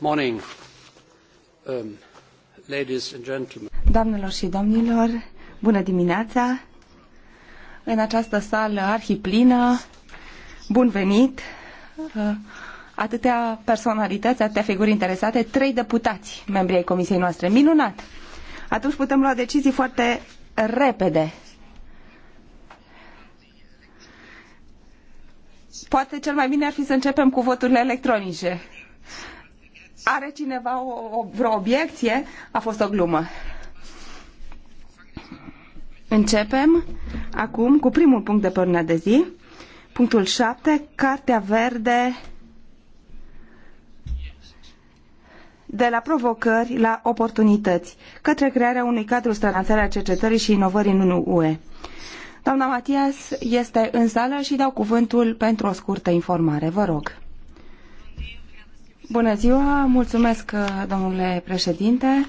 Um, Doamnelor și domnilor, bună dimineața! În această sală arhiplină, bun venit! Uh, atâtea personalități, atâtea figuri interesate, trei deputați, membri ai comisiei noastre. Minunat! Atunci putem lua decizii foarte repede. Poate cel mai bine ar fi să începem cu voturile electronice. Are cineva o, o, vreo obiecție? A fost o glumă. Începem acum cu primul punct de până de zi. Punctul 7, Cartea Verde de la provocări la oportunități, către crearea unui cadru stratanțare a cercetării și inovării în UE. Doamna Matias este în sală și dau cuvântul pentru o scurtă informare. Vă rog. Bună ziua, mulțumesc, domnule președinte.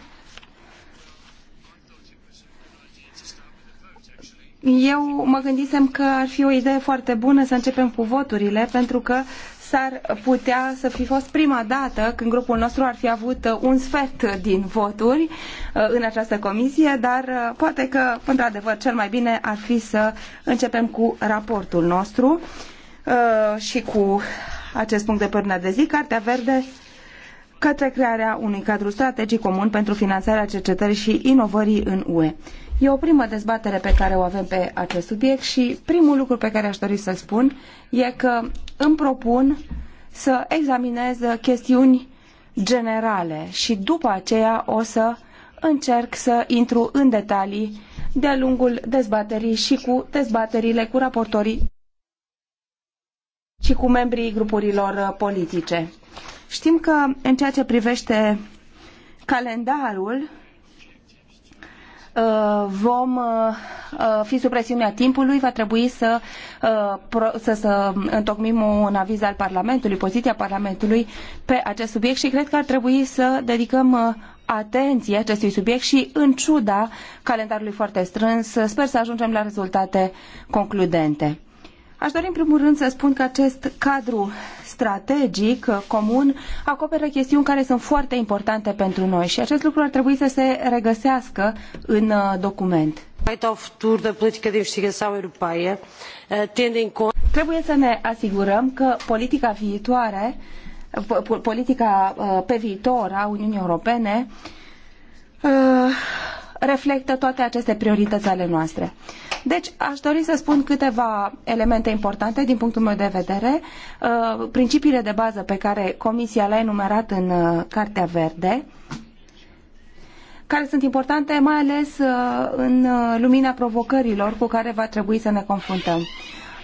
Eu mă gândisem că ar fi o idee foarte bună să începem cu voturile, pentru că s-ar putea să fi fost prima dată când grupul nostru ar fi avut un sfert din voturi uh, în această comisie, dar uh, poate că, într-adevăr, cel mai bine ar fi să începem cu raportul nostru uh, și cu acest punct de până de zi, Cartea Verde, către crearea unui cadru strategic comun pentru finanțarea cercetării și inovării în UE. E o primă dezbatere pe care o avem pe acest subiect și primul lucru pe care aș dori să-l spun e că îmi propun să examinez chestiuni generale și după aceea o să încerc să intru în detalii de-a lungul dezbaterii și cu dezbaterile cu raportorii ci cu membrii grupurilor uh, politice. Știm că în ceea ce privește calendarul, uh, vom uh, fi sub presiunea timpului, va trebui să, să, să întocmim un aviz al Parlamentului, poziția Parlamentului pe acest subiect și cred că ar trebui să dedicăm atenție acestui subiect și în ciuda calendarului foarte strâns, sper să ajungem la rezultate concludente. Aș dori în primul rând să spun că acest cadru strategic uh, comun acoperă chestiuni care sunt foarte importante pentru noi și acest lucru ar trebui să se regăsească în uh, document. Da uh, Trebuie să ne asigurăm că politica viitoare, politica pe viitor a Uniunii Europene reflectă toate aceste priorități ale noastre. Deci, aș dori să spun câteva elemente importante din punctul meu de vedere, uh, principiile de bază pe care Comisia le-a enumerat în uh, Cartea Verde, care sunt importante mai ales uh, în lumina provocărilor cu care va trebui să ne confruntăm.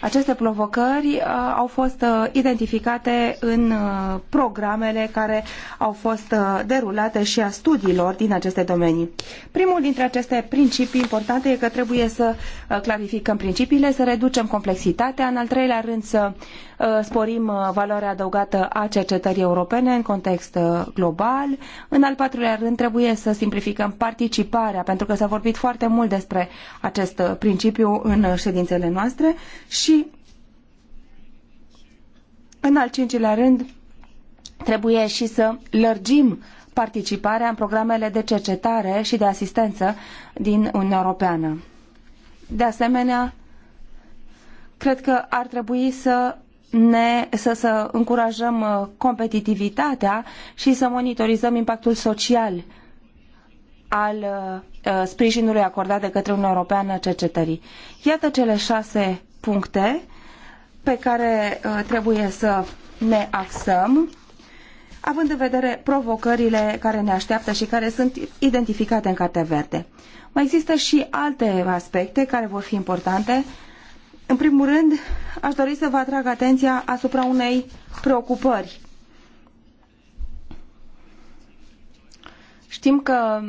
Aceste provocări uh, au fost uh, identificate în uh, programele care au fost derulate și a studiilor din aceste domenii. Primul dintre aceste principii importante e că trebuie să clarificăm principiile, să reducem complexitatea, în al treilea rând să sporim valoarea adăugată a cercetării europene în context global. În al patrulea rând, trebuie să simplificăm participarea, pentru că s-a vorbit foarte mult despre acest principiu în ședințele noastre și și, în al cincilea rând, trebuie și să lărgim participarea în programele de cercetare și de asistență din Uniunea Europeană. De asemenea, cred că ar trebui să ne, să, să încurajăm uh, competitivitatea și să monitorizăm impactul social al uh, sprijinului acordat de către Uniunea Europeană cercetării. Iată cele șase puncte pe care uh, trebuie să ne axăm, având în vedere provocările care ne așteaptă și care sunt identificate în Cartea Verde. Mai există și alte aspecte care vor fi importante. În primul rând, aș dori să vă atrag atenția asupra unei preocupări. Știm că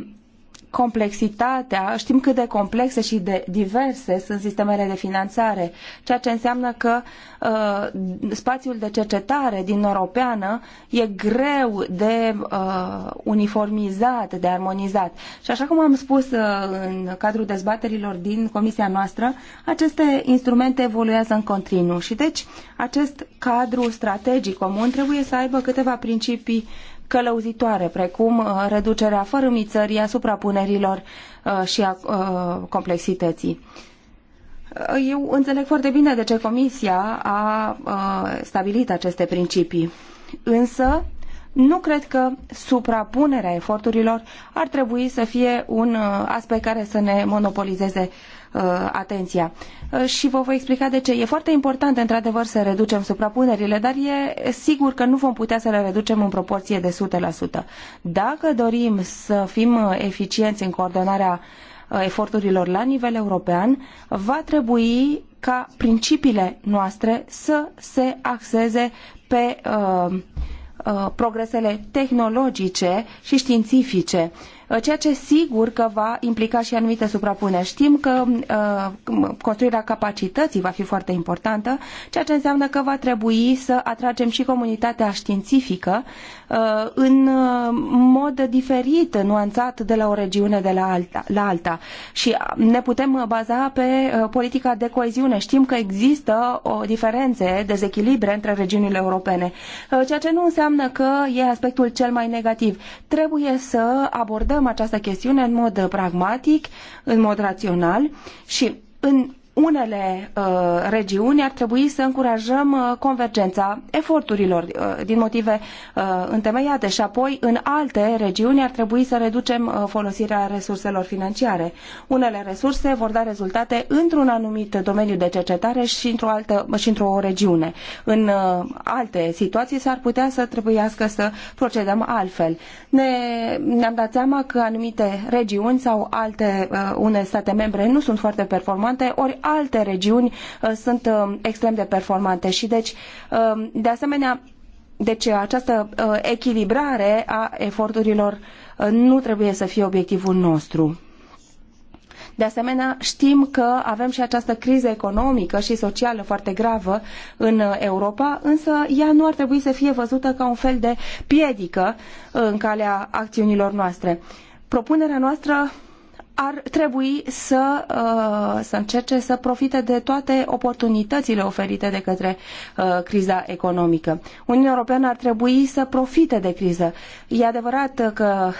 complexitatea, știm cât de complexe și de diverse sunt sistemele de finanțare, ceea ce înseamnă că uh, spațiul de cercetare din Europeană e greu de uh, uniformizat, de armonizat. Și așa cum am spus uh, în cadrul dezbaterilor din comisia noastră, aceste instrumente evoluează în continuu și deci acest cadru strategic comun trebuie să aibă câteva principii uh, călăuzitoare, precum uh, reducerea fărâmițării, a suprapunerilor uh, și a uh, complexității. Eu înțeleg foarte bine de ce Comisia a stabilit aceste principii, însă nu cred că suprapunerea eforturilor ar trebui să fie un aspect care să ne monopolizeze Uh, atenția. Uh, și vă voi explica de ce. E foarte important, într-adevăr, să reducem suprapunerile, dar e sigur că nu vom putea să le reducem în proporție de 100%. Dacă dorim să fim uh, eficienți în coordonarea eforturilor la nivel european, va trebui ca principiile noastre să se axeze pe uh, progresele tehnologice și științifice Uh, ceea ce sigur că va implica și anumite suprapuneri. Știm uh, că construirea capacității va fi foarte importantă, ceea ce înseamnă că va trebui să atragem și comunitatea științifică Uh, în uh, mod diferit, nuanțat de la o regiune de la alta, la alta. Și uh, ne putem baza pe politica de coeziune. Știm că există o diferențe, dezechilibre între regiunile europene, ceea ce nu înseamnă că e aspectul cel mai negativ. Trebuie să abordăm această chestiune în mod pragmatic, în mod rațional și în unele uh, regiuni ar trebui să încurajăm uh, convergența eforturilor uh, din motive uh, întemeiate și apoi în alte regiuni ar trebui să reducem uh, folosirea resurselor financiare. Unele resurse vor da rezultate într-un anumit domeniu de cercetare și într-o altă și într-o regiune. În uh, alte situații s-ar putea să trebuiască să procedăm altfel. Ne, ne-am dat seama că anumite regiuni sau alte unele state membre nu sunt foarte performante, ori alte regiuni uh, sunt uh, extrem de performante și deci, uh, de asemenea, deci această echilibrare a eforturilor nu trebuie să fie obiectivul nostru. De asemenea, știm că avem și această criză economică și socială foarte gravă în Europa, însă ea nu ar trebui să fie văzută ca un fel de piedică în calea acțiunilor noastre. Propunerea noastră ar trebui să, uh, să încerce să profite de toate oportunitățile oferite de către uh, criza economică. Uniunea Europeană ar trebui să profite de criză. E adevărat că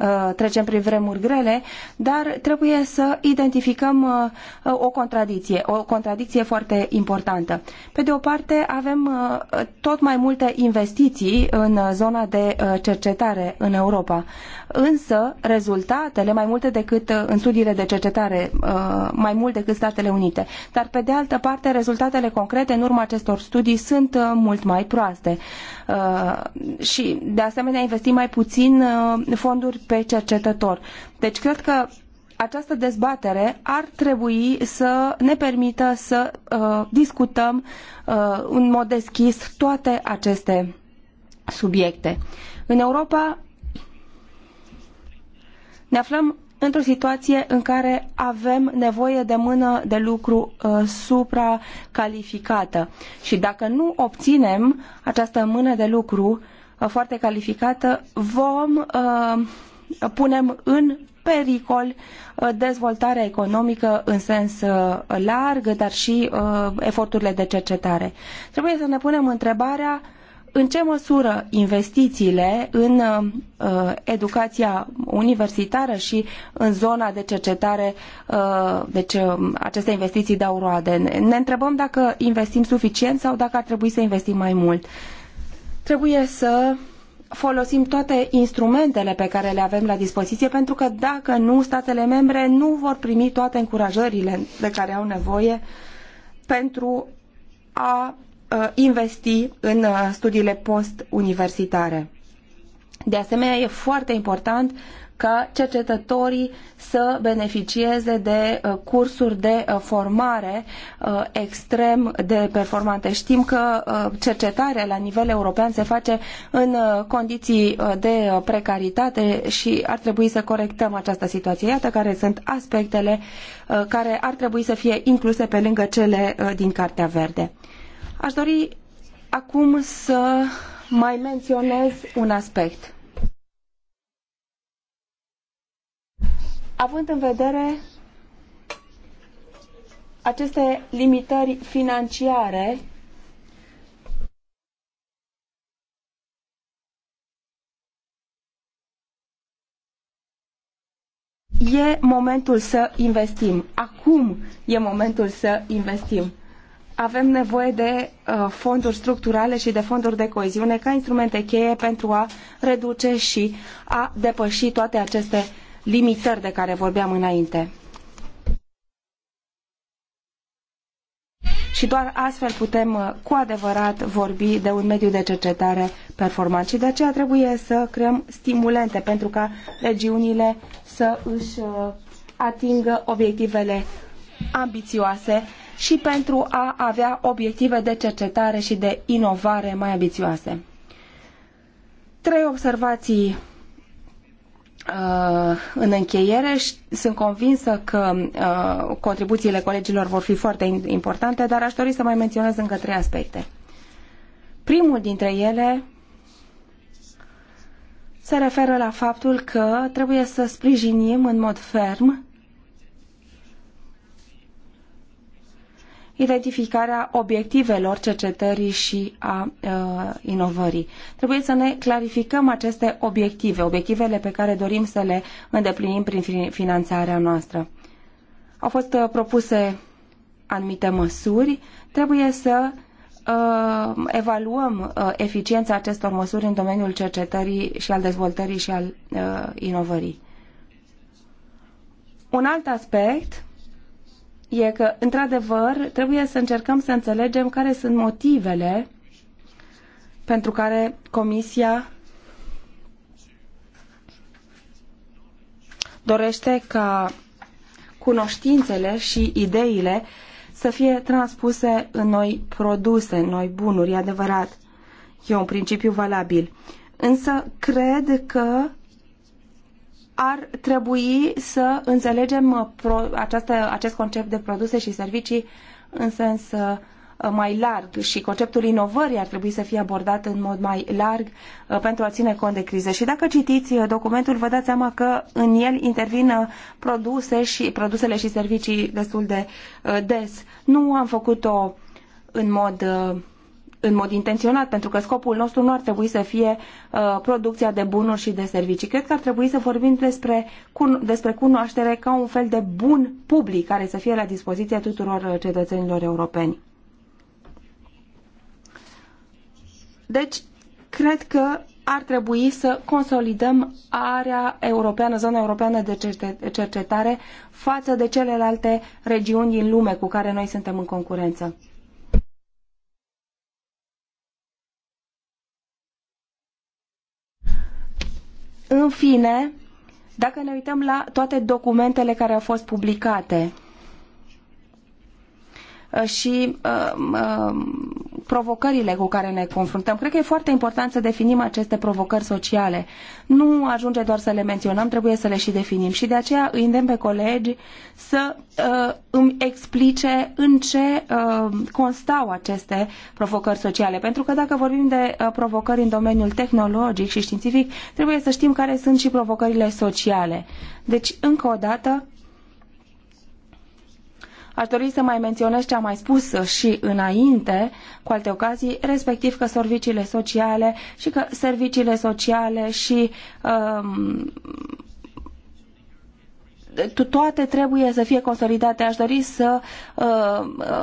Uh, trecem prin vremuri grele, dar trebuie să identificăm uh, o contradicție, o contradicție foarte importantă. Pe de o parte, avem uh, tot mai multe investiții în zona de cercetare în Europa, însă rezultatele mai multe decât în studiile de cercetare, mai mult decât Statele Unite. Dar pe de altă parte, rezultatele concrete în urma acestor studii sunt mult mai proaste. Și de asemenea investim mai puțin fonduri pe cercetător. Deci cred că această dezbatere ar trebui să ne permită să uh, discutăm uh, în mod deschis toate aceste subiecte. În Europa ne aflăm într-o situație în care avem nevoie de mână de lucru uh, supracalificată. Și dacă nu obținem această mână de lucru uh, foarte calificată, vom uh, punem în pericol uh, dezvoltarea economică în sens uh, larg, dar și uh, eforturile de cercetare. Trebuie să ne punem întrebarea în ce măsură investițiile în educația universitară și în zona de cercetare, deci um, aceste investiții dau roade. Ne întrebăm dacă investim suficient sau dacă ar trebui să investim mai mult. Trebuie să folosim toate instrumentele pe care le avem la dispoziție, pentru că dacă nu, statele membre nu vor primi toate încurajările de care au nevoie pentru a uh, investi în uh, studiile post-universitare. De asemenea, e foarte important ca cercetătorii să beneficieze de uh, cursuri de uh, formare uh, extrem de performante. Știm că cercetarea la nivel european se face în condiții de precaritate și ar trebui să corectăm această situație. Iată care sunt aspectele care ar trebui să fie incluse pe lângă cele din Cartea Verde. Aș dori acum să mai menționez un aspect având în vedere aceste limitări financiare e momentul să investim. Acum e momentul să investim. Avem nevoie de uh, fonduri structurale și de fonduri de coeziune ca instrumente cheie pentru a reduce și a depăși toate aceste uh, limitări de care vorbeam înainte. și doar astfel putem uh, cu adevărat vorbi de un mediu de cercetare performant și de aceea trebuie să creăm stimulente pentru ca regiunile să își uh, atingă obiectivele ambițioase și pentru a avea obiective de cercetare și de inovare mai ambițioase. Trei observații Uh, în încheiere, sunt convinsă că uh, contribuțiile colegilor vor fi foarte importante, dar aș dori să mai menționez încă trei aspecte. Primul dintre ele se referă la faptul că trebuie să sprijinim în mod ferm identificarea obiectivelor cercetării și a uh, inovării. Trebuie să ne clarificăm aceste obiective, obiectivele pe care dorim să le îndeplinim prin finanțarea noastră. Au fost uh, propuse anumite măsuri, trebuie să uh, evaluăm uh, eficiența acestor măsuri în domeniul cercetării și al dezvoltării și al uh, inovării. Un alt aspect e că, într-adevăr, trebuie să încercăm să înțelegem care sunt motivele pentru care Comisia dorește ca cunoștințele și ideile să fie transpuse în noi produse, în noi bunuri, e adevărat. E un principiu valabil. Însă cred că ar trebui să înțelegem uh, pro, această, acest concept de produse și servicii în sens uh, mai larg și conceptul inovării ar trebui să fie abordat în mod mai larg uh, pentru a ține cont de criză. Și dacă citiți documentul, vă dați seama că în el intervin produse și, produsele și servicii destul de des. Nu am făcut-o în mod în mod intenționat, pentru că scopul nostru nu ar trebui să fie uh, producția de bunuri și de servicii. Cred că ar trebui să vorbim despre, cun, despre cunoaștere ca un fel de bun public care să fie la dispoziția tuturor uh, cetățenilor europeni. Deci, cred că ar trebui să consolidăm area europeană, zona europeană de cercetare față de celelalte regiuni din lume cu care noi suntem în concurență. În fine, dacă ne uităm la toate documentele care au fost publicate, Uh, și uh, um, provocările cu care ne confruntăm. Cred că e foarte important să definim aceste provocări sociale. Nu ajunge doar să le menționăm, trebuie să le și definim și de aceea îi îndemn pe colegi să uh, îmi explice în ce constau aceste provocări sociale. Pentru că dacă vorbim de provocări în domeniul tehnologic și științific, trebuie să știm care sunt și provocările sociale. Deci, încă o dată, Aș dori să mai menționez ce am mai spus și înainte, cu alte ocazii, respectiv că serviciile sociale și că serviciile sociale și um, toate trebuie să fie consolidate. Aș dori să uh,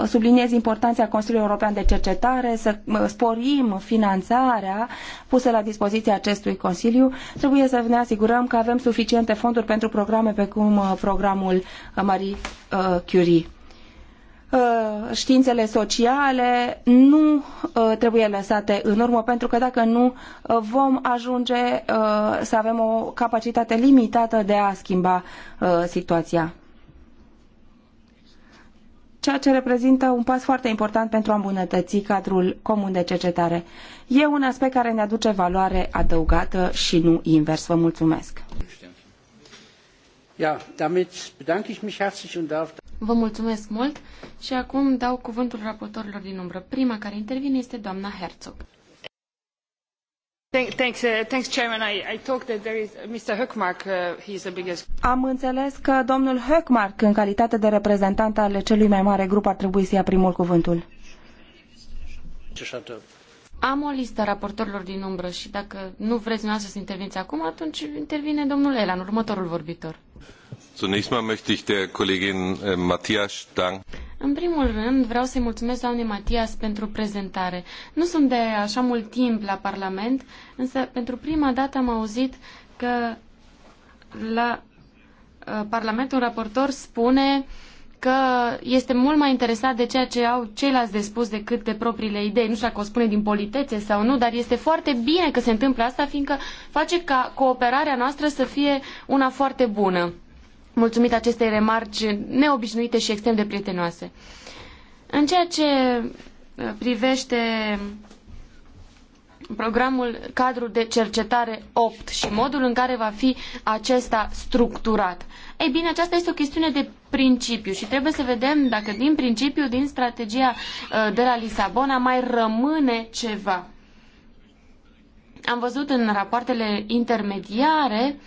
subliniez importanța Consiliului European de Cercetare, să uh, sporim finanțarea pusă la dispoziția acestui Consiliu. Trebuie să ne asigurăm că avem suficiente fonduri pentru programe precum uh, programul uh, Marie Curie. Uh, științele sociale nu uh, trebuie lăsate în urmă, pentru că dacă nu uh, vom ajunge să avem o capacitate limitată de a schimba situația. Ceea ce reprezintă un pas foarte important pentru a îmbunătăți cadrul comun de cercetare. E un aspect care ne aduce valoare adăugată și nu invers. Vă mulțumesc! damit bedanke ich mich herzlich und darf... Vă mulțumesc mult și acum dau cuvântul raportorilor din umbră. Prima care intervine este doamna Herzog. Uh, thanks, Chairman. I that there is uh, is Mr. He the biggest. Am înțeles că domnul Hökmark, în calitate de reprezentant al celui mai mare grup, ar trebui să ia primul cuvântul. Am o listă a raportorilor din umbră și dacă nu vreți dumneavoastră să interveniți acum, atunci intervine domnul Elan, următorul vorbitor. Zunächst mal möchte ich der Kollegin äh, Matthias În primul rând, vreau să-i mulțumesc doamnei Matias pentru prezentare. Nu sunt de așa mult timp la Parlament, însă pentru prima dată am auzit că la uh, Parlament un raportor spune uh, că este mult mai interesat de ceea ce au ceilalți de spus decât de propriile idei. Nu știu dacă o spune din politețe sau nu, dar este foarte bine că se întâmplă asta, fiindcă face ca cooperarea noastră să fie una foarte bună. Mulțumit acestei remarci neobișnuite și extrem de prietenoase. În ceea ce privește programul cadru de cercetare opt și modul în care va fi acesta structurat. Ei bine, aceasta este o chestiune de principiu și trebuie să vedem dacă din principiu, din strategia uh, de la Lisabona mai rămâne ceva. Am văzut în rapoartele intermediare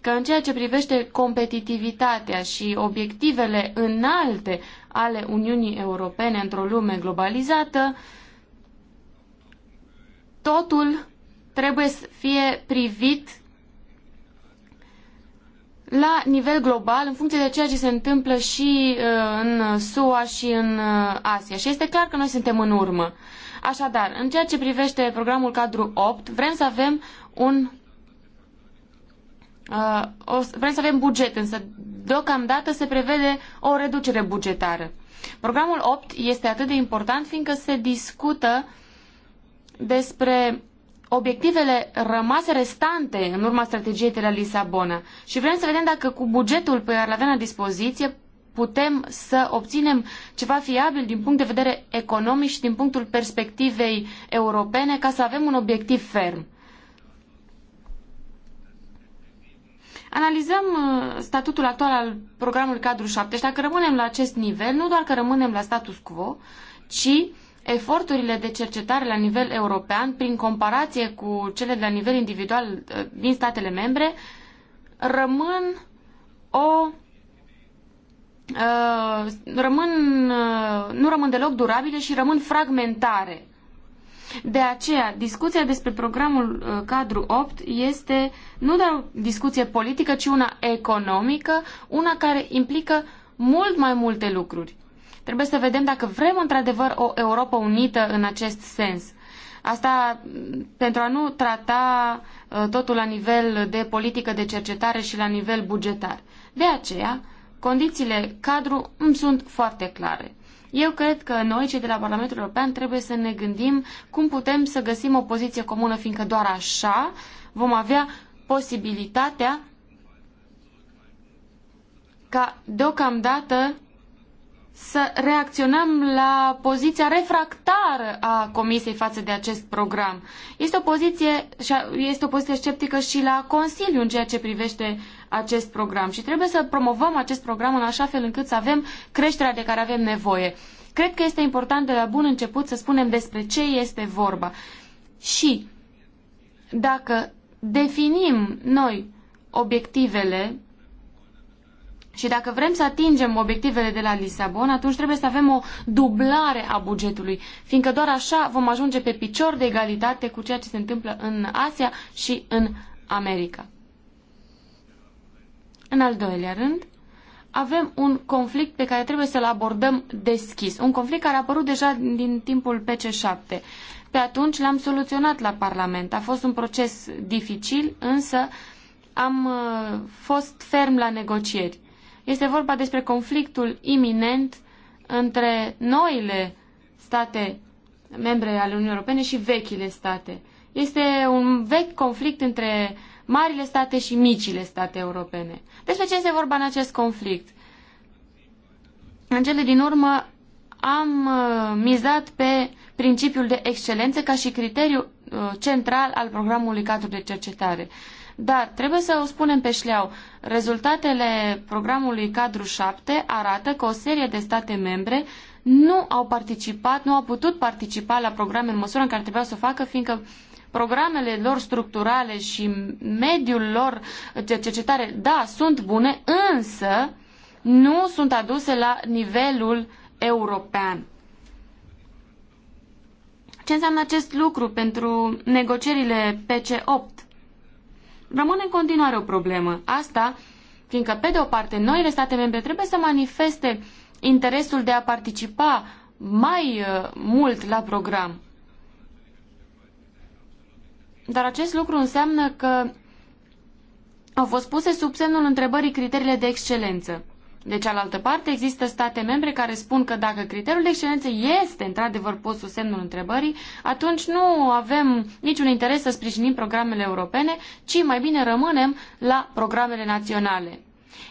că în ceea ce privește competitivitatea și obiectivele înalte ale Uniunii Europene într-o lume globalizată, uh, totul trebuie să fie privit la nivel global, în funcție de ceea ce se întâmplă și uh, în SUA și în uh, Asia. Și este clar că noi suntem în urmă. Așadar, în ceea ce privește programul cadru 8, vrem să avem un uh, o, vrem să avem buget, însă deocamdată se prevede o reducere bugetară. Programul 8 este atât de important fiindcă se discută uh, despre obiectivele rămase restante în urma strategiei de la Lisabona și vrem să vedem dacă cu bugetul pe care l avem la dispoziție putem să obținem ceva fiabil din punct de vedere economic și din punctul perspectivei europene ca să avem un obiectiv ferm. Analizăm uh, statutul actual al programului cadru 7 și dacă rămânem la acest nivel, nu doar că rămânem la status quo, ci eforturile de cercetare la nivel european, prin comparație cu cele de la nivel individual uh, din statele membre, rămân o uh, rămân, uh, nu rămân deloc durabile și rămân fragmentare. De aceea, discuția despre programul cadru 8 este nu doar o discuție politică, ci una economică, una care implică mult mai multe lucruri. Trebuie să vedem dacă vrem într-adevăr o Europa unită în acest sens. Asta pentru a nu trata uh, totul la nivel de politică de cercetare și la nivel bugetar. De aceea, condițiile cadru îmi sunt foarte clare. Eu cred că noi, cei de la Parlamentul European, trebuie să ne gândim cum putem să găsim o poziție comună, fiindcă doar așa vom avea posibilitatea ca deocamdată să reacționăm la poziția refractară a Comisiei față de acest program. Este o poziție, este o poziție sceptică și la Consiliu în ceea ce privește acest program și trebuie să promovăm acest program în așa fel încât să avem creșterea de care avem nevoie. Cred că este important de la bun început să spunem despre ce este vorba. Și dacă definim noi obiectivele și dacă vrem să atingem obiectivele de la Lisabona, atunci trebuie să avem o dublare a bugetului, fiindcă doar așa vom ajunge pe picior de egalitate cu ceea ce se întâmplă în Asia și în America. În al doilea rând, avem un conflict pe care trebuie să-l abordăm deschis. Un conflict care a apărut deja din timpul PC7. Pe atunci l-am soluționat la Parlament. A fost un proces dificil, însă am uh, fost ferm la negocieri. Este vorba despre conflictul iminent între noile state membre ale Uniunii Europene și vechile state. Este un vechi conflict între marile state și micile state europene. Despre ce este vorba în acest conflict? În cele din urmă am uh, mizat pe principiul de excelență ca și criteriu uh, central al programului cadru de cercetare. Dar trebuie să o spunem pe șleau. Rezultatele programului cadru 7 arată că o serie de state membre nu au participat, nu au putut participa la programe în măsura în care trebuiau să o facă, fiindcă programele lor structurale și mediul lor de cercetare, da, sunt bune, însă nu sunt aduse la nivelul european. Ce înseamnă acest lucru pentru negocierile PC8? rămâne în continuare o problemă. Asta fiindcă, pe de o parte, noile state membre trebuie să manifeste interesul de a participa mai uh, mult la program. Dar acest lucru înseamnă că au fost puse sub semnul întrebării criteriile de excelență. De cealaltă parte, există state membre care spun că dacă criteriul de excelență este într-adevăr pus sub semnul întrebării, atunci nu avem niciun interes să sprijinim programele europene, ci mai bine rămânem la programele naționale.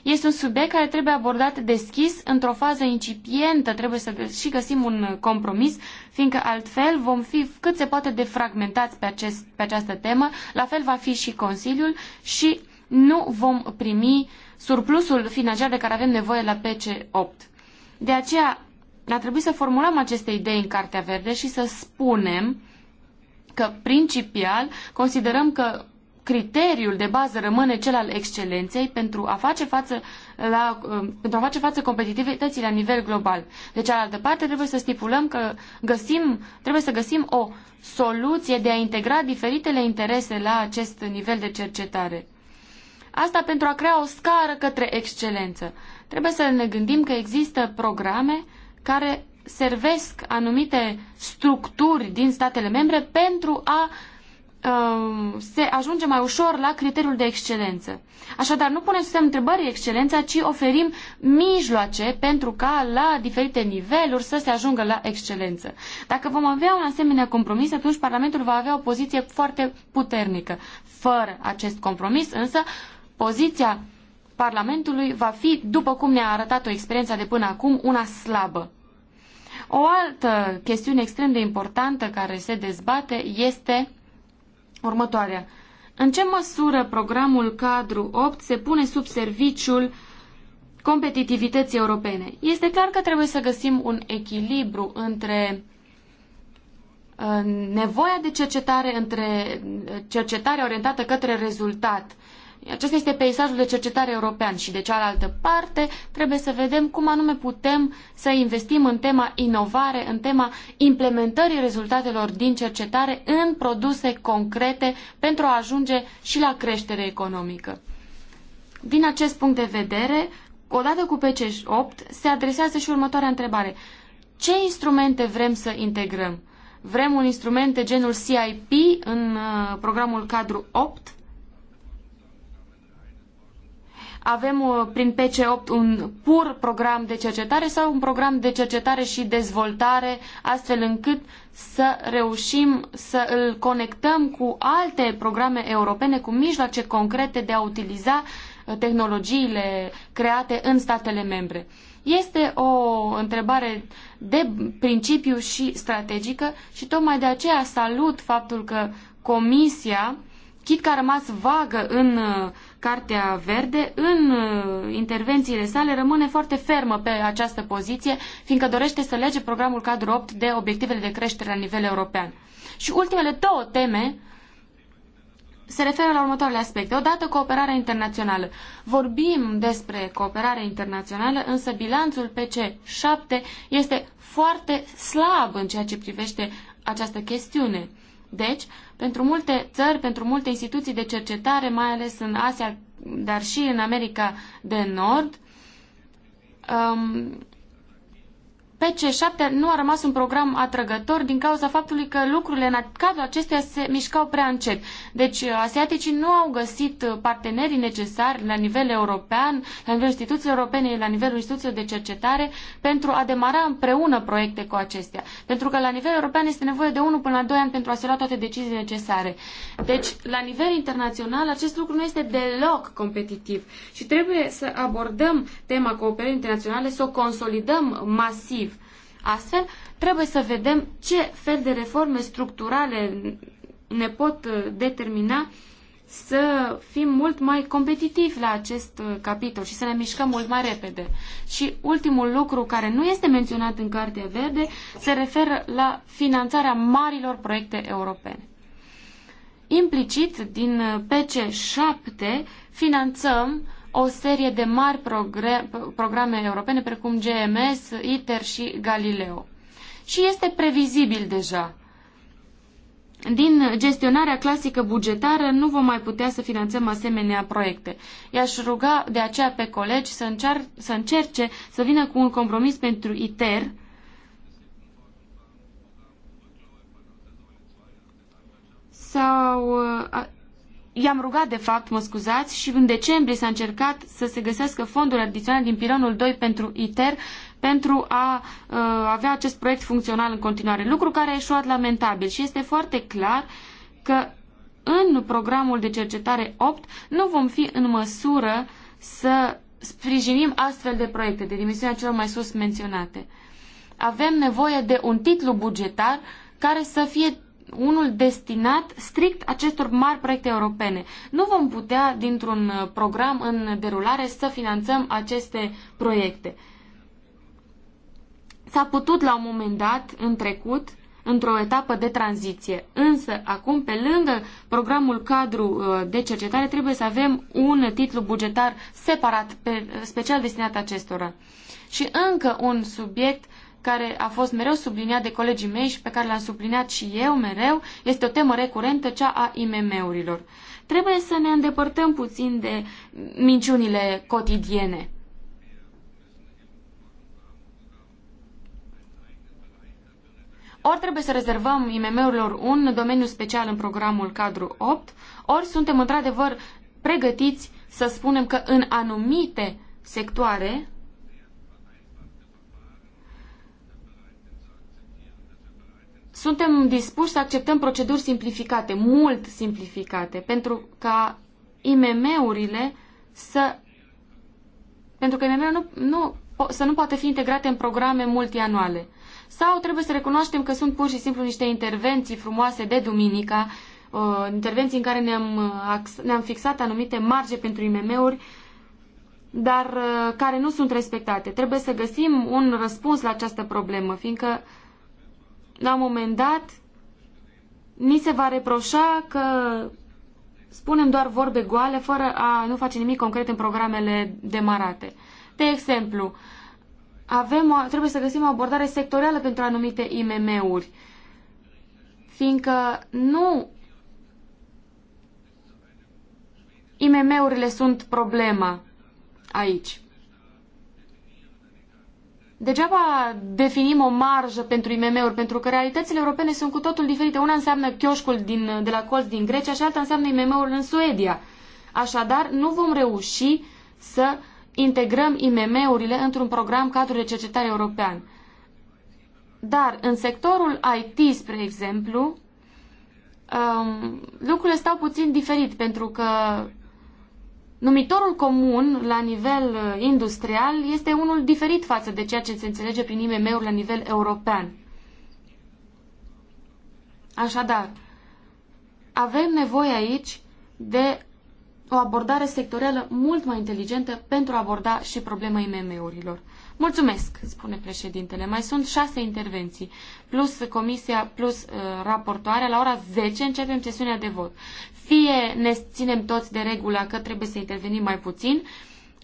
Este un subiect care trebuie abordat deschis, într-o fază incipientă, trebuie să și găsim un compromis, fiindcă altfel vom fi cât se poate de fragmentați pe, acest, pe această temă, la fel va fi și Consiliul și nu vom primi surplusul financiar de care avem nevoie la PC8. De aceea, a trebuit să formulăm aceste idei în Cartea Verde și să spunem că, principial, considerăm că criteriul de bază rămâne cel al excelenței pentru a face față, la, um, pentru a face față competitivității la nivel global. De cealaltă parte, trebuie să stipulăm că găsim, trebuie să găsim o soluție de a integra diferitele interese la acest nivel de cercetare. Asta pentru a crea o scară către excelență. Trebuie să ne gândim că există programe care servesc anumite structuri din statele membre pentru a uh, se ajunge mai ușor la criteriul de excelență. Așadar, nu punem semn întrebări excelența, ci oferim mijloace pentru ca la diferite niveluri să se ajungă la excelență. Dacă vom avea un asemenea compromis, atunci Parlamentul va avea o poziție foarte puternică. Fără acest compromis, însă, poziția Parlamentului va fi, după cum ne-a arătat o experiența de până acum, una slabă. O altă chestiune extrem de importantă care se dezbate este următoarea. În ce măsură programul cadru 8 se pune sub serviciul competitivității europene? Este clar că trebuie să găsim un echilibru între uh, nevoia de cercetare, între uh, cercetare orientată către rezultat acesta este peisajul de cercetare european și de cealaltă parte trebuie să vedem cum anume putem să investim în tema inovare, în tema implementării rezultatelor din cercetare în produse concrete pentru a ajunge și la creștere economică. Din acest punct de vedere, odată cu PC8 se adresează și următoarea întrebare. Ce instrumente vrem să integrăm? Vrem un instrument de genul CIP în uh, programul cadru 8? avem uh, prin PC8 un pur program de cercetare sau un program de cercetare și dezvoltare, astfel încât să reușim să îl conectăm cu alte programe europene, cu mijloace concrete de a utiliza uh, tehnologiile create în statele membre. Este o întrebare de principiu și strategică și tocmai de aceea salut faptul că Comisia, chit că a rămas vagă în uh, Cartea Verde, în uh, intervențiile sale rămâne foarte fermă pe această poziție, fiindcă dorește să lege programul cadru 8 de obiectivele de creștere la nivel european. Și ultimele două teme se referă la următoarele aspecte. Odată, cooperarea internațională. Vorbim despre cooperare internațională, însă bilanțul PC7 este foarte slab în ceea ce privește această chestiune. Deci, pentru multe țări, pentru multe instituții de cercetare, mai ales în Asia, dar și în America de Nord, um, PC7 nu a rămas un program atrăgător din cauza faptului că lucrurile în cadrul acestuia se mișcau prea încet. Deci uh, asiaticii nu au găsit uh, partenerii necesari la nivel european, la nivelul instituției europene, la nivelul instituției de cercetare pentru a demara împreună proiecte cu acestea. Pentru că la nivel european este nevoie de 1 până la 2 ani pentru a se lua toate deciziile necesare. Deci la nivel internațional acest lucru nu este deloc competitiv și trebuie să abordăm tema cooperării internaționale, să o consolidăm masiv Astfel, trebuie să vedem ce fel de reforme structurale ne pot uh, determina să fim mult mai competitivi la acest uh, capitol și să ne mișcăm mult mai repede. Și ultimul lucru care nu este menționat în Cartea Verde se referă la finanțarea marilor proiecte europene. Implicit, din uh, PC7 finanțăm uh, o serie de mari progre, programe europene precum GMS, ITER și Galileo. Și este previzibil deja. Din gestionarea clasică bugetară nu vom mai putea să finanțăm asemenea proiecte. I-aș ruga de aceea pe colegi să, încear, să încerce să vină cu un compromis pentru ITER, sau uh, i-am rugat, de fapt, mă scuzați, și în decembrie s-a încercat să se găsească fonduri adiționale din pilonul 2 pentru ITER pentru a uh, avea acest proiect funcțional în continuare, lucru care a ieșuat lamentabil și este foarte clar că în programul de cercetare 8 nu vom fi în măsură să sprijinim astfel de proiecte de dimensiunea celor mai sus menționate. Avem nevoie de un titlu bugetar care să fie unul destinat strict acestor mari proiecte europene. Nu vom putea, dintr-un uh, program în derulare, să finanțăm aceste proiecte. S-a putut la un moment dat, în trecut, într-o etapă de tranziție. Însă, acum, pe lângă programul cadru uh, de cercetare, trebuie să avem un titlu bugetar separat, special destinat acestora. Și încă un subiect care a fost mereu subliniat de colegii mei și pe care l-am subliniat și eu mereu, este o temă recurentă, cea a IMM-urilor. Trebuie să ne îndepărtăm puțin de minciunile cotidiene. Ori trebuie să rezervăm IMM-urilor un domeniu special în programul cadru 8, ori suntem într-adevăr pregătiți să spunem că în anumite sectoare Suntem dispuși să acceptăm proceduri simplificate, mult simplificate, pentru ca IMM-urile să pentru că IMM-urile nu, nu, să nu poată fi integrate în programe multianuale. Sau trebuie să recunoaștem că sunt pur și simplu niște intervenții frumoase de duminica, uh, intervenții în care ne-am, uh, ne-am fixat anumite marge pentru IMM-uri, dar uh, care nu sunt respectate. Trebuie să găsim un răspuns la această problemă, fiindcă uh, la un moment dat ni se va reproșa că spunem doar vorbe goale fără a nu face nimic concret în programele demarate. De exemplu, avem o, trebuie să găsim o abordare sectorială pentru anumite IMM-uri, fiindcă nu IMM-urile sunt problema aici. Degeaba definim o marjă pentru IMM-uri, pentru că realitățile europene sunt cu totul diferite. Una înseamnă chioșcul din, de la colț din Grecia și alta înseamnă IMM-ul în Suedia. Așadar, nu vom reuși să integrăm IMM-urile într-un program cadru de cercetare european. Dar în sectorul IT, spre exemplu, um, lucrurile stau puțin diferit, pentru că Numitorul comun la nivel uh, industrial este unul diferit față de ceea ce se înțelege prin IMM-uri la nivel european. Așadar, avem nevoie aici de o abordare sectorială mult mai inteligentă pentru a aborda și problema IMM-urilor. Mulțumesc, spune președintele. Mai sunt șase intervenții, plus comisia, plus uh, raportoarea. La ora 10 începem sesiunea de vot. Fie ne ținem toți de regula că trebuie să intervenim mai puțin,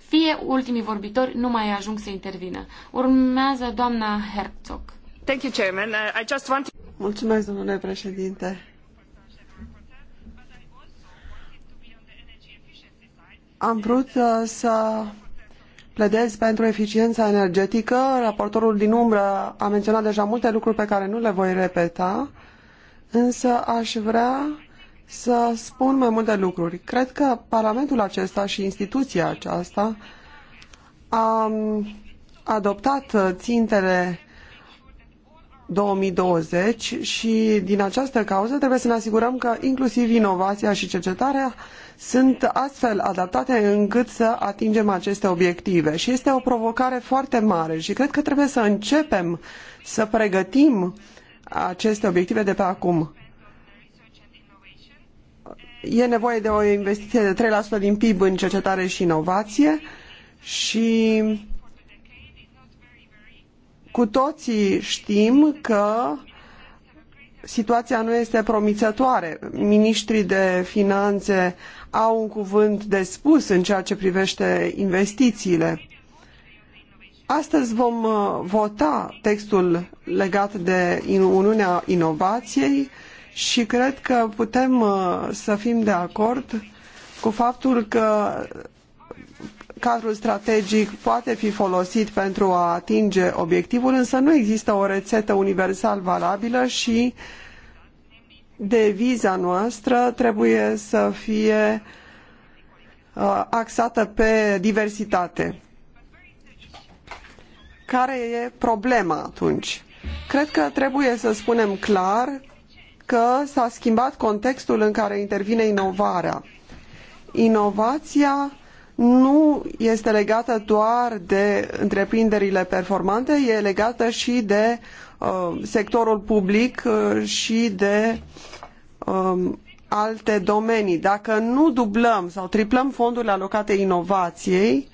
fie ultimii vorbitori nu mai ajung să intervină. Urmează doamna Herzog. Thank you, Chairman. I just want... Mulțumesc, domnule președinte. Am vrut uh, să pledez pentru eficiența energetică. Raportorul din umbră a menționat deja multe lucruri pe care nu le voi repeta, însă aș vrea să spun mai multe lucruri. Cred că Parlamentul acesta și instituția aceasta a adoptat țintele 2020 și din această cauză trebuie să ne asigurăm că inclusiv inovația și cercetarea sunt astfel adaptate încât să atingem aceste obiective și este o provocare foarte mare și cred că trebuie să începem să pregătim aceste obiective de pe acum e nevoie de o investiție de 3% din PIB în cercetare și inovație și cu toții știm că situația nu este promițătoare. Ministrii de finanțe au un cuvânt de spus în ceea ce privește investițiile. Astăzi vom uh, vota textul legat de Uniunea Inovației și cred că putem uh, să fim de acord cu faptul că cadrul strategic poate fi folosit pentru a atinge obiectivul, însă nu există o rețetă universal valabilă și deviza noastră trebuie să fie uh, axată pe diversitate. Care e problema atunci? Cred că trebuie să spunem clar că s-a schimbat contextul în care intervine inovarea. Inovația nu este legată doar de întreprinderile performante, e legată și de uh, sectorul public uh, și de uh, alte domenii. Dacă nu dublăm sau triplăm fondurile alocate inovației,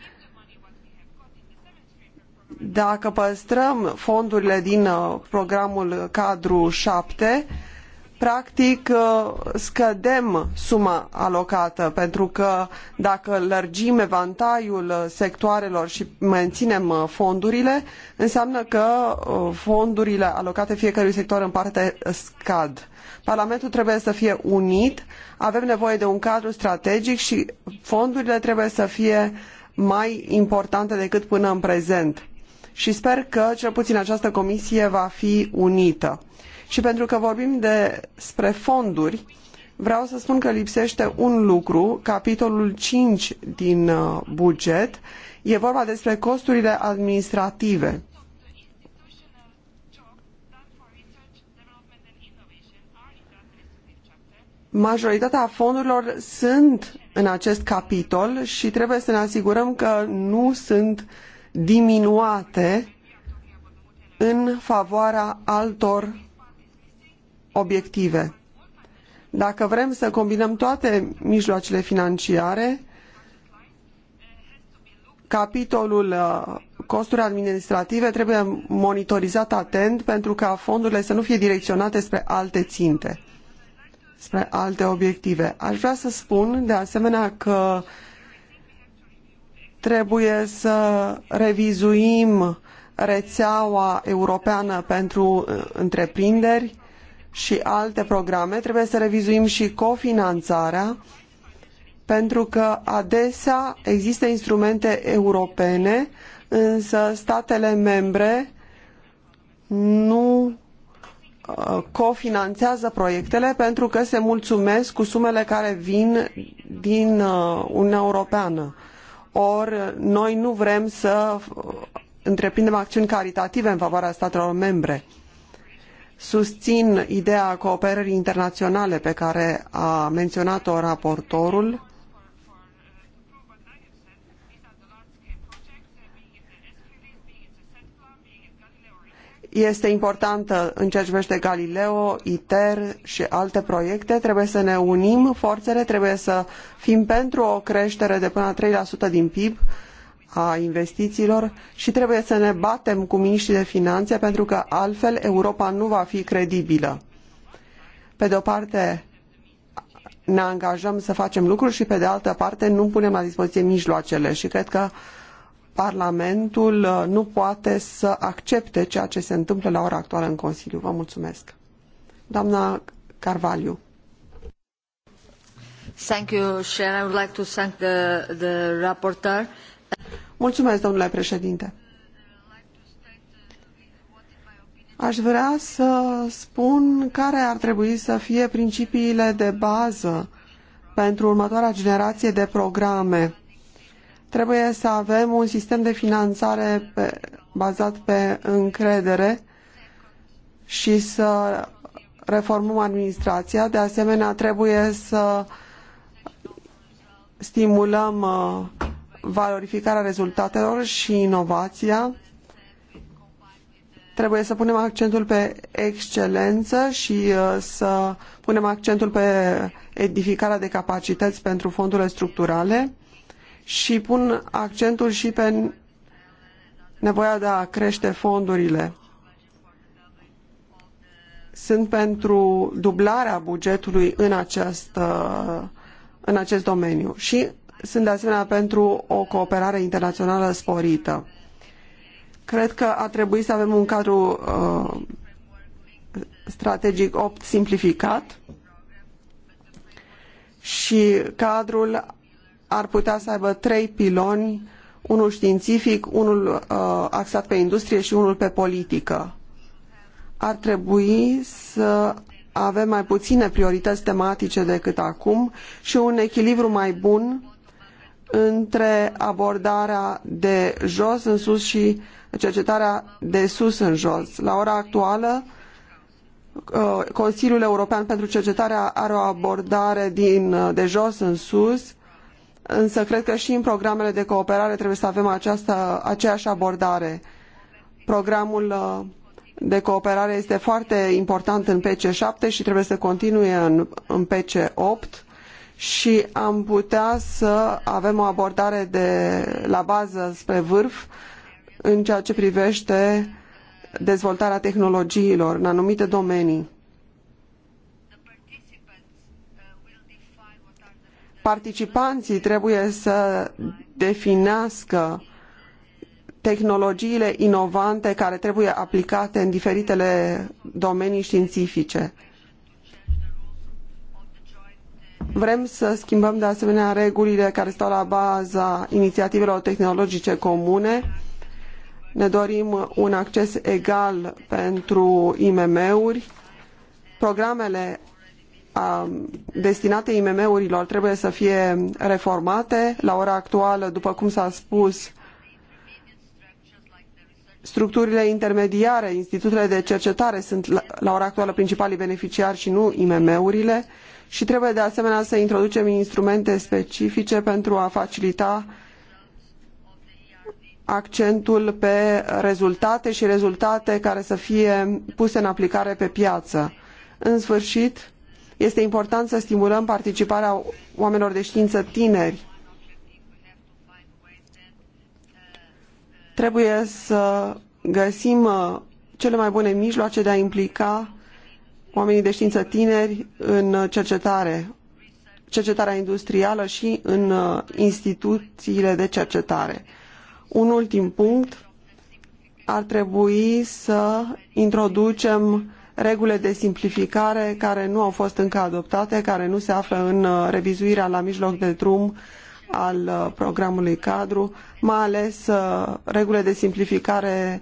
dacă păstrăm fondurile din uh, programul cadru 7, practic uh, scădem suma alocată, pentru că dacă lărgim evantaiul sectoarelor și menținem uh, fondurile, înseamnă că uh, fondurile alocate fiecărui sector în parte scad. Parlamentul trebuie să fie unit, avem nevoie de un cadru strategic și fondurile trebuie să fie mai importante decât până în prezent. Și sper că cel puțin această comisie va fi unită. Și pentru că vorbim despre fonduri, vreau să spun că lipsește un lucru, capitolul 5 din uh, buget, e vorba despre costurile administrative. Majoritatea fondurilor sunt în acest capitol și trebuie să ne asigurăm că nu sunt diminuate în favoarea altor obiective. Dacă vrem să combinăm toate mijloacele financiare, capitolul uh, costuri administrative trebuie monitorizat atent pentru ca fondurile să nu fie direcționate spre alte ținte, spre alte obiective. Aș vrea să spun de asemenea că trebuie să revizuim rețeaua europeană pentru uh, întreprinderi, și alte programe, trebuie să revizuim și cofinanțarea, pentru că adesea există instrumente europene, însă statele membre nu uh, cofinanțează proiectele pentru că se mulțumesc cu sumele care vin din uh, Uniunea Europeană. Or, noi nu vrem să uh, întreprindem acțiuni caritative în favoarea statelor membre. Susțin ideea cooperării internaționale pe care a menționat-o raportorul. Este importantă în ceea ce privește Galileo, ITER și alte proiecte. Trebuie să ne unim forțele, trebuie să fim pentru o creștere de până la 3% din PIB a investițiilor și trebuie să ne batem cu miniștrii de finanțe pentru că altfel Europa nu va fi credibilă. Pe de o parte ne angajăm să facem lucruri și pe de altă parte nu punem la dispoziție mijloacele și cred că Parlamentul uh, nu poate să accepte ceea ce se întâmplă la ora actuală în Consiliu. Vă mulțumesc. Doamna Carvaliu. Thank you, I would like to thank the, the rapporteur. Mulțumesc, domnule președinte. Aș vrea să spun care ar trebui să fie principiile de bază pentru următoarea generație de programe. Trebuie să avem un sistem de finanțare pe, bazat pe încredere și să reformăm administrația. De asemenea, trebuie să stimulăm uh, valorificarea rezultatelor și inovația. Trebuie să punem accentul pe excelență și uh, să punem accentul pe edificarea de capacități pentru fondurile structurale și pun accentul și pe nevoia de a crește fondurile. Sunt pentru dublarea bugetului în acest, uh, în acest domeniu. Și sunt de asemenea pentru o cooperare internațională sporită. Cred că ar trebui să avem un cadru uh, strategic opt simplificat și cadrul ar putea să aibă trei piloni, unul științific, unul uh, axat pe industrie și unul pe politică. Ar trebui să avem mai puține priorități tematice decât acum și un echilibru mai bun între abordarea de jos în sus și cercetarea de sus în jos. La ora actuală, uh, Consiliul European pentru Cercetare are o abordare din, uh, de jos în sus, însă cred că și în programele de cooperare trebuie să avem această, aceeași abordare. Programul uh, de cooperare este foarte important în PC7 și trebuie să continue în, în PC8 și am putea să avem o abordare de la bază spre vârf în ceea ce privește dezvoltarea tehnologiilor în anumite domenii. Participanții trebuie să definească tehnologiile inovante care trebuie aplicate în diferitele domenii științifice. Vrem să schimbăm de asemenea regulile care stau la baza inițiativelor tehnologice comune. Ne dorim un acces egal pentru IMM-uri. Programele destinate IMM-urilor trebuie să fie reformate. La ora actuală, după cum s-a spus, structurile intermediare, institutele de cercetare sunt la ora actuală principalii beneficiari și nu IMM-urile și trebuie de asemenea să introducem instrumente specifice pentru a facilita accentul pe rezultate și rezultate care să fie puse în aplicare pe piață. În sfârșit, este important să stimulăm participarea oamenilor de știință tineri. Trebuie să găsim cele mai bune mijloace de a implica oamenii de știință tineri în cercetare, cercetarea industrială și în uh, instituțiile de cercetare. Un ultim punct, ar trebui să introducem regulile de simplificare care nu au fost încă adoptate, care nu se află în uh, revizuirea la mijloc de drum al uh, programului cadru, mai ales regulile de simplificare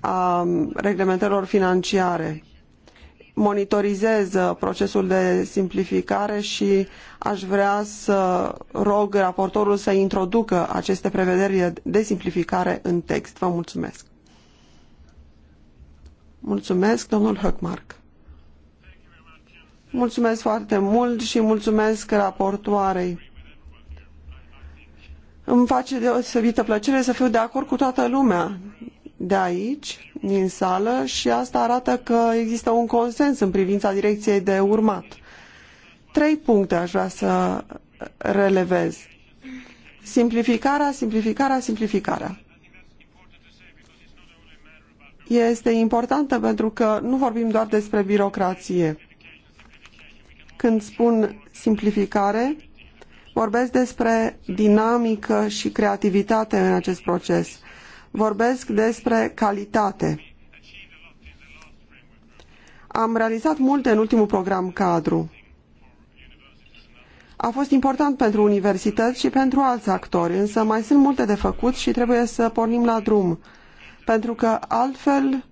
a um, reglementărilor financiare monitorizez uh, procesul de simplificare și aș vrea să rog raportorul să introducă aceste prevederi de simplificare în text. Vă mulțumesc. Mulțumesc, domnul Höckmark. Mulțumesc foarte mult și mulțumesc raportoarei. Îmi face deosebită plăcere să fiu de acord cu toată lumea de aici, din sală, și asta arată că există un consens în privința direcției de urmat. Trei puncte aș vrea să relevez. Simplificarea, simplificarea, simplificarea. Este importantă pentru că nu vorbim doar despre birocrație. Când spun simplificare, vorbesc despre dinamică și creativitate în acest proces vorbesc despre calitate. Am realizat multe în ultimul program cadru. A fost important pentru universități și pentru alți actori, însă mai sunt multe de făcut și trebuie să pornim la drum, pentru că altfel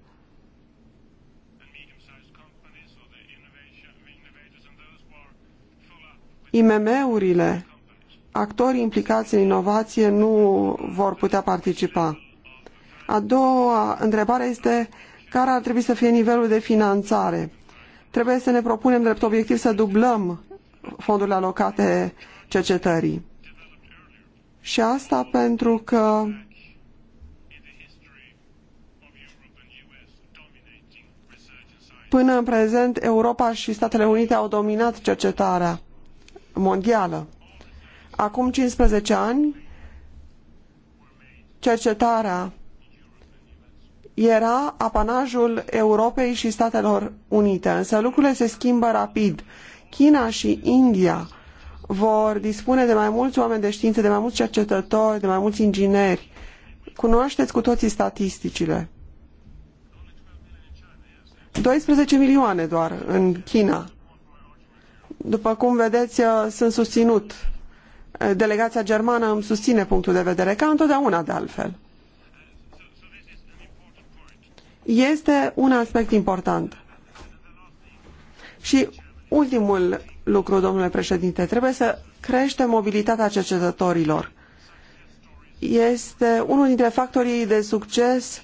IMM-urile, actorii implicați în inovație nu vor putea participa. A doua întrebare este care ar trebui să fie nivelul de finanțare. Trebuie să ne propunem drept obiectiv să dublăm fondurile alocate cercetării. Și asta pentru că până în prezent Europa și Statele Unite au dominat cercetarea mondială. Acum 15 ani cercetarea era apanajul Europei și Statelor Unite, însă lucrurile se schimbă rapid. China și India vor dispune de mai mulți oameni de știință, de mai mulți cercetători, de mai mulți ingineri. Cunoașteți cu toții statisticile. 12 milioane doar în China. După cum vedeți, uh, sunt susținut. Uh, delegația germană îmi susține punctul de vedere, ca întotdeauna de altfel este un aspect important. Și ultimul lucru, domnule președinte, trebuie să crește mobilitatea cercetătorilor. Este unul dintre factorii de succes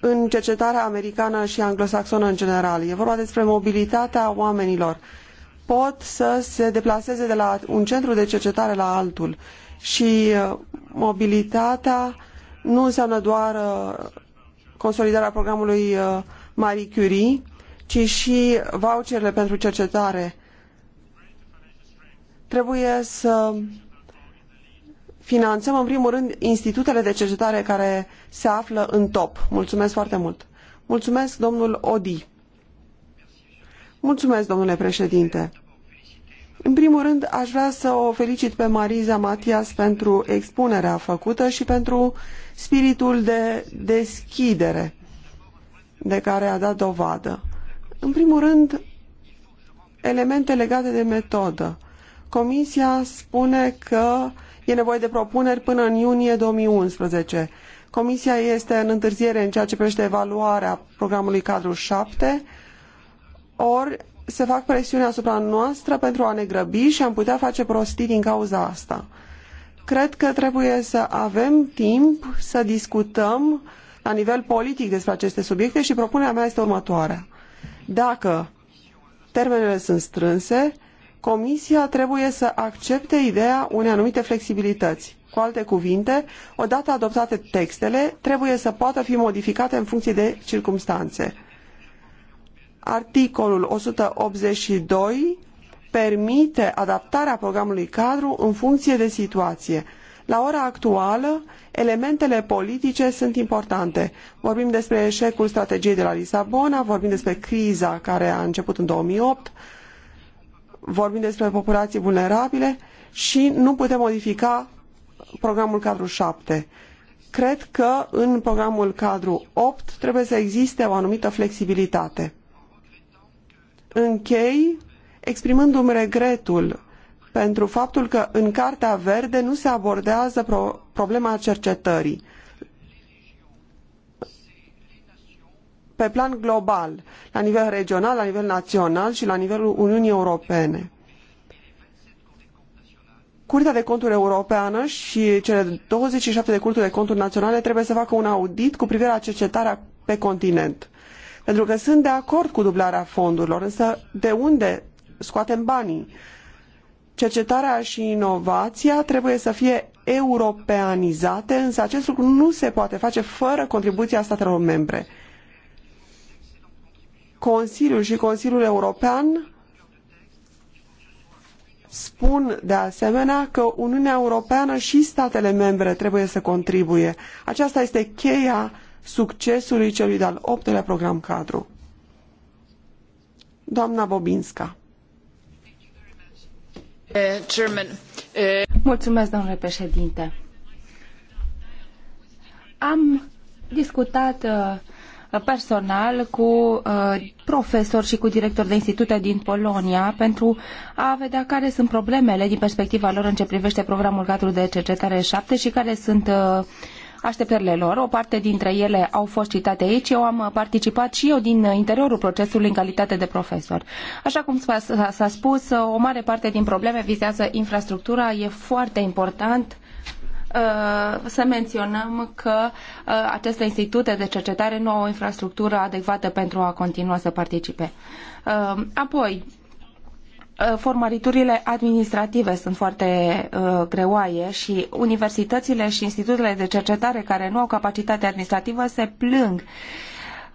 în cercetarea americană și anglosaxonă în general. E vorba despre mobilitatea oamenilor. Pot să se deplaseze de la un centru de cercetare la altul și uh, mobilitatea nu înseamnă doar uh, consolidarea programului uh, Marie Curie, ci și voucherele pentru cercetare. Trebuie să finanțăm în primul rând institutele de cercetare care se află în top. Mulțumesc foarte mult. Mulțumesc, domnul Odi. Mulțumesc, domnule președinte. În primul rând, aș vrea să o felicit pe Mariza Matias pentru expunerea făcută și pentru spiritul de deschidere de care a dat dovadă. În primul rând, elemente legate de metodă. Comisia spune că e nevoie de propuneri până în iunie 2011. Comisia este în întârziere în ceea ce privește evaluarea programului cadru 7, ori se fac presiuni asupra noastră pentru a ne grăbi și am putea face prostii din cauza asta. Cred că trebuie să avem timp să discutăm la nivel politic despre aceste subiecte și propunerea mea este următoarea. Dacă termenele sunt strânse, Comisia trebuie să accepte ideea unei anumite flexibilități. Cu alte cuvinte, odată adoptate textele, trebuie să poată fi modificate în funcție de circumstanțe. Articolul 182 permite adaptarea programului cadru în funcție de situație. La ora actuală, elementele politice sunt importante. Vorbim despre eșecul strategiei de la Lisabona, vorbim despre criza care a început în 2008, vorbim despre populații vulnerabile și nu putem modifica programul cadru 7. Cred că în programul cadru 8 trebuie să existe o anumită flexibilitate. Închei exprimându-mi regretul pentru faptul că în Cartea Verde nu se abordează pro problema cercetării. pe plan global, la nivel regional, la nivel național și la nivelul Uniunii Europene. Curtea de Conturi Europeană și cele 27 de culturi de conturi naționale trebuie să facă un audit cu privire la cercetarea pe continent. Pentru că sunt de acord cu dublarea fondurilor, însă de unde scoatem banii? Cercetarea și inovația trebuie să fie europeanizate, însă acest lucru nu se poate face fără contribuția statelor membre. Consiliul și Consiliul European spun de asemenea că Uniunea Europeană și statele membre trebuie să contribuie. Aceasta este cheia succesului celui de-al optelea program cadru. Doamna Bobinska. Mulțumesc, domnule președinte. Am discutat uh, personal cu uh, profesori și cu directori de institute din Polonia pentru a vedea care sunt problemele din perspectiva lor în ce privește programul cadru de cercetare 7 și care sunt uh, așteptările lor. O parte dintre ele au fost citate aici. Eu am participat și eu din interiorul procesului în calitate de profesor. Așa cum s-a spus, o mare parte din probleme vizează infrastructura. E foarte important uh, să menționăm că uh, aceste institute de cercetare nu au o infrastructură adecvată pentru a continua să participe. Uh, apoi, Uh, formaliturile administrative sunt foarte uh, greoaie și universitățile și institutele de cercetare care nu au capacitate administrativă se plâng.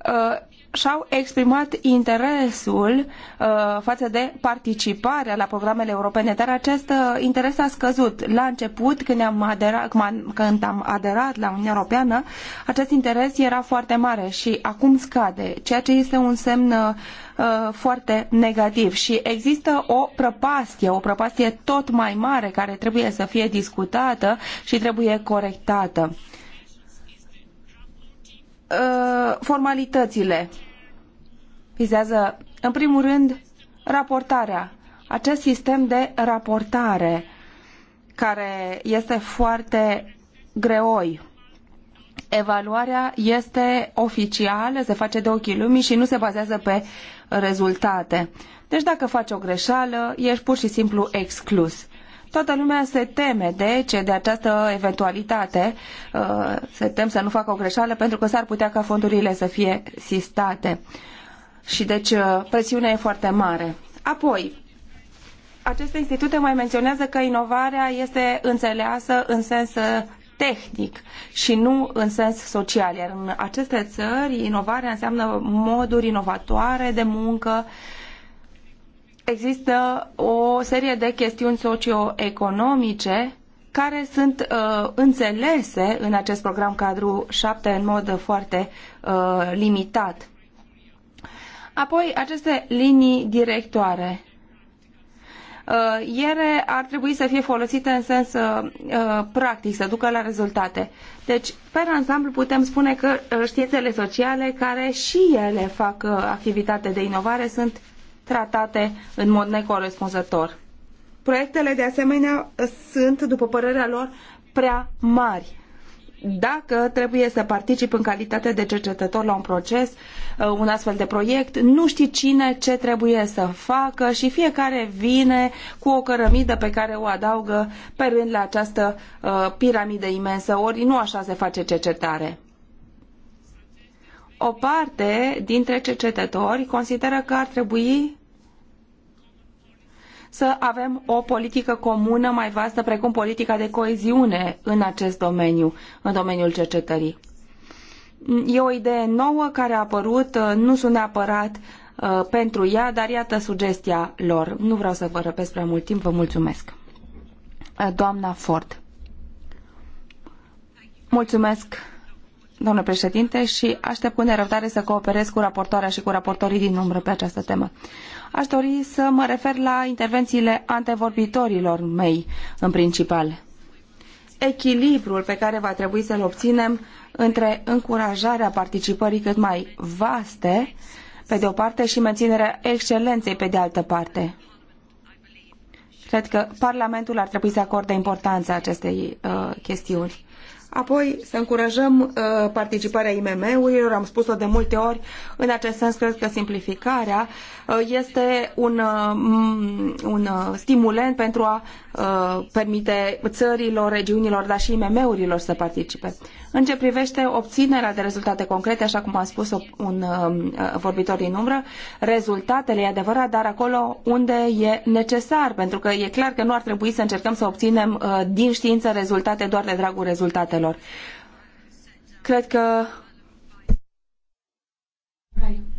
Uh, și-au exprimat interesul uh, față de participarea la programele europene, dar acest uh, interes a scăzut. La început, când am, aderat, când am aderat la Uniunea Europeană, acest interes era foarte mare și acum scade, ceea ce este un semn uh, foarte negativ și există o prăpastie, o prăpastie tot mai mare care trebuie să fie discutată și trebuie corectată Uh, formalitățile. Vizează, în primul rând, raportarea. Acest sistem de raportare care este foarte greoi. Evaluarea este oficială, se face de ochii lumii și nu se bazează pe rezultate. Deci dacă faci o greșeală, ești pur și simplu exclus. Toată lumea se teme, de deci, ce, de această eventualitate. Uh, se tem să nu facă o greșeală pentru că s-ar putea ca fondurile să fie sistate. Și deci uh, presiunea e foarte mare. Apoi, aceste institute mai menționează că inovarea este înțeleasă în sens uh, tehnic și nu în sens social. Iar în aceste țări, inovarea înseamnă moduri inovatoare de muncă, uh, există o serie de chestiuni socioeconomice care sunt uh, înțelese în acest program cadru 7 în mod foarte uh, limitat. Apoi, aceste linii directoare. Uh, ele ar trebui să fie folosite în sens uh, uh practic, să ducă la rezultate. Deci, pe ansamblu, putem spune că uh, științele sociale, care și ele fac uh, activitate de inovare, sunt tratate în mod necorespunzător. Proiectele, de asemenea, sunt, după părerea lor, prea mari. Dacă trebuie să particip în calitate de cercetător la un proces, uh, un astfel de proiect, nu știi cine ce trebuie să facă și fiecare vine cu o cărămidă pe care o adaugă pe rând la această uh, piramidă imensă, ori nu așa se face cercetare o parte dintre cercetători consideră că ar trebui să avem o politică comună mai vastă, precum politica de coeziune în acest domeniu, în domeniul cercetării. E o idee nouă care a apărut, uh, nu sunt neapărat uh, pentru ea, dar iată sugestia lor. Nu vreau să vă răpesc prea mult timp, vă mulțumesc. Uh, doamna Ford. Mulțumesc, domnule președinte, și aștept cu nerăbdare să cooperez cu raportoarea și cu raportorii din umbră pe această temă. Aș dori să mă refer la intervențiile antevorbitorilor mei, în principal. Echilibrul pe care va trebui să-l obținem între încurajarea participării cât mai vaste, pe de o parte, și menținerea excelenței, pe de altă parte. Cred că Parlamentul ar trebui să acorde importanța acestei uh, chestiuni. Apoi să încurajăm uh, participarea IMM-urilor, am spus-o de multe ori, în acest sens cred că simplificarea uh, este un, uh, un uh, stimulent pentru a uh, permite țărilor, regiunilor, dar și IMM-urilor să participe. În ce privește obținerea de rezultate concrete, așa cum a spus un um, uh, vorbitor din umbră, rezultatele e adevărat, dar acolo unde e necesar, pentru că e clar că nu ar trebui să încercăm să obținem din știință rezultate doar de dragul rezultatelor datelor. Cred că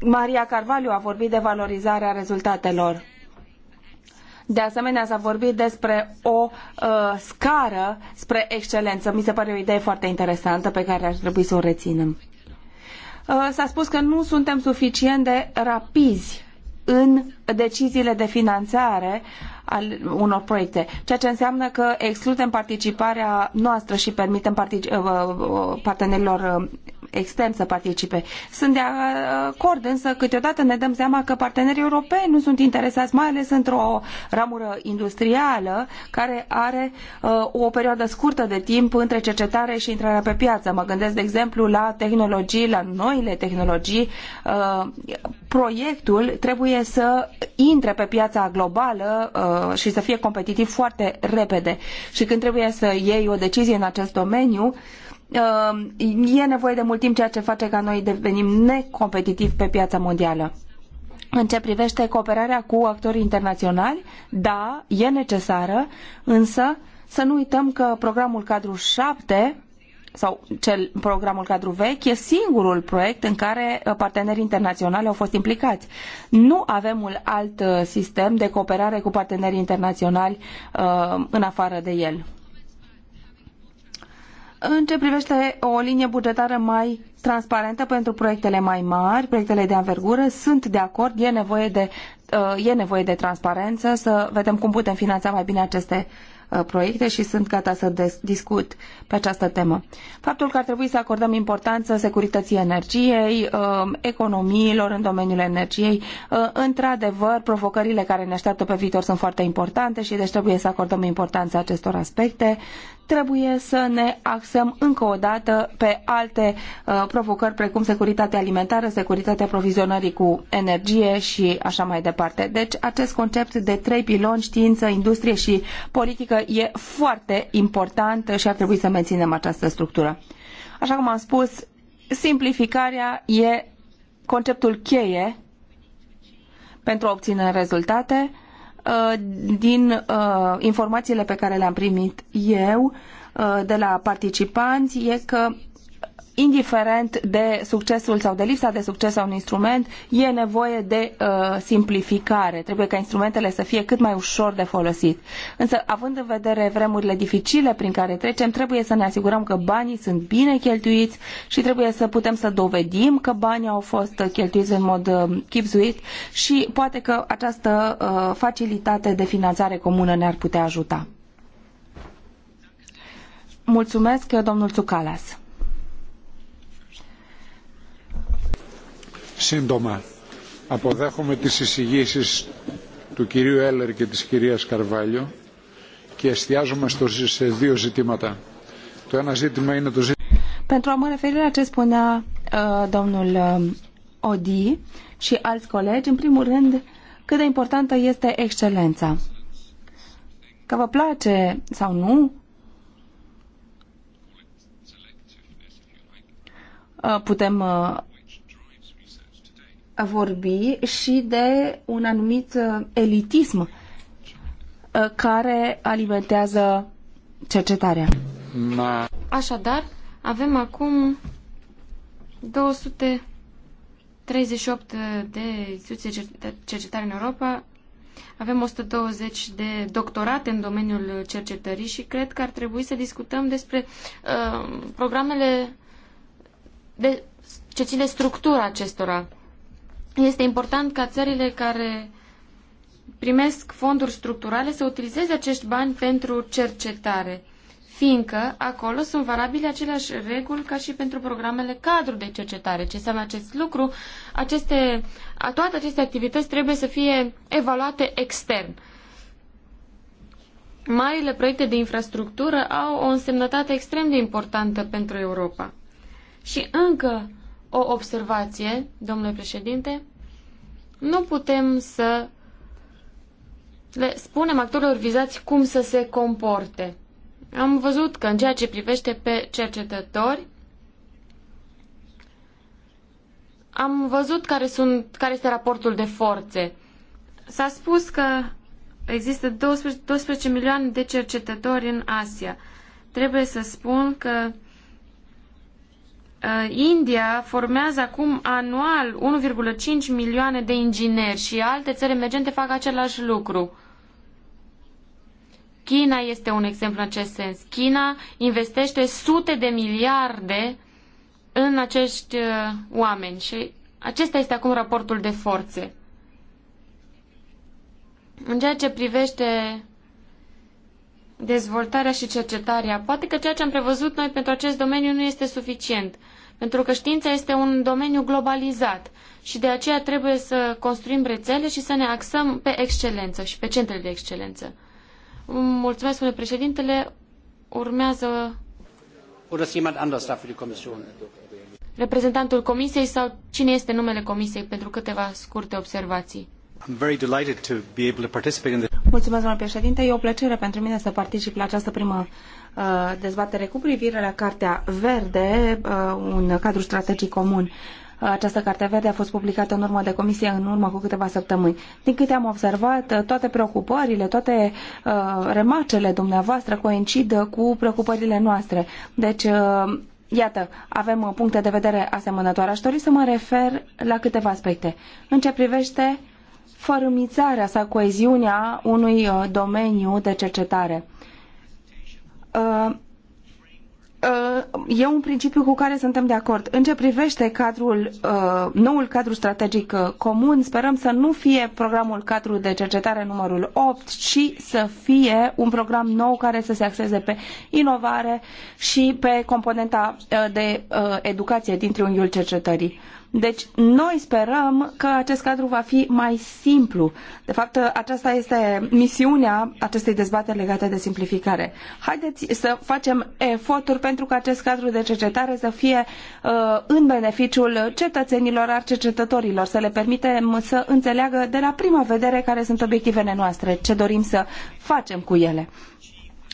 Maria Carvalho a vorbit de valorizarea rezultatelor. De asemenea, s-a vorbit despre o uh, scară spre excelență. Mi se pare o idee foarte interesantă pe care ar trebui să o reținem. Uh, s-a spus că nu suntem suficient de rapizi în deciziile de finanțare al unor proiecte, ceea ce înseamnă că excludem participarea noastră și permitem uh, uh, uh, partenerilor extern să participe. Sunt de acord, însă câteodată ne dăm seama că partenerii europeni nu sunt interesați, mai ales într-o ramură industrială care are uh, o perioadă scurtă de timp între cercetare și intrarea pe piață. Mă gândesc, de exemplu, la tehnologii, la noile tehnologii. Uh, proiectul trebuie să intre pe piața globală uh, și să fie competitiv foarte repede. Și când trebuie să iei o decizie în acest domeniu, Um, e nevoie de mult timp, ceea ce face ca noi devenim necompetitivi pe piața mondială. În ce privește cooperarea cu actorii internaționali, da, e necesară, însă să nu uităm că programul cadru 7 sau cel programul cadru vechi e singurul proiect în care uh, partenerii internaționali au fost implicați. Nu avem un alt uh, sistem de cooperare cu partenerii internaționali uh, în afară de el. În ce privește o linie bugetară mai transparentă pentru proiectele mai mari, proiectele de anvergură, sunt de acord, e nevoie de, uh, e nevoie de transparență, să vedem cum putem finanța mai bine aceste uh, proiecte și sunt gata să discut pe această temă. Faptul că ar trebui să acordăm importanță securității energiei, uh, economiilor în domeniul energiei, într-adevăr, provocările care ne așteaptă pe viitor sunt foarte importante și deci trebuie să acordăm importanță acestor aspecte trebuie să ne axăm încă o dată pe alte uh, provocări precum securitatea alimentară, securitatea provizionării cu energie și așa mai departe. Deci acest concept de trei piloni, știință, industrie și politică e foarte important și ar trebui să menținem această structură. Așa cum am spus, simplificarea e conceptul cheie pentru a obține rezultate Uh, din uh, informațiile pe care le-am primit eu uh, de la participanți e că indiferent de succesul sau de lipsa de succes a unui instrument, e nevoie de uh, simplificare. Trebuie ca instrumentele să fie cât mai ușor de folosit. Însă, având în vedere vremurile dificile prin care trecem, trebuie să ne asigurăm că banii sunt bine cheltuiți și trebuie să putem să dovedim că banii au fost cheltuiți în mod uh, chipzuit și poate că această uh, facilitate de finanțare comună ne-ar putea ajuta. Mulțumesc, domnul Tsukalas. Σύντομα, αποδέχομαι τις εισηγήσεις του κυρίου Έλερ και της κυρίας Καρβάλιο και εστιάζομαι στο, σε δύο ζητήματα. Το ένα ζήτημα είναι το ζήτημα... Pentru a mă referi la ce spunea uh, domnul uh, Odi și alți colegi, în primul rând, cât de importantă este excelența. Că vă place sau nu, putem vorbi și de un anumit uh, elitism uh, care alimentează cercetarea. Așadar, avem acum 238 uh, de instituții de cercetare în Europa, avem 120 de doctorate în domeniul cercetării și cred că ar trebui să discutăm despre uh, programele de, ce ține structura acestora. Este important ca țările care primesc fonduri structurale să utilizeze acești bani pentru cercetare, fiindcă acolo sunt valabile aceleași reguli ca și pentru programele cadru de cercetare. Ce înseamnă acest lucru? Aceste, toate aceste activități trebuie să fie evaluate extern. Marile proiecte de infrastructură au o însemnătate extrem de importantă pentru Europa. Și încă o observație, domnule președinte. Nu putem să le spunem actorilor vizați cum să se comporte. Am văzut că în ceea ce privește pe cercetători, am văzut care, sunt, care este raportul de forțe. S-a spus că există 12, 12 milioane de cercetători în Asia. Trebuie să spun că Uh, India formează acum anual 1,5 milioane de ingineri și alte țări emergente fac același lucru. China este un exemplu în acest sens. China investește sute de miliarde în acești uh, oameni și acesta este acum raportul de forțe. În ceea ce privește dezvoltarea și cercetarea, poate că ceea ce am prevăzut noi pentru acest domeniu nu este suficient – pentru că știința este un domeniu globalizat și de aceea trebuie să construim rețele și să ne axăm pe excelență și pe centrele de excelență. Mulțumesc, domnule președintele. Urmează da reprezentantul comisiei sau cine este numele comisiei pentru câteva scurte observații. Mulțumesc, domnule președinte. E o plăcere pentru mine să particip la această primă Uh, dezbatere cu privire la Cartea Verde, uh, un cadru strategic comun. Uh, această carte verde a fost publicată în urmă de comisie în urmă cu câteva săptămâni. Din câte am observat, toate preocupările, toate uh, remarcele dumneavoastră coincid cu preocupările noastre. Deci, uh, Iată, avem puncte de vedere asemănătoare. Aș dori să mă refer la câteva aspecte. În ce privește fărâmițarea sau coeziunea unui domeniu de cercetare. Uh, uh, e un principiu cu care suntem de acord. În ce privește cadrul, uh, noul cadru strategic uh, comun, sperăm să nu fie programul cadru de cercetare numărul opt, ci să fie un program nou care să se axeze pe inovare și pe componenta de educație din triunghiul cercetării. Deci noi sperăm că acest cadru va fi mai simplu. De fapt, aceasta este misiunea acestei dezbateri legate de simplificare. Haideți să facem eforturi pentru ca acest cadru de cercetare să fie uh, în beneficiul cetățenilor, ar cercetătorilor, să le permitem să înțeleagă de la prima vedere care sunt obiectivele noastre, ce dorim să facem cu ele.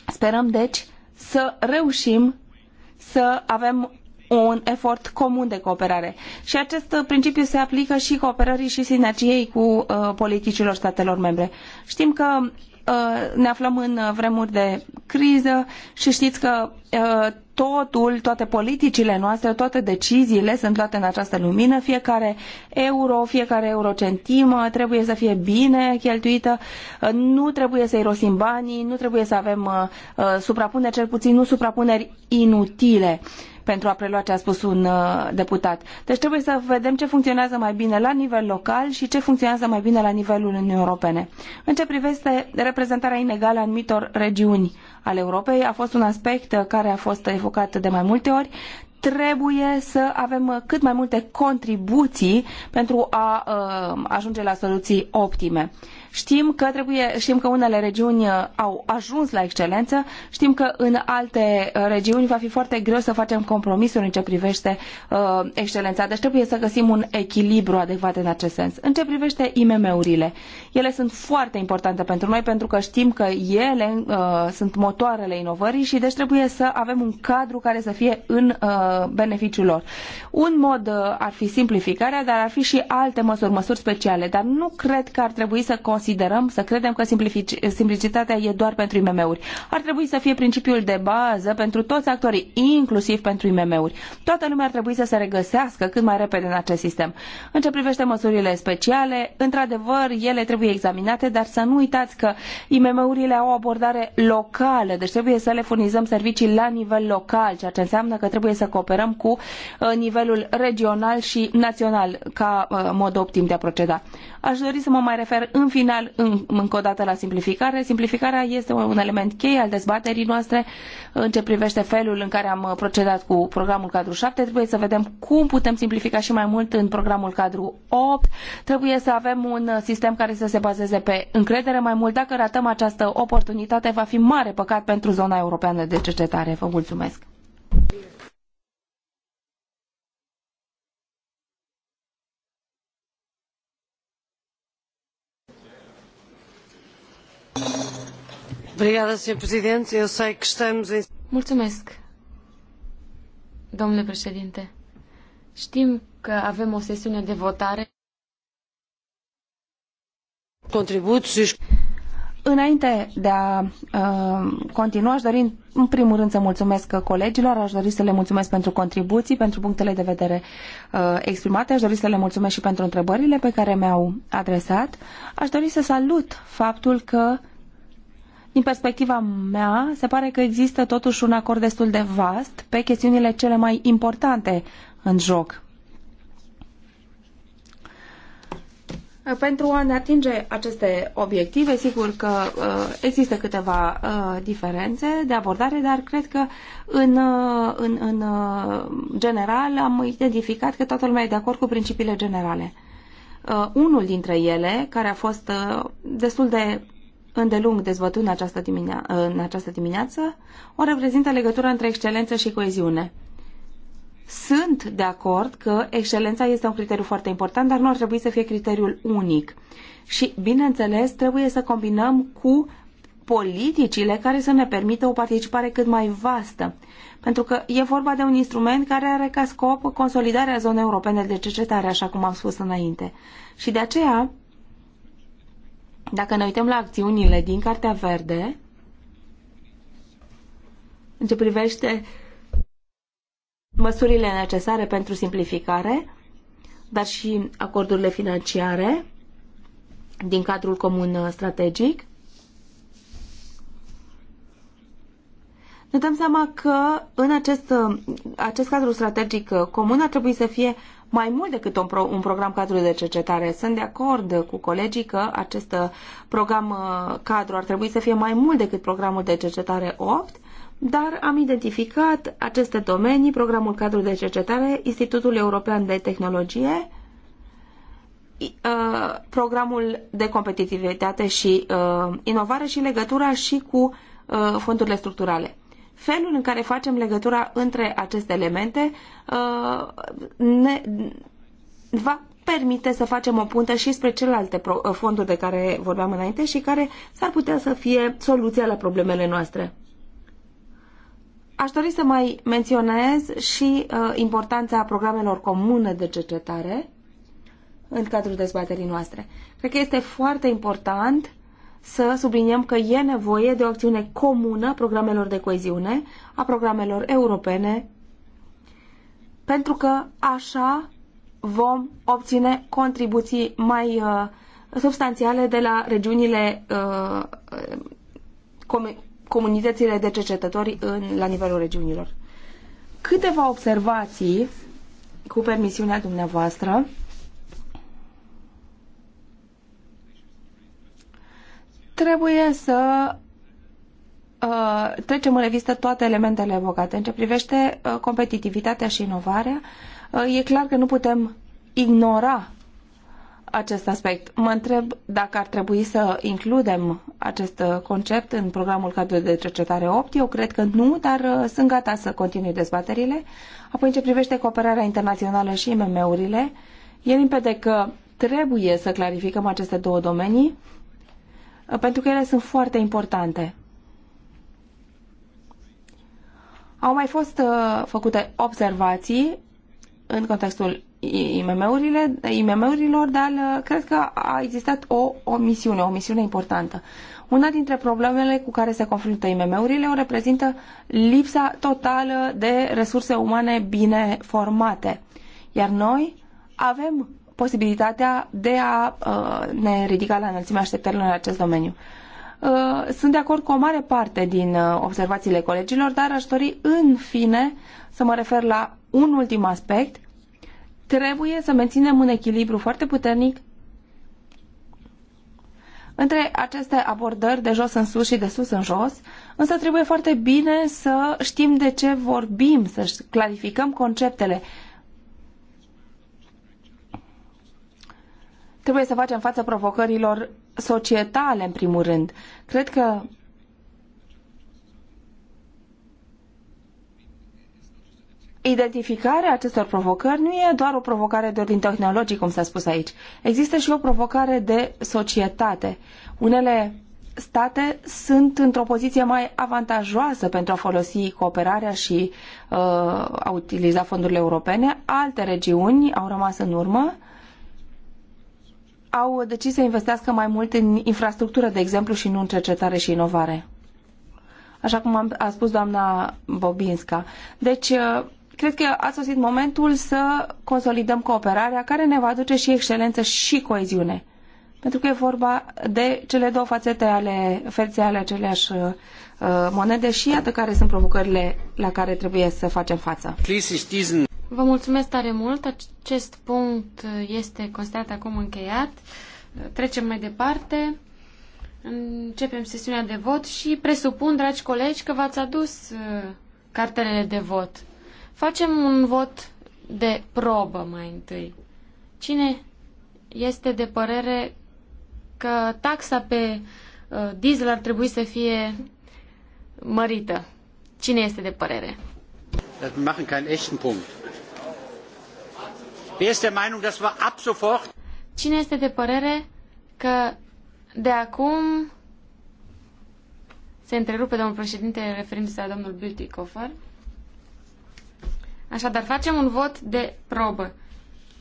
Sperăm, deci, să reușim să avem un efort comun de cooperare. Și acest uh, principiu se aplică și cooperării și sinergiei cu uh, politicilor statelor membre. Știm că uh, ne aflăm în uh, vremuri de criză și știți că uh, totul, toate politicile noastre, toate deciziile sunt luate în această lumină, fiecare euro, fiecare eurocentimă trebuie să fie bine cheltuită, uh, nu trebuie să irosim banii, nu trebuie să avem uh, suprapuneri, cel puțin nu suprapuneri inutile. Uh, pentru a prelua ce a spus un uh, deputat. Deci trebuie să vedem ce funcționează mai bine la nivel local și ce funcționează mai bine la nivelul Uniunii Europene. În ce privește reprezentarea inegală a anumitor regiuni ale Europei, a fost un aspect uh, care a fost evocat de mai multe ori trebuie să avem uh, cât mai multe contribuții pentru a ajunge la soluții optime. Știm că, trebuie, știm că unele regiuni uh, au ajuns la excelență, știm că în alte uh, regiuni va fi foarte greu să facem compromisuri în ce privește uh, excelența, deci trebuie să găsim un echilibru adecvat în acest sens. În ce privește IMM-urile, ele sunt foarte importante pentru noi pentru că știm că ele uh, sunt motoarele inovării și deci trebuie să avem un cadru care să fie în uh, beneficiul lor. Un mod uh, ar fi simplificarea, dar ar fi și alte măsuri, măsuri speciale, dar nu cred că ar trebui să considerăm, să credem că simplicitatea e doar pentru IMM-uri. Ar trebui să fie principiul de bază pentru toți actorii, inclusiv pentru IMM-uri. Toată lumea ar trebui să se regăsească cât mai repede în acest sistem. În ce privește măsurile speciale, într-adevăr, ele trebuie examinate, dar să nu uitați că IMM-urile au o abordare locală, deci trebuie să le furnizăm servicii la nivel local, ceea ce înseamnă că trebuie să cooperăm cu uh, nivelul regional și național ca uh, mod optim de a proceda. Aș dori să mă mai refer în final final, în, încă o dată la simplificare. Simplificarea este un element cheie al dezbaterii noastre în ce privește felul în care am procedat cu programul cadru 7. Trebuie să vedem cum putem simplifica și mai mult în programul cadru 8. Trebuie să avem un sistem care să se bazeze pe încredere mai mult. Dacă ratăm această oportunitate, va fi mare păcat pentru zona europeană de cercetare. Vă mulțumesc! Mulțumesc, domnule președinte. Știm că avem o sesiune de votare. Contribuții. Înainte de a uh, continua, aș dori în primul rând să mulțumesc colegilor, aș dori să le mulțumesc pentru contribuții, pentru punctele de vedere uh, exprimate, aș dori să le mulțumesc și pentru întrebările pe care mi-au adresat. Aș dori să salut faptul că din perspectiva mea, se pare că există totuși un acord destul de vast pe chestiunile cele mai importante în joc. Pentru a ne atinge aceste obiective, sigur că uh, există câteva uh, diferențe de abordare, dar cred că în, uh, în, în uh, general am identificat că toată lumea e de acord cu principiile generale. Uh, unul dintre ele, care a fost uh, destul de îndelung dezbătut în această, dimine- în această dimineață o reprezintă legătura între excelență și coeziune. Sunt de acord că excelența este un criteriu foarte important, dar nu ar trebui să fie criteriul unic. Și, bineînțeles, trebuie să combinăm cu politicile care să ne permită o participare cât mai vastă. Pentru că e vorba de un instrument care are ca scop consolidarea zonei europene de cercetare, așa cum am spus înainte. Și de aceea, dacă ne uităm la acțiunile din Cartea Verde, în ce privește măsurile necesare pentru simplificare, dar și acordurile financiare din cadrul comun strategic, ne dăm seama că în acest, acest cadru strategic comun ar trebui să fie mai mult decât un, pro, un program cadru de cercetare. Sunt de acord cu colegii că acest uh, program uh, cadru ar trebui să fie mai mult decât programul de cercetare 8, dar am identificat aceste domenii, programul cadru de cercetare, Institutul European de Tehnologie, uh, programul de competitivitate și inovare și legătura și cu fondurile structurale felul în care facem legătura între aceste elemente uh, ne va permite să facem o puntă și spre celelalte uh, fonduri de care vorbeam înainte și care s-ar putea să fie soluția la problemele noastre. Aș dori să mai menționez și uh, importanța programelor comune de cercetare în cadrul dezbaterii noastre. Cred că este foarte important să subliniem că e nevoie de o acțiune comună programelor de coeziune, a programelor europene, pentru că așa vom obține contribuții mai uh, substanțiale de la regiunile, uh, uh comunitățile de cercetători în, la nivelul regiunilor. Câteva observații, cu permisiunea dumneavoastră, Trebuie să uh, trecem în revistă toate elementele evocate. În ce privește uh, competitivitatea și inovarea, uh, e clar că nu putem ignora acest aspect. Mă întreb dacă ar trebui să includem acest uh, concept în programul cadru de cercetare 8. Eu cred că nu, dar uh, sunt gata să continui dezbaterile. Apoi, în ce privește cooperarea internațională și mm urile e limpede că trebuie să clarificăm aceste două domenii pentru că ele sunt foarte importante. Au mai fost uh, făcute observații în contextul IMM-urile, IMM-urilor, dar uh, cred că a existat o, o misiune, o misiune importantă. Una dintre problemele cu care se confruntă IMM-urile o reprezintă lipsa totală de resurse umane bine formate. Iar noi avem posibilitatea de a uh, ne ridica la înălțimea așteptărilor în acest domeniu. Uh, sunt de acord cu o mare parte din uh, observațiile colegilor, dar aș dori în fine să mă refer la un ultim aspect. Trebuie să menținem un echilibru foarte puternic între aceste abordări de jos în sus și de sus în jos, însă trebuie foarte bine să știm de ce vorbim, să clarificăm conceptele, Trebuie să facem față provocărilor societale, în primul rând. Cred că Identificarea acestor provocări nu e doar o provocare de ordin tehnologic, cum s-a spus aici. Există și o provocare de societate. Unele state sunt într-o poziție mai avantajoasă pentru a folosi cooperarea și uh, a utiliza fondurile europene. Alte regiuni au rămas în urmă au decis să investească mai mult în infrastructură, de exemplu, și nu în cercetare și inovare. Așa cum am, a spus doamna Bobinska. Deci, uh, cred că a sosit momentul să consolidăm cooperarea care ne va aduce și excelență și coeziune. Pentru că e vorba de cele două fațete ale ferței ale aceleași uh, uh, monede și iată care sunt provocările la care trebuie să facem față. Vă mulțumesc tare mult. Acest punct este constat acum încheiat. Trecem mai departe. Începem sesiunea de vot și presupun, dragi colegi, că v-ați adus uh, cartelele de vot. Facem un vot de probă mai întâi. Cine este de părere că taxa pe uh, diesel ar trebui să fie mărită? Cine este de părere? Das machen keinen echten punct. Cine este de părere că de acum se întrerupe domnul președinte referindu-se la domnul Bütikofer? Așadar, facem un vot de probă.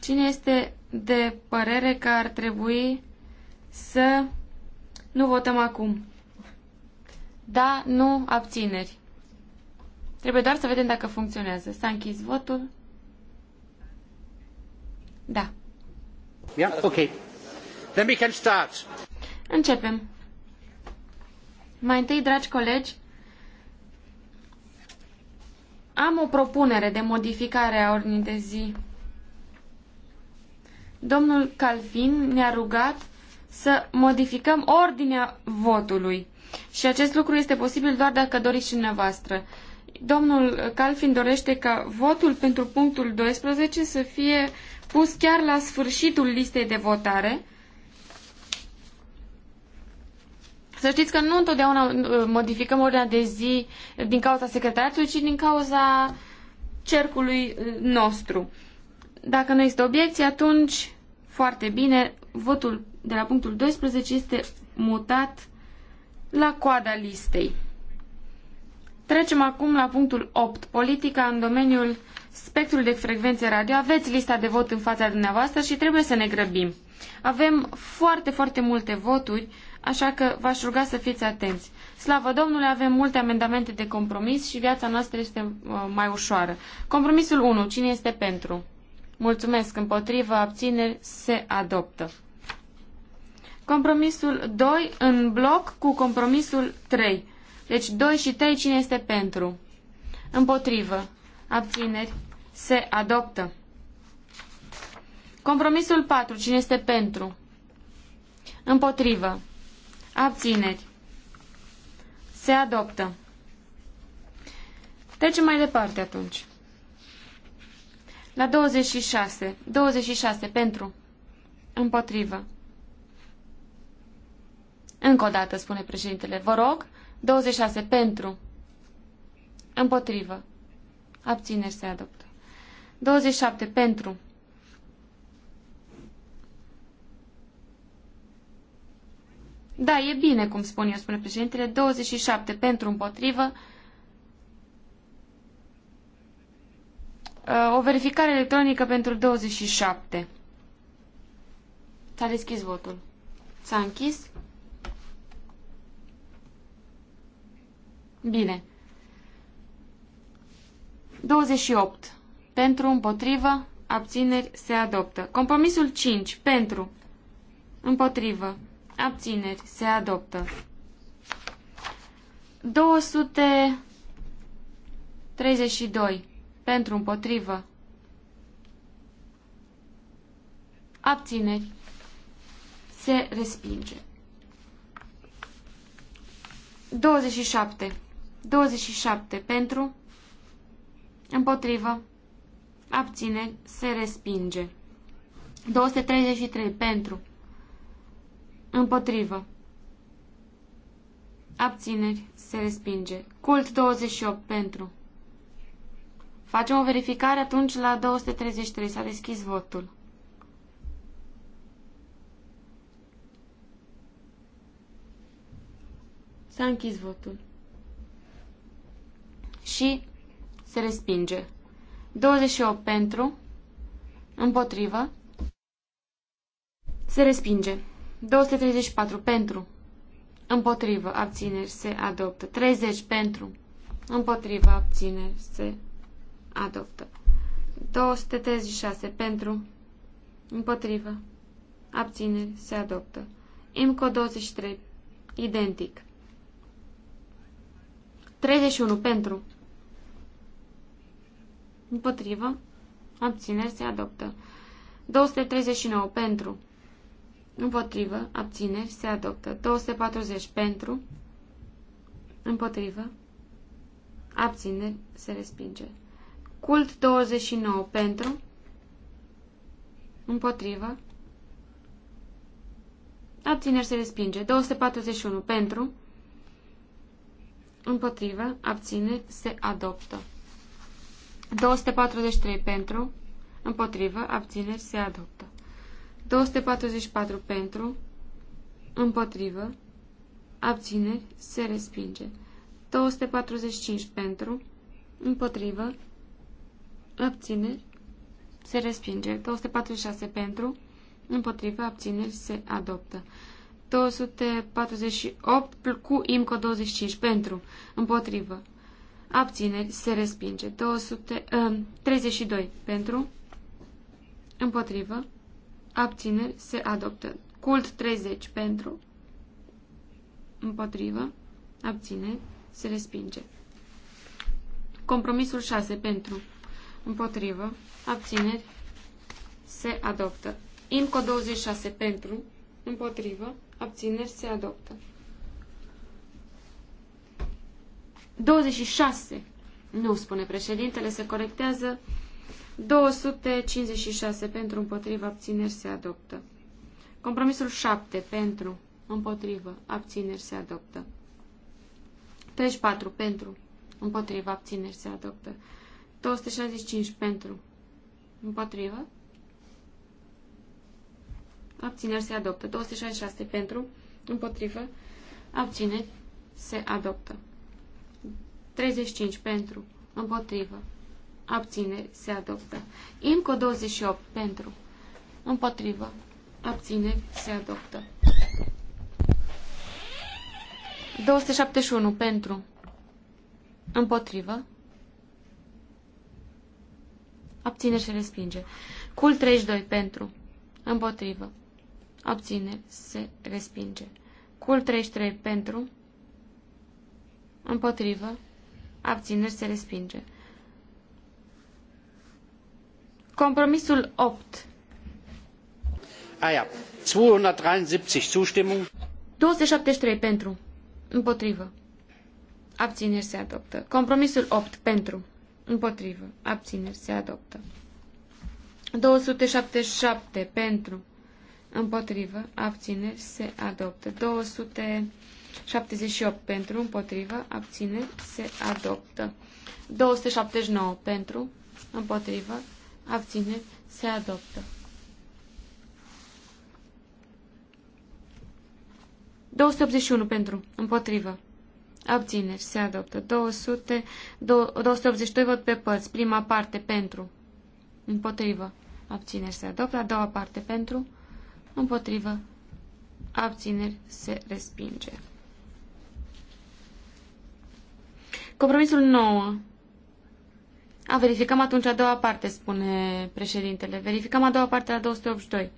Cine este de părere că ar trebui să nu votăm acum? Da, nu, abțineri. Trebuie doar să vedem dacă funcționează. S-a închis votul. Da. Yeah, ok. Then we can start. Începem. Mai întâi, dragi colegi, am o propunere de modificare a ordinii de zi. Domnul Calvin ne-a rugat să modificăm ordinea votului. Și acest lucru este posibil doar dacă doriți și dumneavoastră. Domnul Calvin dorește ca votul pentru punctul 12 să fie uh, pus chiar la sfârșitul listei de votare. Să știți că nu întotdeauna uh, modificăm ordinea de zi din cauza secretariatului, ci din cauza cercului uh, nostru. Dacă nu este obiecție, atunci foarte bine, votul de la punctul 12 este mutat la coada listei. Trecem acum la punctul 8, politica în domeniul spectrul de frecvențe radio, aveți lista de vot în fața dumneavoastră și trebuie să ne grăbim. Avem foarte, foarte multe voturi, așa că v-aș ruga să fiți atenți. Slavă Domnului, avem multe amendamente de compromis și viața noastră este uh, mai ușoară. Compromisul 1. Cine este pentru? Mulțumesc. Împotrivă, abțineri, se adoptă. Compromisul 2 în bloc cu compromisul 3. Deci 2 și 3, cine este pentru? Împotrivă. Abțineri. Se adoptă. Compromisul 4. Cine este pentru? Împotrivă. Abțineri. Se adoptă. Trecem mai departe atunci. La 26. 26. Pentru. Împotrivă. Încă o dată, spune președintele. Vă rog. 26. Pentru. Împotrivă. Abțineri se adoptă. 27 pentru. Da, e bine, cum spun eu, spune președintele. 27 pentru împotrivă. Uh, o verificare electronică pentru 27. S-a deschis votul. S-a închis. Bine. 28. Pentru, împotrivă, abțineri, se adoptă. Compromisul 5. Pentru, împotrivă, abțineri, se adoptă. 232. Pentru, împotrivă, abțineri, se respinge. 27. 27. Pentru, împotrivă, abțineri, se respinge. 233 pentru, împotrivă, abțineri, se respinge. Cult 28 pentru. Facem o verificare atunci la 233. S-a deschis votul. S-a închis votul. Și se respinge. 28 pentru, împotrivă, se respinge. 234 pentru, împotrivă, abțineri, se adoptă. 30 pentru, împotrivă, abțineri, se adoptă. 236 pentru, împotrivă, abțineri, se adoptă. IMCO 23, identic. 31 pentru, Împotrivă. Abțineri se adoptă. 239 pentru. Împotrivă. Abțineri se adoptă. 240 pentru. Împotrivă. Abțineri se respinge. Cult 29 pentru. Împotrivă. Abțineri se respinge. 241 pentru. Împotrivă. Abțineri se adoptă. 243 pentru, împotrivă, abțineri, se adoptă. 244 pentru, împotrivă, abțineri, se respinge. 245 pentru, împotrivă, abțineri, se respinge. 246 pentru, împotrivă, abțineri, se adoptă. 248 cu IMCO 25 pentru, împotrivă, Abțineri se respinge. 200, uh, 32 pentru. Împotrivă. Abțineri se adoptă. Cult 30 pentru. Împotrivă. Abțineri se respinge. Compromisul 6 pentru. Împotrivă. Abțineri se adoptă. INCO 26 pentru. Împotrivă. Abțineri se adoptă. 26. Nu, spune președintele, se corectează. 256 pentru împotrivă, abțineri se adoptă. Compromisul 7 pentru împotrivă abțineri se adoptă. 34 pentru împotrivă, abțineri se adoptă. 265 pentru împotrivă abțineri se adoptă. 266 pentru împotrivă abțineri se adoptă. 35 pentru, împotrivă, abțineri, se adoptă. Inco 28 pentru, împotrivă, abțineri, se adoptă. 271 pentru, împotrivă, abțineri se respinge. Cul 32 pentru, împotrivă, abțineri se respinge. Cul 33 pentru, împotrivă, abțineri se respinge. Compromisul 8. Aia, 273 zustimmung. 273 pentru. Împotrivă. Abțineri se adoptă. Compromisul 8 pentru. Împotrivă. Abțineri se adoptă. 277 pentru. Împotrivă. Abțineri se adoptă. 200 78 pentru, împotrivă, abține, se adoptă. 279 pentru, împotrivă, abține, se adoptă. 281 pentru, împotrivă, abțineri, se adoptă. 200, 282 vot pe părți, prima parte pentru, împotrivă, abțineri, se adoptă. A doua parte pentru, împotrivă, abțineri, se respinge. Compromisul 9. A, verificăm atunci a doua parte, spune președintele. Verificăm a doua parte la 282.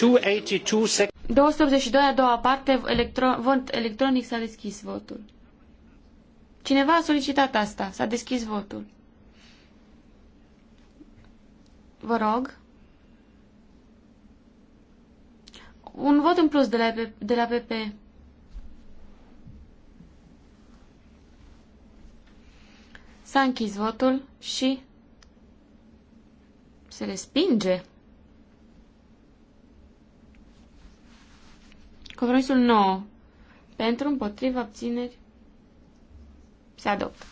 282, 282 a doua parte, electro, vot electronic s-a deschis votul. Cineva a solicitat asta, s-a deschis votul. Vă rog. Un vot în plus de la, de la PP. S-a închis votul și se respinge. Compromisul 9. Pentru, împotriva, abțineri, se adoptă.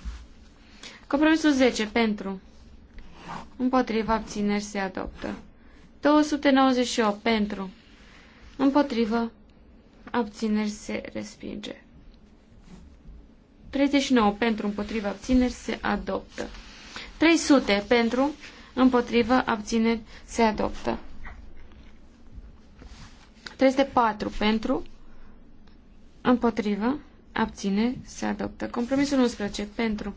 Compromisul 10. Pentru, împotriva, abțineri, se adoptă. 298. Pentru, împotriva, abțineri, se respinge. 39 pentru împotriva abțineri se adoptă. 300 pentru împotriva abțineri se adoptă. 304 pentru împotriva abțineri se adoptă. Compromisul 11 pentru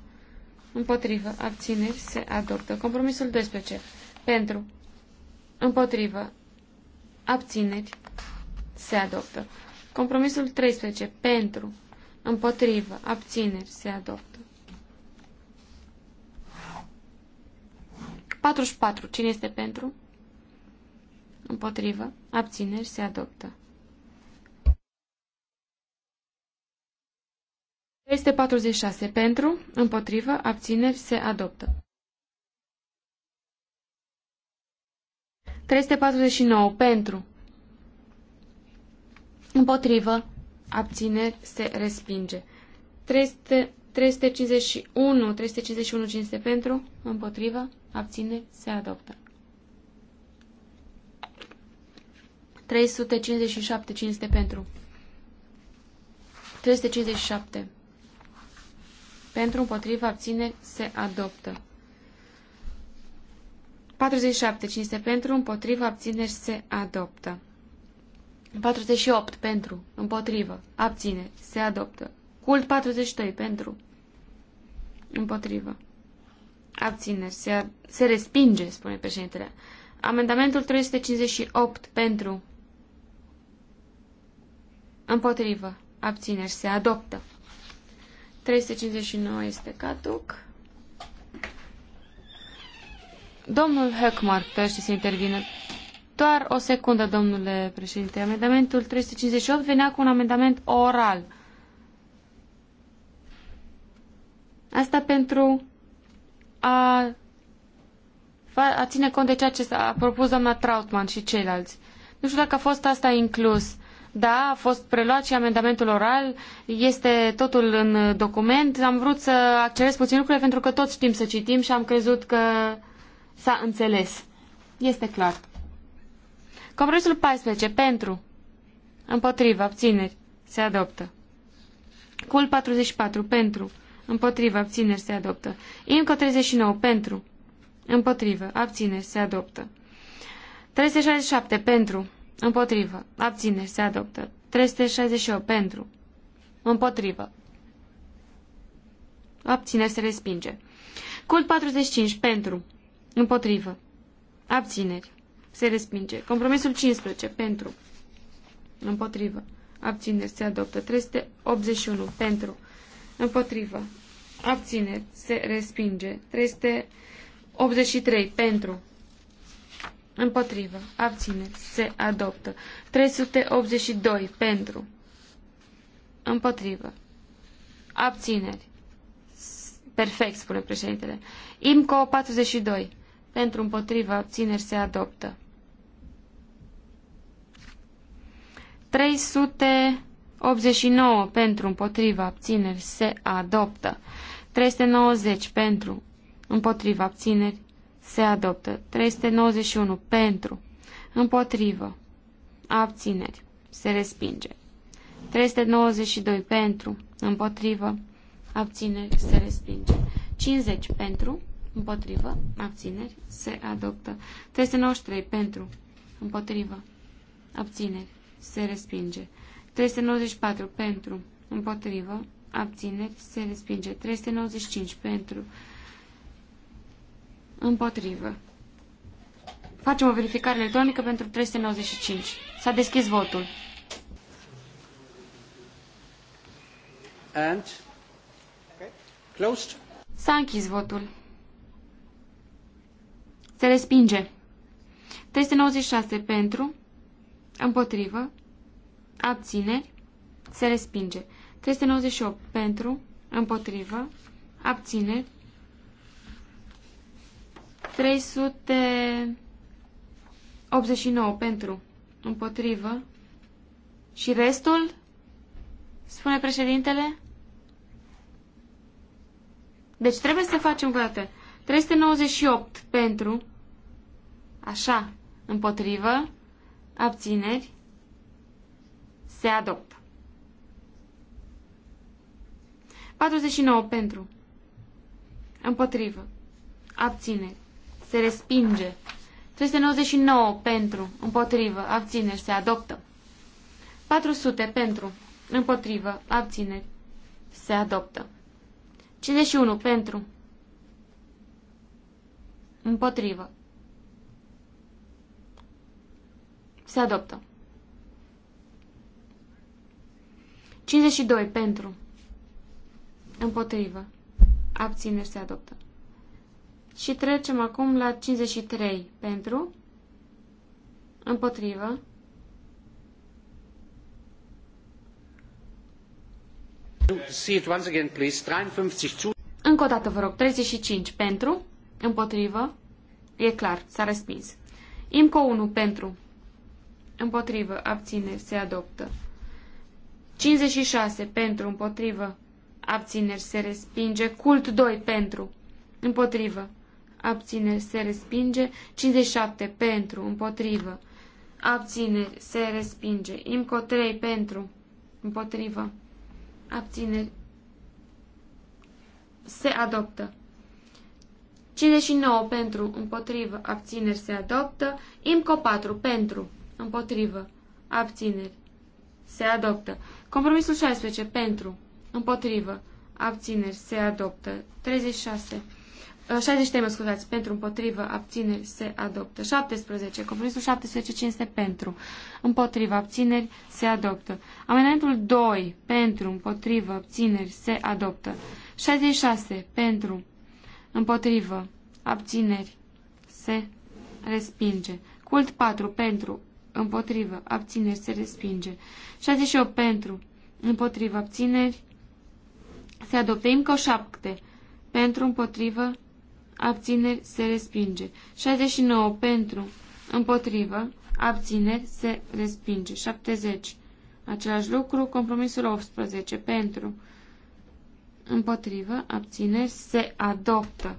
împotriva abțineri se adoptă. Compromisul 12 pentru împotriva abțineri se adoptă. Compromisul 13 pentru Împotrivă. Abțineri. Se adoptă. 44. Cine este pentru? Împotrivă. Abțineri. Se adoptă. 46. Pentru, împotrivă, abțineri, se adoptă. 349. Pentru, împotrivă, abțineri, se respinge. 300, 351, 351 cine este pentru, împotrivă, abțineri, se adoptă. 357, cine este pentru. 357. Pentru, împotrivă, abțineri, se adoptă. 47. Cine este pentru, împotrivă, abțineri, se adoptă. 48 pentru, împotrivă, abține se adoptă. Cult 43 pentru, împotrivă, abține se, se respinge, spune președintele. Amendamentul 358 pentru, împotrivă, abține se adoptă. 359 este caduc. Domnul Heckmark trebuie să intervină. Doar o secundă, domnule președinte. Amendamentul 358 venea cu un amendament oral. Asta pentru a, a ține cont de ceea ce a propus doamna Trautman și ceilalți. Nu știu dacă a fost asta inclus. Da, a fost preluat și amendamentul oral, este totul în document. Am vrut să accelerez puțin lucrurile pentru că toți știm să citim și am crezut că s-a înțeles. Este clar. Compromisul 14. Pentru. Împotrivă. Abțineri. Se adoptă. Cul 44. Pentru. Împotrivă. Abțineri. Se adoptă. Inco 39. Pentru. Împotrivă. Abțineri. Se adoptă. 367. Pentru. Împotrivă. Abțineri. Se adoptă. 368. Pentru. Împotrivă. Abțineri. Se respinge. Cult 45. Pentru. Împotrivă. Abțineri se respinge. Compromisul 15 pentru, împotrivă, abțineri, se adoptă. 381 pentru, împotrivă, abțineri, se respinge. 383 pentru, împotrivă, abțineri, se adoptă. 382 pentru, împotrivă, abțineri, perfect, spune președintele. IMCO 42 pentru împotriva abțineri se adoptă. 389 pentru împotriva abțineri se adoptă. 390 pentru împotriva abțineri se adoptă. 391 pentru împotriva abțineri se respinge. 392 pentru împotriva abțineri se respinge. 50 pentru împotriva abțineri se adoptă. 393 pentru împotriva abțineri se respinge. 394 pentru, împotrivă, abțineri, se respinge. 395 pentru, împotrivă. Facem o verificare electronică pentru 395. S-a deschis votul. And closed. S-a închis votul. Se respinge. 396 pentru, împotrivă, abțineri, se respinge. 398 pentru, împotrivă, abțineri, 389 pentru, împotrivă, și restul, spune președintele? Deci trebuie să facem toate. 398 pentru, așa, împotrivă, abțineri, se adoptă. 49 pentru, împotrivă, abțineri, se respinge. 399 pentru, împotrivă, abțineri, se adoptă. 400 pentru, împotrivă, abțineri, se adoptă. 51 pentru, împotrivă, Se adoptă. 52. Pentru. Împotrivă. Abțineri se adoptă. Și trecem acum la 53. Pentru. Împotrivă. Încă o dată, vă rog, 35 pentru, împotrivă, e clar, s-a respins. IMCO 1 pentru, Împotrivă. Abțineri. Se adoptă. 56. Pentru. Împotrivă. Abțineri. Se respinge. Cult 2. Pentru. Împotrivă. Abțineri. Se respinge. 57. Pentru. Împotrivă. Abțineri. Se respinge. Imco 3. Pentru. Împotrivă. Abțineri. Se adoptă. 59 pentru, împotrivă, abțineri se adoptă. IMCO 4 pentru, Împotrivă. Abțineri. Se adoptă. Compromisul 16. Pentru. Împotrivă. Abțineri. Se adoptă. 36. 63, uh, mă scuzați, pentru, împotrivă, abțineri, se adoptă. 17, compromisul 17, 5 este pentru, împotrivă, abțineri, se adoptă. Amendamentul 2, pentru, împotrivă, abțineri, se adoptă. 66, pentru, împotrivă, abțineri, se respinge. Cult 4, pentru, împotrivă, abțineri, se respinge. 68 pentru, împotrivă, abțineri, se adoptă. o șapte. pentru, împotrivă, abțineri, se respinge. 69 pentru, împotrivă, abțineri, se respinge. 70. Același lucru, compromisul 18 pentru, împotrivă, abțineri, se adoptă.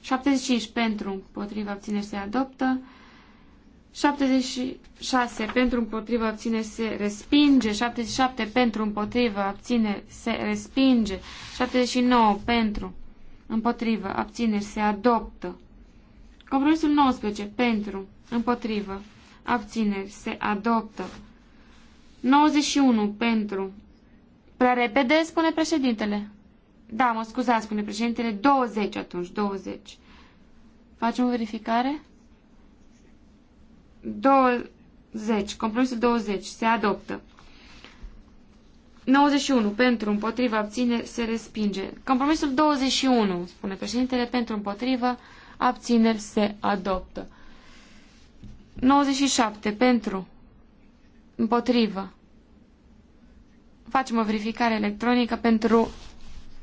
75 pentru, împotrivă, abțineri, se adoptă. 76 pentru împotrivă abține se respinge, 77 pentru împotrivă abține se respinge, 79 pentru împotrivă abține se adoptă. Compromisul 19 pentru împotrivă abțineri se adoptă. 91 pentru prea repede, spune președintele. Da, mă scuzați, spune președintele, 20 atunci, 20. Facem o verificare? 20. Compromisul 20. Se adoptă. 91. Pentru, împotriva, abține, se respinge. Compromisul 21, spune președintele, pentru, împotriva, abțineri, se adoptă. 97. Pentru, împotriva. Facem o verificare electronică pentru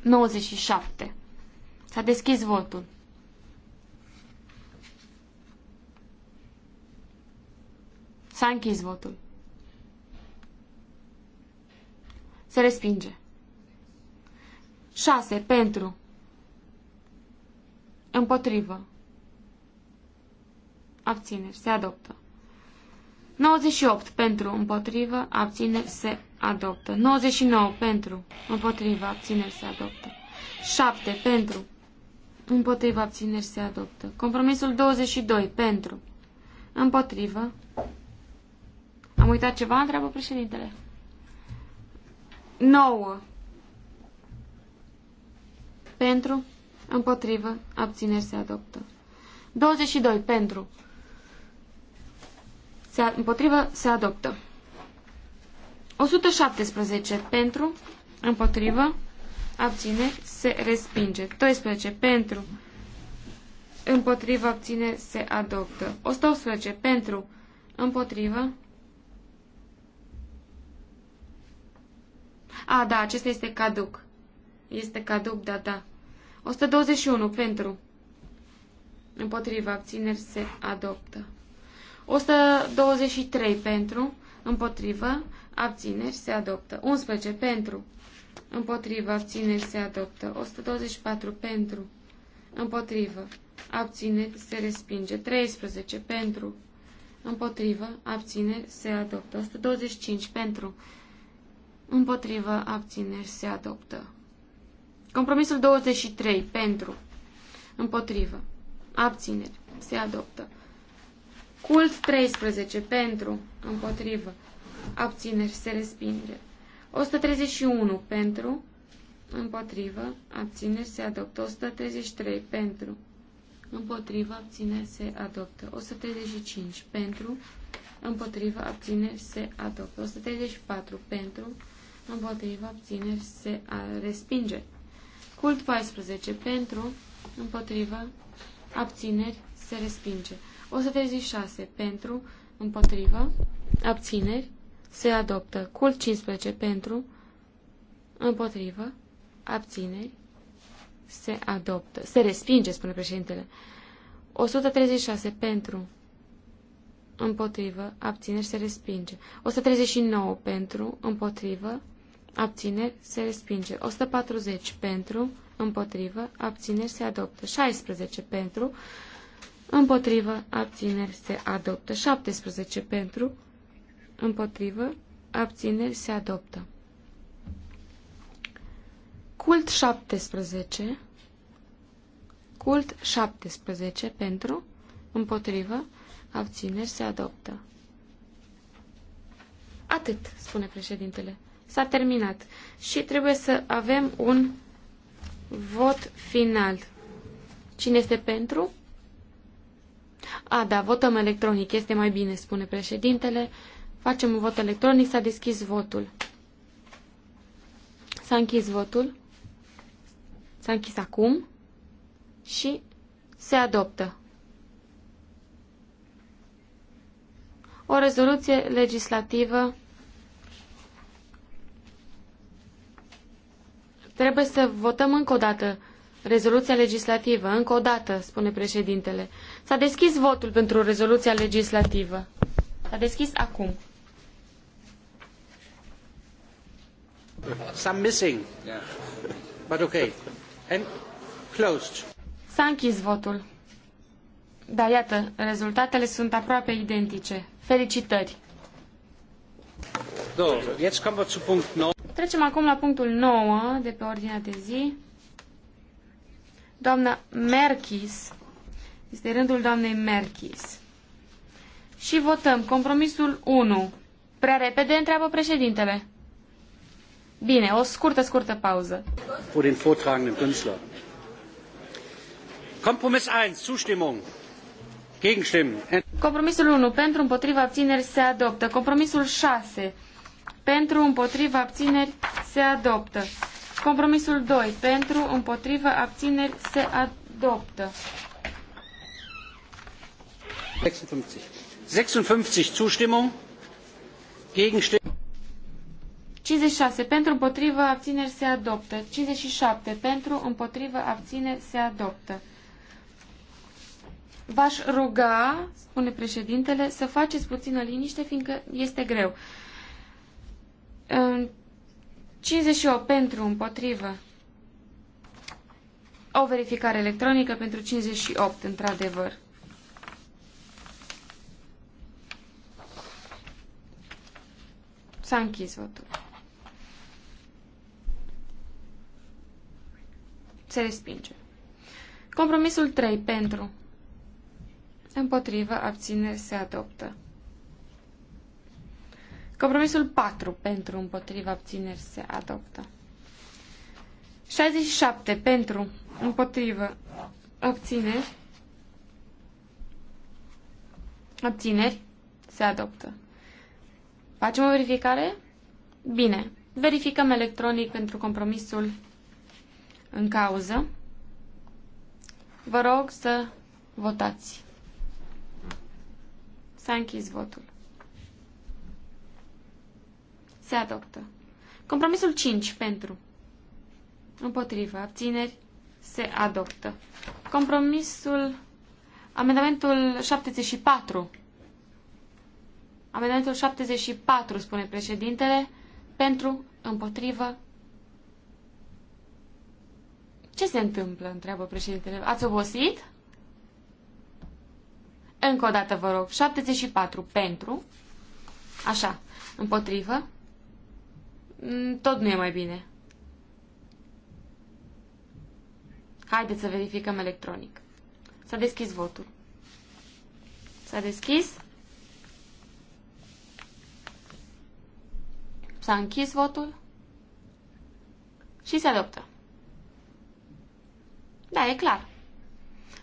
97. S-a deschis votul. S-a închis votul. Se respinge. 6. Pentru. Împotrivă. Abțineri. Se adoptă. 98. Pentru. Împotrivă. Abțineri. Se adoptă. 99. Pentru. Împotrivă. Abțineri. Se adoptă. 7. Pentru. Împotrivă. Abțineri. Se adoptă. Compromisul 22. Pentru. Împotrivă. Am uitat ceva? Întreabă președintele. 9. Pentru, împotrivă, abțineri se adoptă. 22. Pentru, se, împotrivă, se adoptă. 117. Pentru, împotrivă, abțineri se respinge. 12. Pentru, împotrivă, abțineri se adoptă. 118. Pentru, împotrivă, A, da, acesta este caduc. Este caduc, da, da. 121 pentru. Împotriva abțineri se adoptă. 123 pentru. împotriva abțineri se adoptă. 11 pentru. împotriva abțineri se adoptă. 124 pentru. Împotrivă abțineri se respinge. 13 pentru. Împotrivă abțineri se adoptă. 125 pentru. Împotrivă, abțineri, se adoptă. Compromisul 23. Pentru. Împotrivă. Abțineri. Se adoptă. Cult 13. Pentru. Împotrivă. Abțineri. Se respinge. 131. Pentru. Împotrivă. Abțineri. Se adoptă. 133. Pentru. Împotrivă. Abțineri. Se adoptă. 135. Pentru. Împotrivă. Abțineri. Se adoptă. 134. Pentru împotriva, abțineri, se respinge. Cult 14 pentru, împotriva, abțineri, se respinge. 136 pentru, împotriva, abțineri, se adoptă. Cult 15 pentru, împotriva abțineri, se adoptă. Se respinge, spune președintele. 136 pentru, împotrivă, abțineri, se respinge. 139 pentru, împotrivă, abțineri, se respinge. 140 pentru, împotrivă, abțineri, se adoptă. 16 pentru, împotrivă, abțineri, se adoptă. 17 pentru, împotrivă, abțineri, se adoptă. Cult 17, cult 17 pentru, împotrivă, abțineri, se adoptă. Atât, spune președintele. S-a terminat. Și trebuie să avem un vot final. Cine este pentru? A, da, votăm electronic. Este mai bine, spune președintele. Facem un vot electronic. S-a deschis votul. S-a închis votul. S-a închis acum. Și se adoptă. O rezoluție legislativă Trebuie să votăm încă o dată rezoluția legislativă. Încă o dată, spune președintele. S-a deschis votul pentru rezoluția legislativă. S-a deschis acum. Some missing. Yeah. But okay. And closed. S-a închis votul. Da, iată, rezultatele sunt aproape identice. Felicitări! jetzt kommen wir zu Punkt 9. Trecem acum la punctul 9 de pe ordinea de zi. Doamna Merkis. Este rândul doamnei Merkis. Și votăm compromisul 1. Prea repede întreabă președintele. Bine, o scurtă, scurtă pauză. Vor den vortragenden Künstler. Compromis 1, Zustimmung. Gegenstimmen. Compromisul 1. Pentru împotriva abțineri se adoptă. Compromisul 6. Pentru, împotriva, abțineri, se adoptă. Compromisul 2. Pentru, împotriva, abțineri, se adoptă. 56. 56 56. Pentru, împotriva abțineri, se adoptă. 57. Pentru, împotriva abțineri, se adoptă. V-aș ruga, spune președintele, să faceți puțină liniște, fiindcă este greu. 58 pentru, împotrivă. O verificare electronică pentru 58, într-adevăr. S-a închis votul. Se respinge. Compromisul 3 pentru. Împotrivă, abțineri, se adoptă. Compromisul 4 pentru împotriva abțineri se adoptă. 67 pentru împotriva abțineri. Abțineri se adoptă. Facem o verificare? Bine. Verificăm electronic pentru compromisul în cauză. Vă rog să votați. S-a închis votul. Se adoptă. Compromisul 5 pentru. Împotrivă. Abțineri. Se adoptă. Compromisul. Amendamentul 74. Amendamentul 74, spune președintele, pentru, împotrivă. Ce se întâmplă, întreabă președintele. Ați obosit? Încă o dată, vă rog. 74 pentru. Așa. Împotrivă. Mm, tot nu e mai bine. Haideți să verificăm electronic. S-a deschis votul. S-a deschis. S-a închis votul. Și se adoptă. Da, e clar.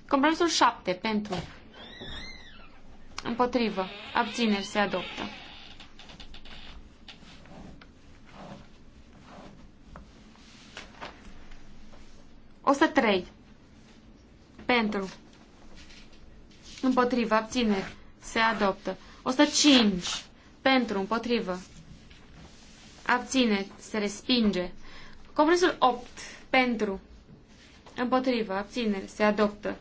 Compromisul 7 pentru. Împotrivă. Abțineri se adoptă. 103. Pentru. Împotrivă. Abțineri. Se adoptă. 105. Pentru. Împotrivă. Abțineri. Se respinge. Compromisul 8. Pentru. Împotrivă. Abțineri. Se adoptă.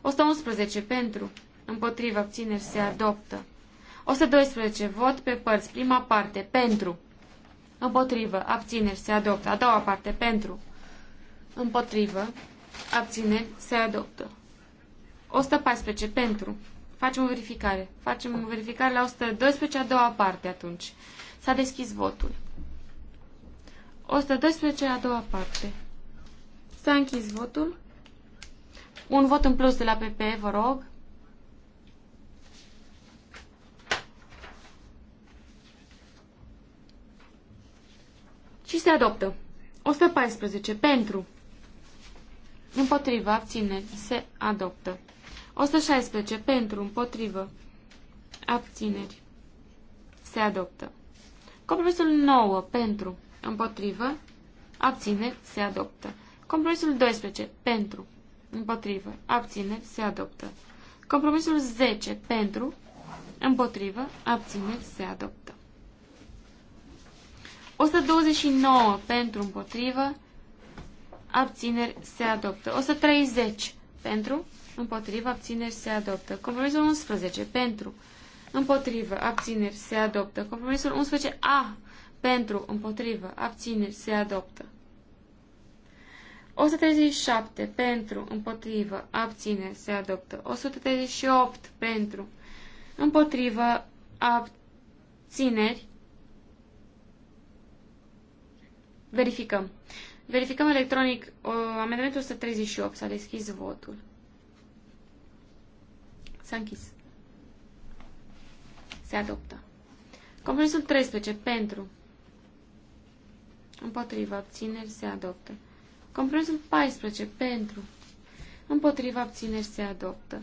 111. Pentru. Împotrivă. Abțineri. Se adoptă. 112. Vot pe părți. Prima parte. Pentru. Împotrivă. Abțineri. Se adoptă. A doua parte. Pentru. Împotrivă. Abțineri. Se adoptă. 114. Pentru. Facem o verificare. Facem o verificare la 112, a doua parte atunci. S-a deschis votul. 112, a doua parte. S-a închis votul. Un vot în plus de la PPE, vă rog. Și se adoptă. 114. Pentru împotriva, abțineri, se adoptă. 116 pentru, împotrivă, abțineri, se adoptă. Compromisul 9 pentru, împotrivă, abțineri, se adoptă. Compromisul 12 pentru, împotrivă, abțineri, se adoptă. Compromisul 10 pentru, împotrivă, abțineri, se adoptă. 129 pentru, împotrivă, abțineri se adoptă. 130 pentru, împotrivă, abțineri se adoptă. Compromisul 11 pentru, împotrivă, abțineri se adoptă. Compromisul 11A pentru, împotrivă, abțineri se adoptă. 137 pentru, împotrivă, abțineri se adoptă. 138 pentru, împotrivă, abțineri. Verificăm. Verificăm electronic o, uh, amendamentul 138. S-a deschis votul. S-a închis. Se adoptă. Compromisul 13. Pentru. Împotriva. Abțineri. Se adoptă. Compromisul 14. Pentru. Împotriva. Abțineri. Se adoptă.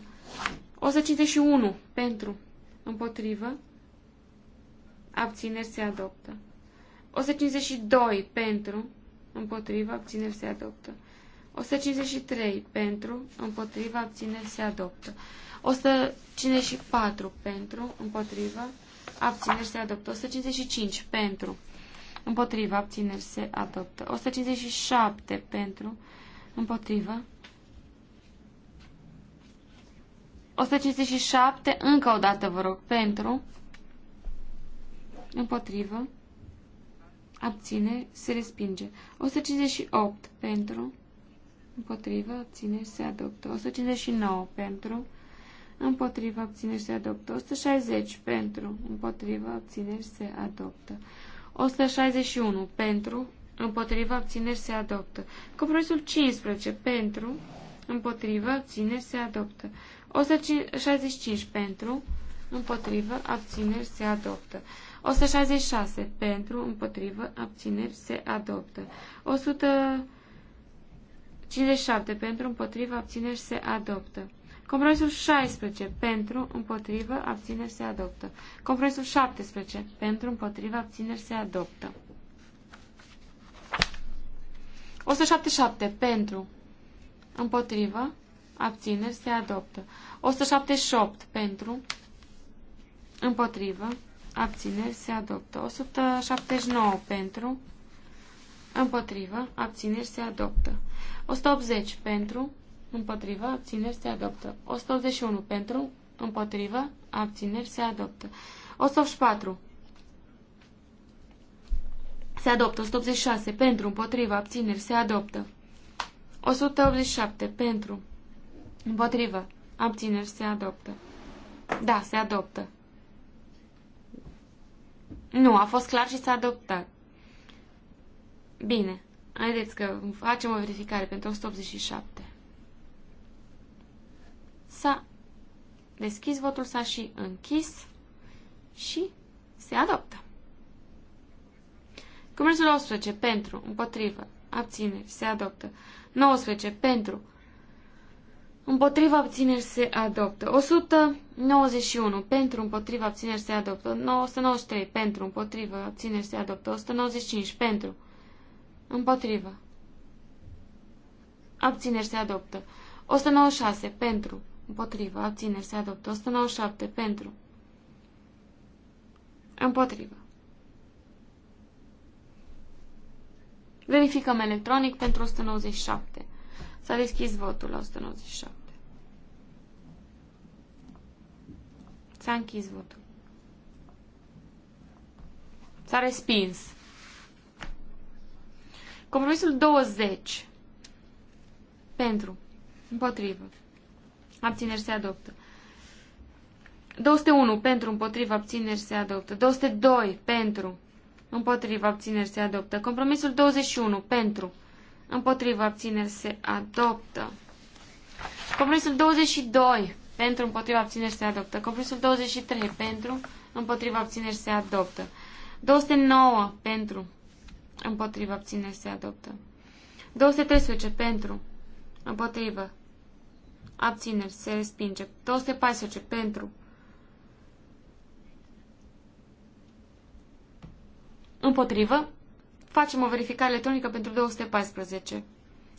151. Pentru. Împotrivă. Abțineri. Se adoptă. 152. Pentru împotriva, abțineri se adoptă. 153 pentru, împotriva, abțineri se adoptă. 154 pentru, împotriva, abțineri se adoptă. 155 pentru, împotriva, abțineri se adoptă. 157 pentru, împotriva. 157, încă o dată vă rog, pentru, împotrivă, Abține, se respinge. 158 pentru, împotrivă, abține, se adoptă. 159 pentru, împotrivă, abține, se adoptă. 160 pentru, împotrivă, abține, se adoptă. 161 pentru, împotrivă, abține, se adoptă. Compromisul 15 pentru, împotrivă, abține, se adoptă. 165 pentru, împotrivă, abține, se adoptă. 166 pentru, împotrivă, abțineri, se adoptă. 157 pentru, împotrivă, abțineri, se adoptă. Compromisul 16 pentru, împotrivă, abțineri, se adoptă. Compromisul 17 pentru, împotrivă, abțineri, se adoptă. 177 pentru, împotrivă, abțineri, se adoptă. 178 pentru, împotrivă, abțineri se adoptă. 179 pentru, împotrivă, abțineri se adoptă. 180 pentru, împotrivă, abțineri se adoptă. 181 pentru, împotrivă, abțineri se adoptă. 184 se adoptă. 186 pentru, împotrivă, abțineri se adoptă. 187 pentru, împotrivă, abțineri se adoptă. Da, se adoptă. Nu, a fost clar și s-a adoptat. Bine, haideți că facem o verificare pentru 187. S-a deschis votul, s-a și închis și se adoptă. Comerțul 18 pentru, împotrivă, abțineri, se adoptă. 19 pentru, Împotriva abțineri se adoptă. 191 pentru împotriva abțineri se adoptă. 193 pentru împotriva abțineri se adoptă. 195 pentru împotriva abțineri se adoptă. 196 pentru împotriva abțineri se adoptă. 197 pentru împotriva. Verificăm electronic pentru 197. S-a deschis votul la 197. S-a închis votul. S-a respins. Compromisul 20. Pentru. Împotrivă. Abțineri se adoptă. 201 pentru, împotrivă, abțineri se adoptă. 202 pentru, împotrivă, abțineri se adoptă. Compromisul 21 pentru, împotrivă, abțineri se adoptă. Compromisul 22 pentru, împotriva abțineri se adoptă. Compromisul 23 pentru, împotriva abțineri se adoptă. 209 pentru, împotriva abțineri se adoptă. 213 pentru, împotriva abțineri se respinge. 214 pentru, împotriva, Facem o verificare electronică pentru 214.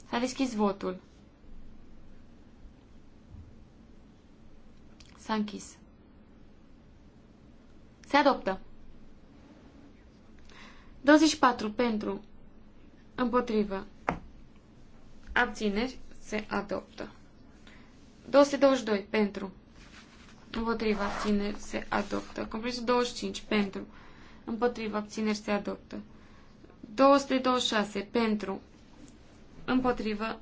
S-a deschis votul. S-a închis. Se adoptă. 24 pentru. Împotrivă. Abțineri. Se adoptă. 222 pentru. Împotriva abțineri se adoptă. Compromisul 25 pentru. Împotriva abțineri se adoptă. 226 pentru. Împotriva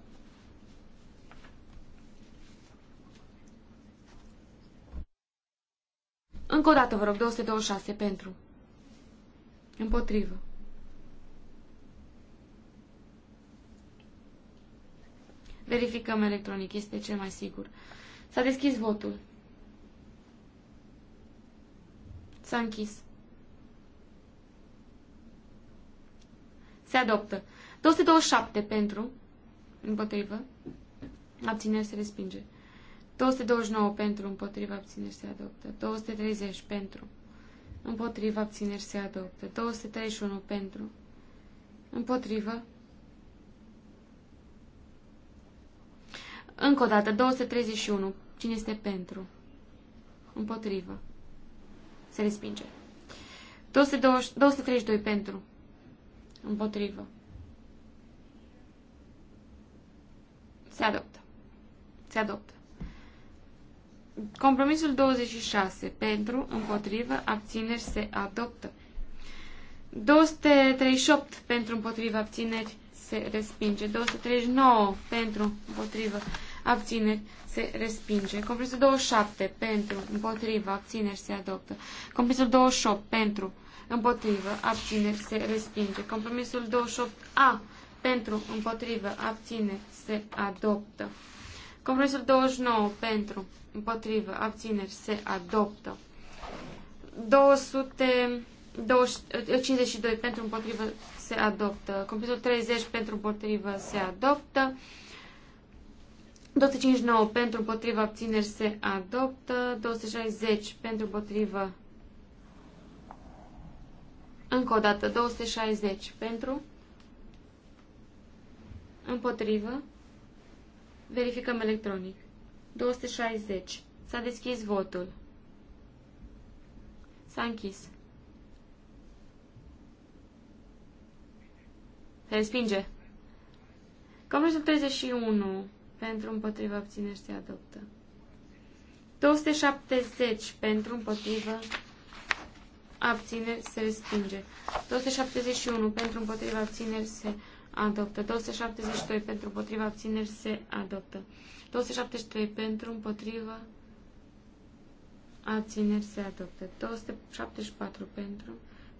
Încă o dată, vă rog, 226 pentru. Împotrivă. Verificăm electronic, este cel mai sigur. S-a deschis votul. S-a închis. Se adoptă. 227 pentru. Împotrivă. Abțineri se respinge. 229 pentru, împotriva abțineri se adoptă. 230 pentru, împotriva abțineri se adoptă. 231 pentru, împotriva. Încă o dată, 231. Cine este pentru? Împotrivă. Se respinge. 220, 232 pentru. Împotrivă. Se adoptă. Se adoptă. Compromisul 26. Pentru, împotrivă, abțineri se adoptă. 238 pentru împotrivă abțineri se respinge. 239 pentru împotrivă abțineri se respinge. Compromisul 27 pentru împotrivă abțineri se adoptă. Compromisul 28 pentru împotrivă abțineri se respinge. Compromisul 28A pentru împotrivă abțineri se adoptă. Compromisul 29 pentru, împotrivă, abțineri, se adoptă. 252 pentru, împotrivă, se adoptă. Compromisul 30 pentru, împotrivă, se adoptă. 259 pentru, împotrivă, abțineri, se adoptă. 260 pentru, împotrivă, încă o dată, 260 pentru, împotrivă, Verificăm electronic. 260. S-a deschis votul. S-a închis. Se respinge. Compromisul 31 pentru împotrivă abțineri se adoptă. 270 pentru împotrivă abțineri se respinge. 271 pentru împotrivă abțineri se adoptă. 272 pentru împotriva abțineri se adoptă. 273 pentru împotriva abțineri se adoptă. 274 pentru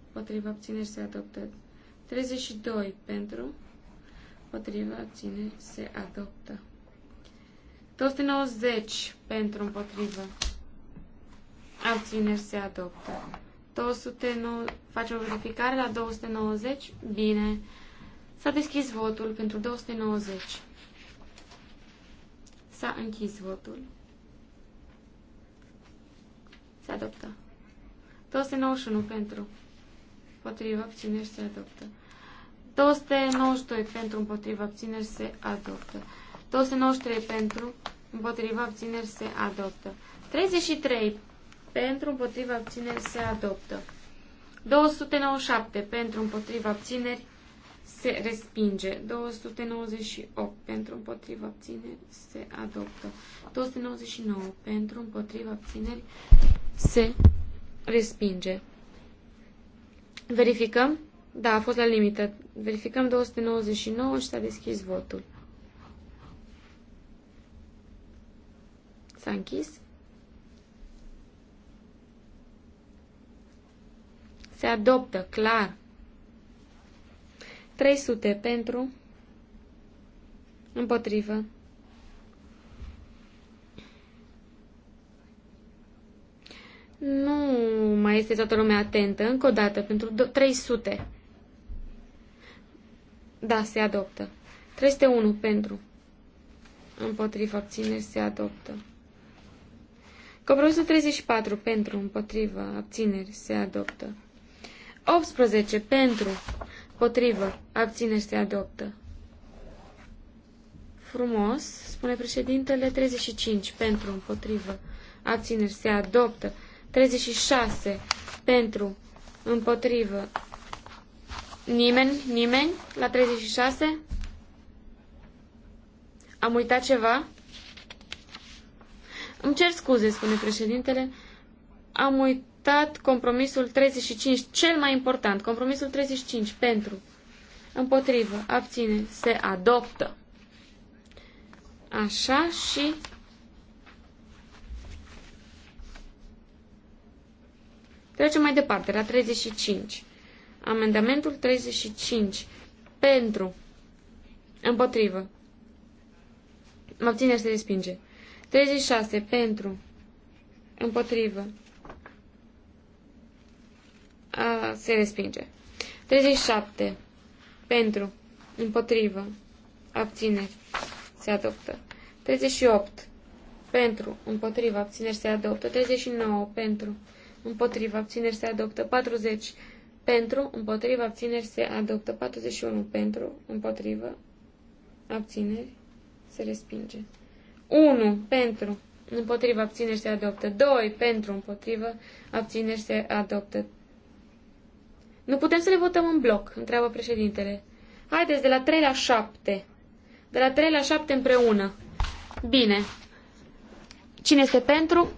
împotriva abțineri se adoptă. 32 pentru împotriva abțineri se adoptă. 290 pentru împotriva Abțineri se adoptă. 209, facem o verificare la 290. Bine. S-a deschis votul pentru 290. S-a închis votul. Se adoptă. 291 pentru. Potrivă, abțineri, se adoptă. 292 pentru, împotrivă, abțineri, se adoptă. 293 pentru, împotrivă, abțineri, se adoptă. 33 pentru, împotrivă, abțineri, se adoptă. 297 pentru, împotrivă, abțineri, se respinge. 298 pentru împotriva abțineri se adoptă. 299 pentru împotriva abțineri se respinge. Verificăm? Da, a fost la limită. Verificăm 299 și s-a deschis votul. S-a închis. Se adoptă, clar. 300 pentru, împotrivă. Nu mai este toată lumea atentă. Încă o dată, pentru 300. Da, se adoptă. 301 pentru. Împotrivă abțineri se adoptă. Compromisul 34 pentru, împotrivă, abțineri se adoptă. 18 pentru, Potrivă. abține se adoptă. Frumos, spune președintele, 35 pentru, împotrivă. Abțineri se adoptă. 36 pentru, împotrivă. Nimeni, nimeni la 36? Am uitat ceva? Îmi cer scuze, spune președintele. Am uitat votat compromisul 35, cel mai important, compromisul 35, pentru, împotrivă, abține, se adoptă. Așa și Trecem mai departe, la 35. Amendamentul 35. Pentru. Împotrivă. Mă abține se respinge. 36. Pentru. Împotrivă. A, se respinge. 37. Pentru. Împotrivă. Abțineri. Se adoptă. 38. Pentru. Împotrivă. Abțineri. Se adoptă. 39. Pentru. Împotrivă. Abțineri. Se adoptă. 40. Pentru. Împotrivă. Abțineri. Se adoptă. 41. Pentru. Împotrivă. Abțineri. Se respinge. 1. Pentru. Împotrivă. Abțineri. Se adoptă. 2. Pentru. Împotrivă. Abțineri. Se adoptă. Nu putem să le votăm în bloc, întreabă președintele. Haideți, de la 3 la 7. De la 3 la 7 împreună. Bine. Cine este pentru?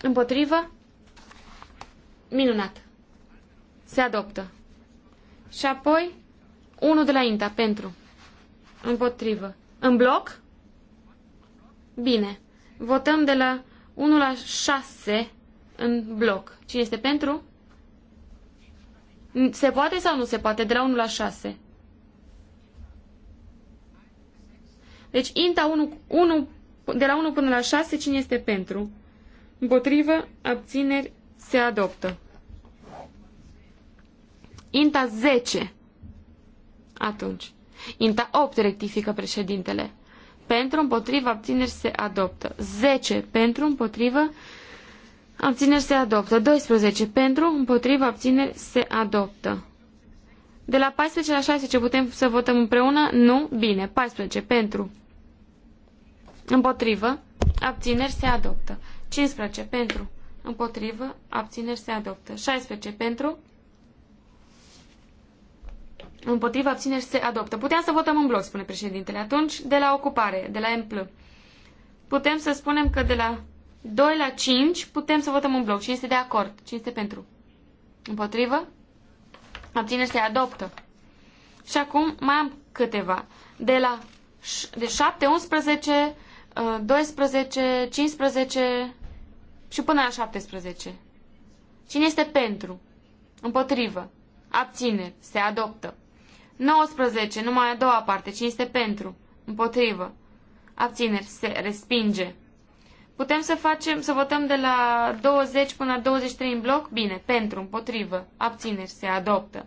Împotrivă? Minunat. Se adoptă. Și apoi, unul de la INTA, pentru. Împotrivă. În bloc? Bine. Votăm de la 1 la 6 în bloc. Cine este pentru? Se poate sau nu se poate? De la 1 la 6. Deci INTA 1, 1, de la 1 până la 6, cine este pentru? Împotrivă, abțineri, se adoptă. INTA 10. Atunci. INTA 8 rectifică președintele. Pentru, împotrivă, abțineri, se adoptă. 10 pentru, împotrivă, Abțineri se adoptă. 12 pentru, împotrivă, abțineri se adoptă. De la 14 la 16 putem să votăm împreună? Nu? Bine. 14 pentru. Împotrivă, abțineri se adoptă. 15 pentru. Împotrivă, abțineri se adoptă. 16 pentru. Împotrivă, abțineri se adoptă. Putem să votăm în bloc, spune președintele. Atunci, de la ocupare, de la MPL. Putem să spunem că de la 2 la 5 putem să votăm un bloc. Cine este de acord? Cine este pentru? Împotrivă? Abținere se adoptă. Și acum mai am câteva. De la de 7, 11, 12, 15 și până la 17. Cine este pentru? Împotrivă. Abțineri. Se adoptă. 19. Numai a doua parte. Cine este pentru? Împotrivă. Abțineri. Se respinge. Putem să facem, să votăm de la 20 până la 23 în bloc? Bine, pentru, împotrivă, abțineri, se adoptă.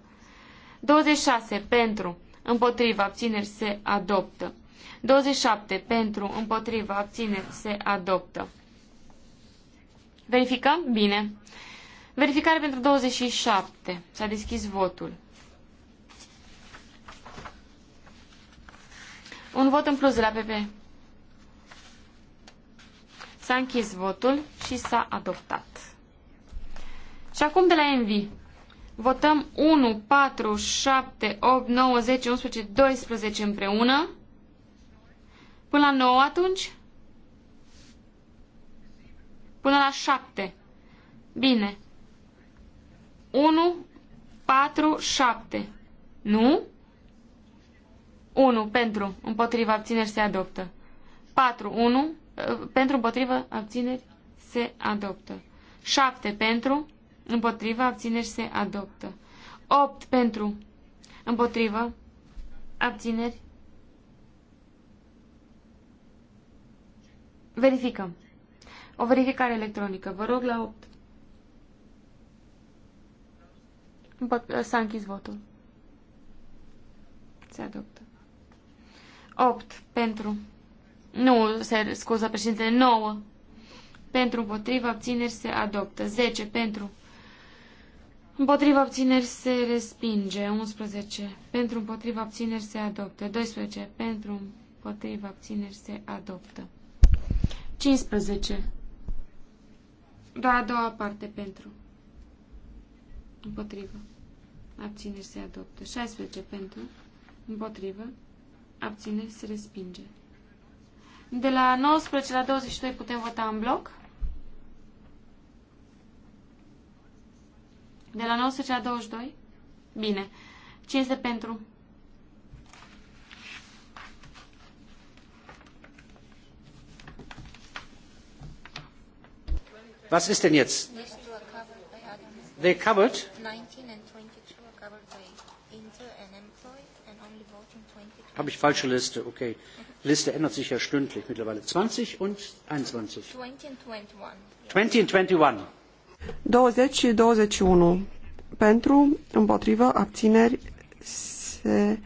26, pentru, împotrivă, abțineri, se adoptă. 27, pentru, împotrivă, abțineri, se adoptă. Verificăm? Bine. Verificare pentru 27. S-a deschis votul. Un vot în plus de la PP. S-a închis votul și s-a adoptat. Și acum de la Envi. Votăm 1, 4, 7, 8, 9, 10, 11, 12 împreună. Până la 9 atunci? Până la 7. Bine. 1, 4, 7. Nu? 1 pentru. Împotriva abțineri se adoptă. 4, 1, pentru împotrivă abțineri se adoptă. 7 pentru împotrivă abțineri se adoptă. 8 pentru împotrivă abțineri Verificăm. O verificare electronică. Vă rog la 8. S-a închis votul. Se adoptă. 8 pentru nu, se scuză președinte, 9. Pentru împotriva abțineri se adoptă. 10 pentru împotriva abțineri se respinge. 11 pentru împotriva abțineri se adoptă. 12 pentru împotriva abțineri se adoptă. 15. Doar a doua parte pentru. Împotrivă. Abțineri se adoptă. 16 pentru. Împotrivă. Abțineri se respinge. De la 19 la 22 putem vota în bloc. De la 19 la 22? Bine. Cine este pentru? Was ist denn jetzt? They covered? 19 and 22 are covered by Inter and Employed and only voting 22. Habe ich falsche Liste, okay. okay. Liste ändert sich ja stündlich mittlerweile. 20 und 21. 20 and 21. 20 and 21. 20 și 21. Pentru, împotrivă, abțineri se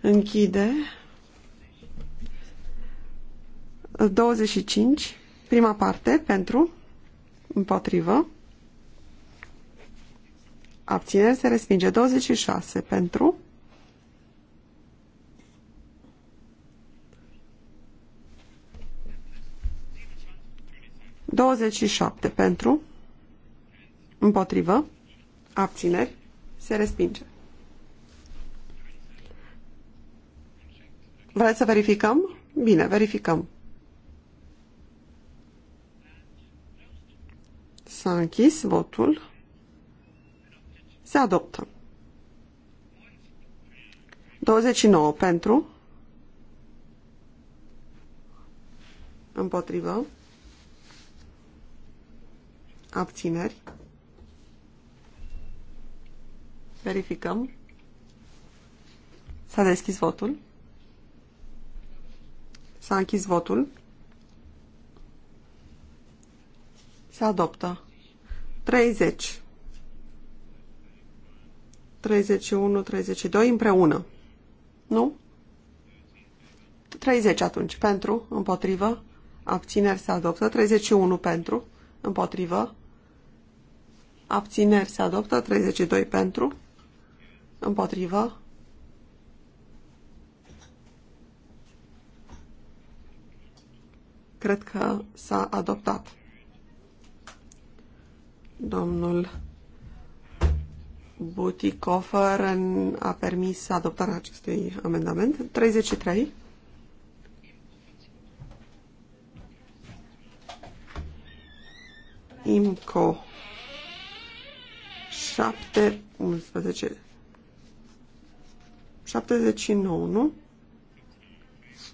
închide. 25. Prima parte, pentru, împotrivă. Abțineri se respinge. 26 pentru, 27 pentru, împotrivă, abțineri, se respinge. Vreți să verificăm? Bine, verificăm. S-a închis votul. Se adoptă. 29 pentru. Împotrivă. Abțineri. Verificăm. S-a deschis votul. S-a închis votul. Se adoptă. 30. 31, 32 împreună. Nu? 30 atunci. Pentru, împotrivă, abțineri se adoptă. 31 pentru, împotrivă, Abțineri se adoptă. 32 pentru. Împotrivă. Cred că s-a adoptat. Domnul Buticofer a permis adoptarea acestui amendament. 33. IMCO 7, 11, 79, nu?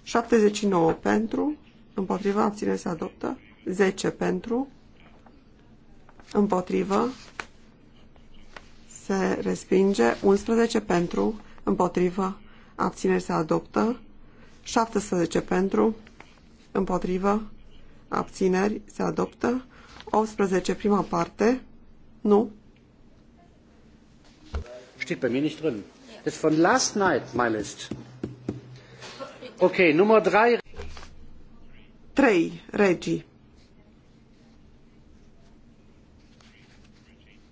79 pentru, împotriva, abține, se adoptă, 10 pentru, împotriva, se respinge, 11 pentru, împotriva, abține se adoptă, 17 pentru, împotriva, abțineri se adoptă, 18 prima parte, nu, Steht bei mir nicht drin. Das ist von last night, my list. Okay, Nummer 3. 3. Regii.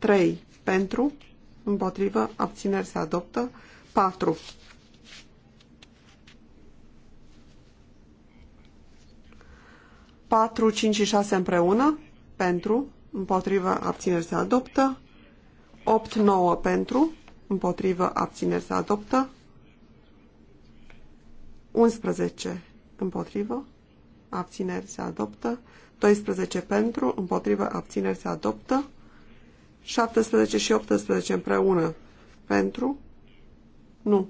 3. Pentru, împotrivă, abțineri se adoptă. 4. Patru, cinci și șase împreună, pentru, împotrivă, abțineri se adoptă. 8, 9 pentru, împotrivă, abțineri se adoptă. 11 împotrivă, abțineri se adoptă. 12 pentru, împotrivă, abțineri se adoptă. 17 și 18 împreună pentru, nu.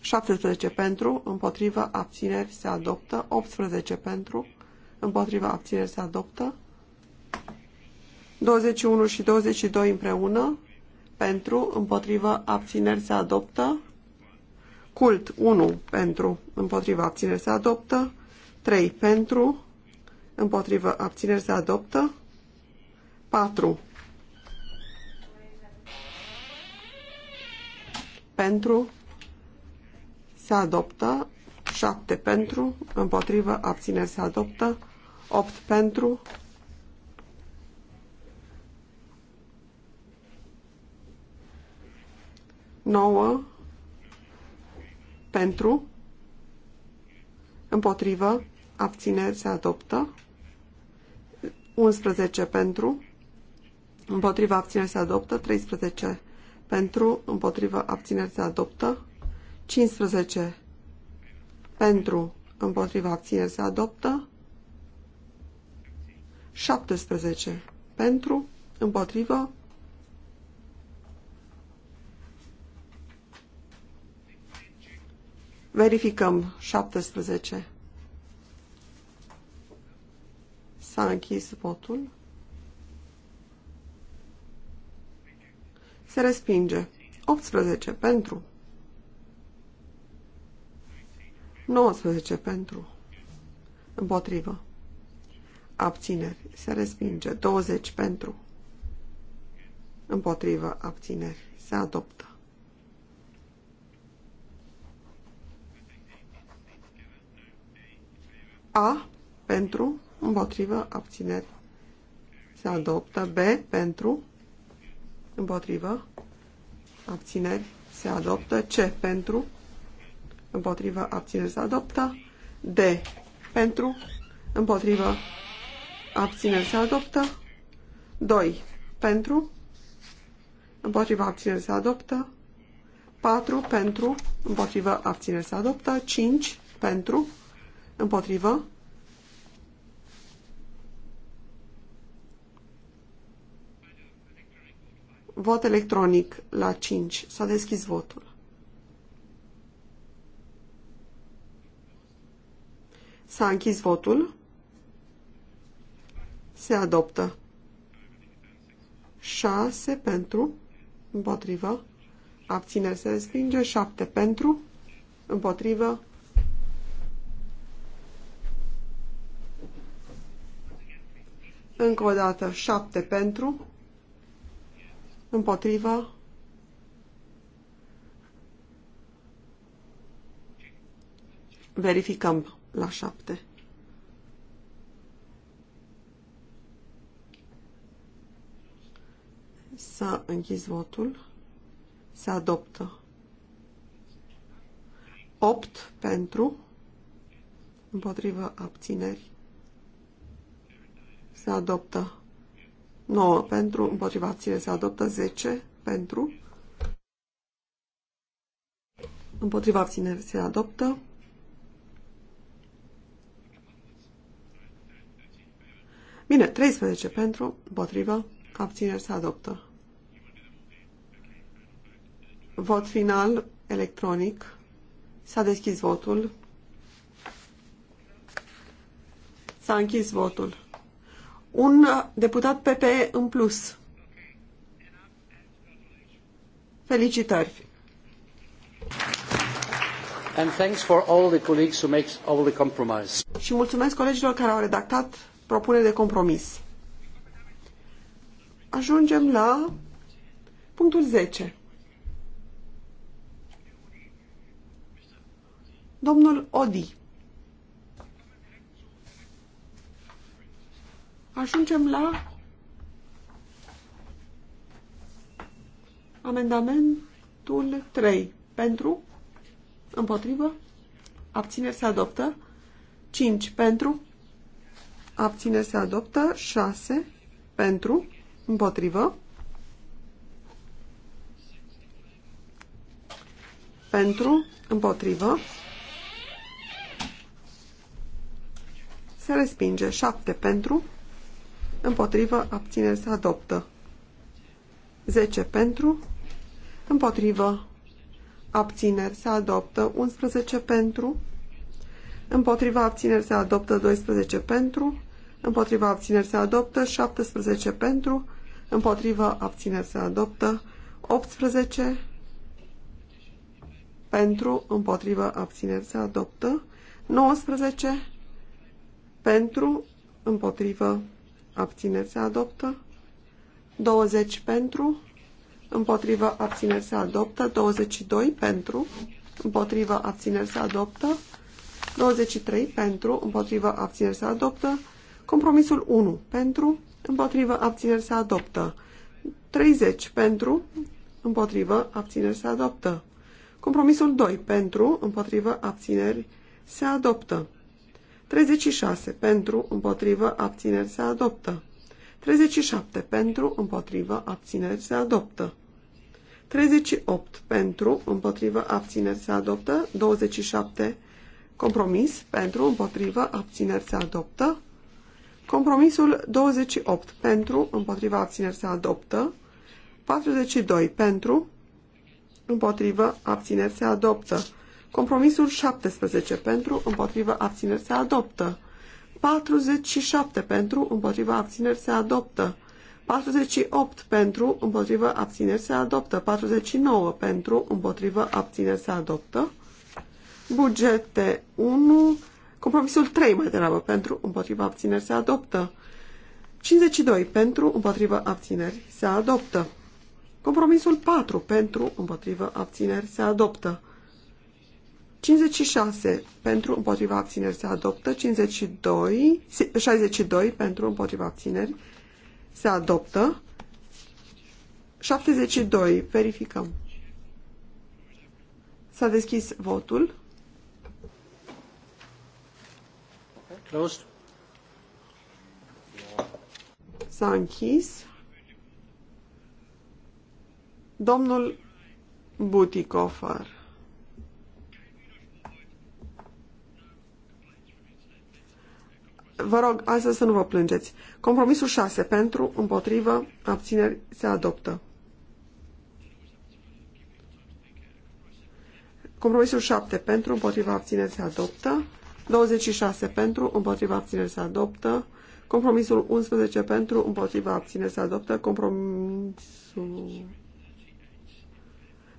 17 pentru, împotrivă, abțineri se adoptă. 18 pentru, împotrivă, abțineri se adoptă. 21 și 22 împreună pentru, împotrivă, abțineri se adoptă. Cult 1 pentru, împotrivă, abțineri se adoptă. 3 pentru, împotrivă, abțineri se adoptă. 4 pentru, se adoptă. 7 pentru, împotrivă, abțineri se adoptă. 8 pentru, 9 pentru, împotrivă, abțineri se adoptă, 11 pentru, împotrivă, abțineri se adoptă, 13 pentru, împotrivă, abțineri se adoptă, 15 pentru, împotrivă, abțineri se adoptă, 17 pentru, împotrivă, Verificăm 17. S-a închis votul. Se respinge. 18 pentru. 19 pentru. Împotrivă. Abțineri. Se respinge. 20 pentru. Împotrivă. Abțineri. Se adoptă. A pentru, împotrivă, abțineri. Se adoptă B pentru, împotrivă, abțineri. Se adoptă C pentru, împotrivă, abțineri. Se adoptă D pentru, împotrivă, abțineri. Se adoptă 2 pentru, împotrivă, abțineri se adoptă, 4 pentru, împotrivă, abțineri se adoptă, 5 pentru, Împotrivă. Vot electronic la 5. S-a deschis votul. S-a închis votul. Se adoptă. 6 pentru, împotrivă, abțineri se respinge, 7 pentru, împotrivă, Încă o dată, 7 pentru, împotriva, verificăm la 7. S-a închis votul. Se adoptă. 8 pentru, împotrivă abțineri, se adoptă 9 pentru, împotriva abțineri se adoptă 10 pentru, împotriva abțineri se adoptă Bine, 13 pentru, împotriva, abțineri se adoptă. Vot final electronic. S-a deschis votul. S-a închis votul un deputat PPE în plus. Felicitări! And thanks for all the colleagues who make all the compromise. Și mulțumesc colegilor care au redactat propuneri de compromis. Ajungem la punctul 10. Domnul Odi. Ajungem la amendamentul 3. Pentru, împotrivă, abțineri se adoptă. 5. Pentru, abțineri se adoptă. 6. Pentru, împotrivă. Pentru, împotrivă. Se respinge. 7. Pentru, împotrivă împotrivă, abțineri se adoptă. 10 pentru, împotrivă, abțineri se adoptă. 11 pentru, împotriva abțineri se adoptă. 12 pentru, împotriva abțineri se adoptă. 17 pentru, împotriva abțineri se adoptă. 18 pentru, împotriva abțineri se adoptă. 19 pentru, împotriva abțineri se adoptă, 20 pentru, împotrivă abțineri se adoptă, 22 pentru, împotrivă abțineri se adoptă, 23 pentru, împotrivă abțineri se adoptă, compromisul 1 pentru, împotrivă abțineri se adoptă, 30 pentru, împotrivă abțineri se adoptă, compromisul 2 pentru, împotrivă abțineri se adoptă. 36. Pentru, împotrivă, abțineri se adoptă. 37. Pentru, împotrivă, abțineri se adoptă. 38. Pentru, împotrivă, abțineri se adoptă. 27. Compromis. Pentru, împotrivă, abțineri se adoptă. Compromisul 28. Pentru, împotrivă, abțineri se adoptă. 42. Pentru, împotrivă, abțineri se adoptă. Compromisul 17 pentru, împotrivă, abțineri se adoptă. 47 pentru, împotrivă, abțineri se adoptă. 48 pentru, împotrivă, abțineri se adoptă. 49 pentru, împotrivă, abțineri se adoptă. Bugete 1, compromisul 3 mai degrabă pentru, împotrivă, abțineri se adoptă. 52 pentru, împotrivă, abțineri se adoptă. Compromisul 4 pentru, împotrivă, abțineri se adoptă. 56 pentru împotriva abțineri se adoptă, 52, 62 pentru împotriva abțineri se adoptă, 72, verificăm. S-a deschis votul. S-a închis. Domnul Butikofer. Vă rog, astăzi să nu vă plângeți. Compromisul 6 pentru, împotrivă, abțineri se adoptă. Compromisul 7 pentru, împotriva abțineri se adoptă. 26 pentru, împotriva abțineri se adoptă. Compromisul 11 pentru, împotriva abțineri se adoptă. Compromisul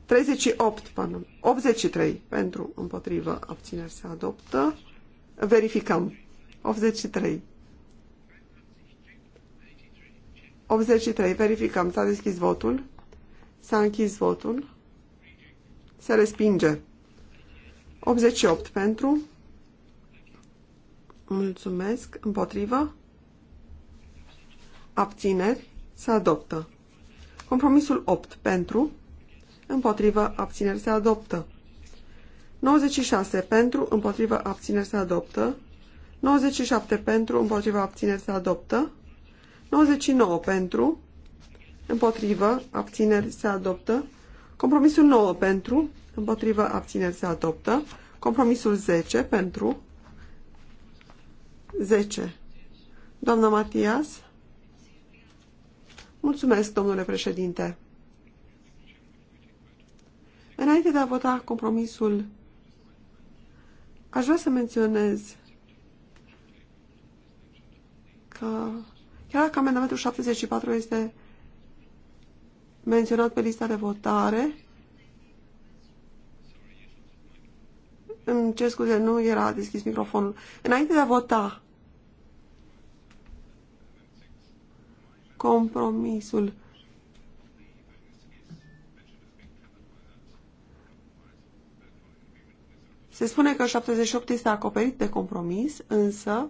38, pardon, 83 pentru, împotriva abțineri se adoptă. Verificăm. 83. 83. Verificăm. S-a deschis votul. S-a închis votul. Se respinge. 88 pentru. Mulțumesc. Împotrivă. Abțineri. Se adoptă. Compromisul 8 pentru. Împotrivă. Abțineri. Se adoptă. 96 pentru. Împotrivă. Abțineri. Se adoptă. 97 pentru, împotriva abțineri se adoptă. 99 pentru, împotrivă, abțineri se adoptă. Compromisul 9 pentru, împotrivă, abțineri se adoptă. Compromisul 10 pentru, 10. Doamna Matias? Mulțumesc, domnule președinte. Înainte de a vota compromisul, aș vrea să menționez că chiar dacă amendamentul 74 este menționat pe lista de votare, îmi cer scuze, nu era deschis microfonul. Înainte de a vota, compromisul Se spune că 78 este acoperit de compromis, însă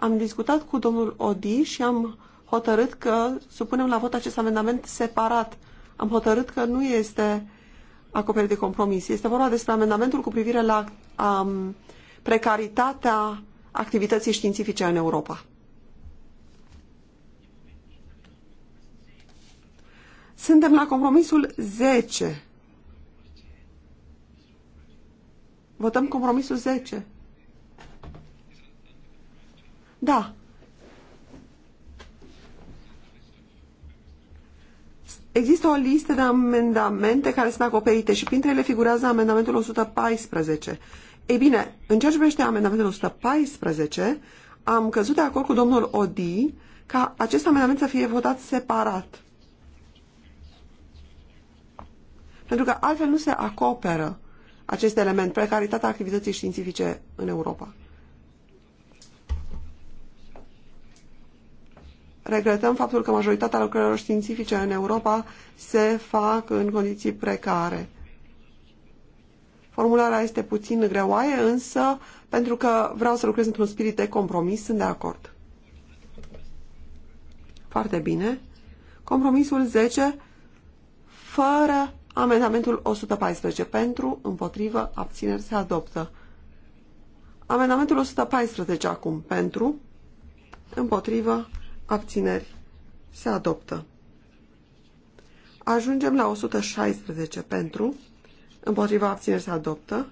am discutat cu domnul Odi și am hotărât că supunem la vot acest amendament separat. Am hotărât că nu este acoperit de compromis. Este vorba despre amendamentul cu privire la um, precaritatea activității științifice în Europa. Suntem la compromisul 10. Votăm compromisul 10. Da. Există o listă de amendamente care sunt acoperite și printre ele figurează amendamentul 114. Ei bine, în ceea ce privește amendamentul 114, am căzut de acord cu domnul Odi ca acest amendament să fie votat separat. Pentru că altfel nu se acoperă acest element, precaritatea activității științifice în Europa. regretăm faptul că majoritatea lucrărilor științifice în Europa se fac în condiții precare. Formularea este puțin greoaie, însă pentru că vreau să lucrez într-un spirit de compromis, sunt de acord. Foarte bine. Compromisul 10, fără amendamentul 114, pentru, împotrivă, abțineri se adoptă. Amendamentul 114 acum, pentru, împotrivă, abțineri, se adoptă. Ajungem la 116 pentru, împotriva abțineri se adoptă,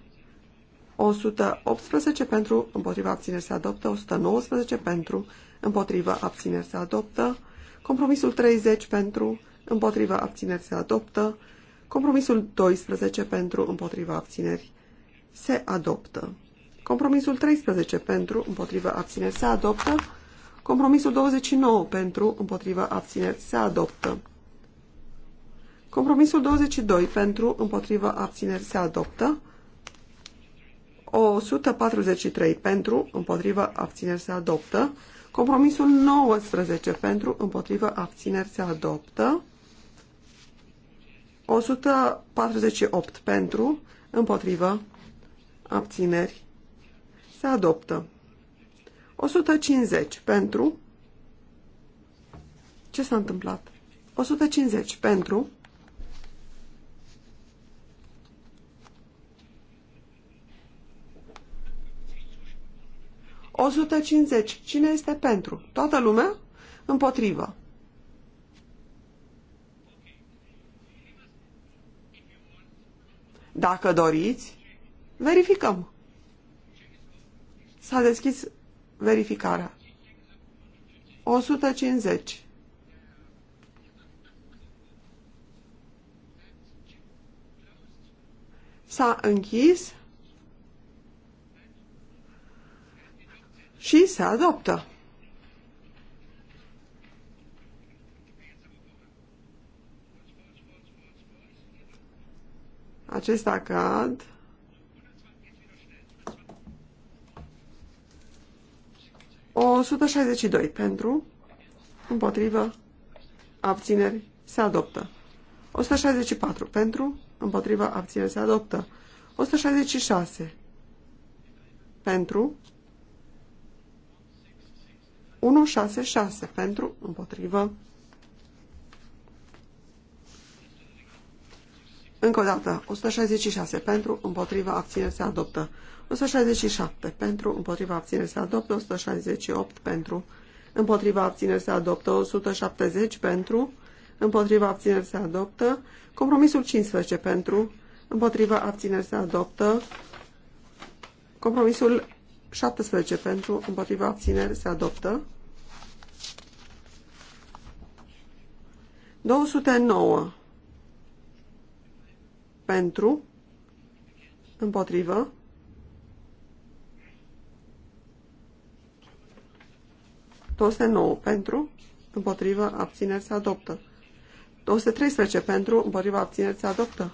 118 pentru, împotriva abțineri se adoptă, 119 pentru, împotriva abțineri se adoptă, compromisul 30 pentru, împotriva abțineri se adoptă, compromisul 12 pentru, împotriva abțineri se adoptă. Compromisul 13 pentru, împotriva abțineri se adoptă, Compromisul 29 pentru, împotrivă, abțineri se adoptă. Compromisul 22 pentru, împotrivă, abțineri se adoptă. 143 pentru, împotrivă, abțineri se adoptă. Compromisul 19 pentru, împotrivă, abțineri se adoptă. 148 pentru, împotrivă, abțineri se adoptă. 150 pentru. Ce s-a întâmplat? 150 pentru. O 150. Cine este pentru? Toată lumea? Împotrivă. Dacă doriți, verificăm. S-a deschis verificarea. 150. S-a închis și se adoptă. Acesta cad 162 pentru, împotrivă, abțineri, se adoptă. 164 pentru, împotrivă, abțineri, se adoptă. 166 pentru, 166 pentru, împotrivă, Încă o dată, 166 pentru, împotriva, abțineri se adoptă. 167 pentru, împotriva, abțineri se adoptă. 168 pentru, împotriva, abțineri se adoptă. 170 pentru, împotriva, abțineri se adoptă. Compromisul 15 pentru, împotriva, abțineri se adoptă. Compromisul 17 pentru, împotriva, abțineri se adoptă. 209 pentru, împotrivă, 9 pentru, împotrivă, abțineri se adoptă. 213 pentru, împotrivă, abțineri se adoptă.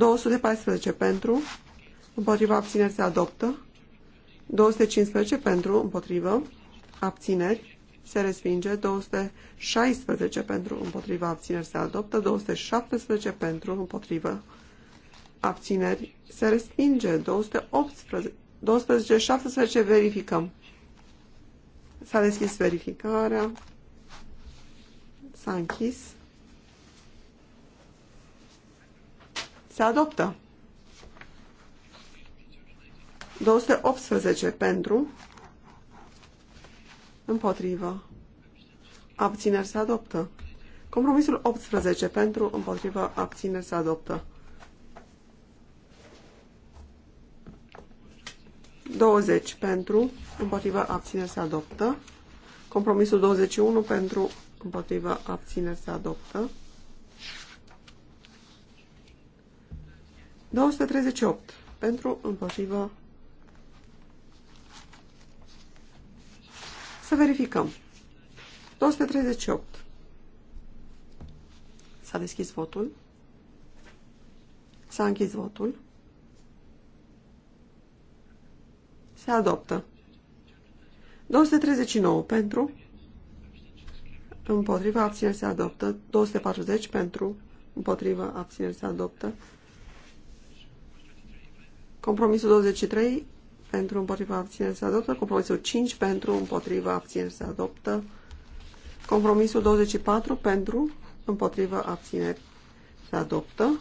214 pentru, împotrivă, abțineri se adoptă. 215 pentru, împotrivă, abțineri se respinge. 216 pentru, împotriva abțineri se adoptă. 217 pentru, împotrivă, abțineri, se respinge. 218, 12, 17, verificăm. S-a deschis verificarea. S-a închis. Se adoptă. 218 pentru, împotrivă, abțineri se adoptă. Compromisul 18 pentru, împotrivă, abțineri se adoptă. 20 pentru, împotriva abțineri se adoptă. Compromisul 21 pentru, împotriva abțineri se adoptă. 238 pentru, împotriva Să verificăm. 238. S-a deschis votul. S-a închis votul. Se adoptă. 239 pentru. Împotriva abțineri se adoptă. 240 pentru. Împotriva abțineri se adoptă. Compromisul 23 pentru împotriva abțineri se adoptă. Compromisul 5 pentru împotriva abțineri se adoptă. Compromisul 24 pentru împotriva abțineri se adoptă.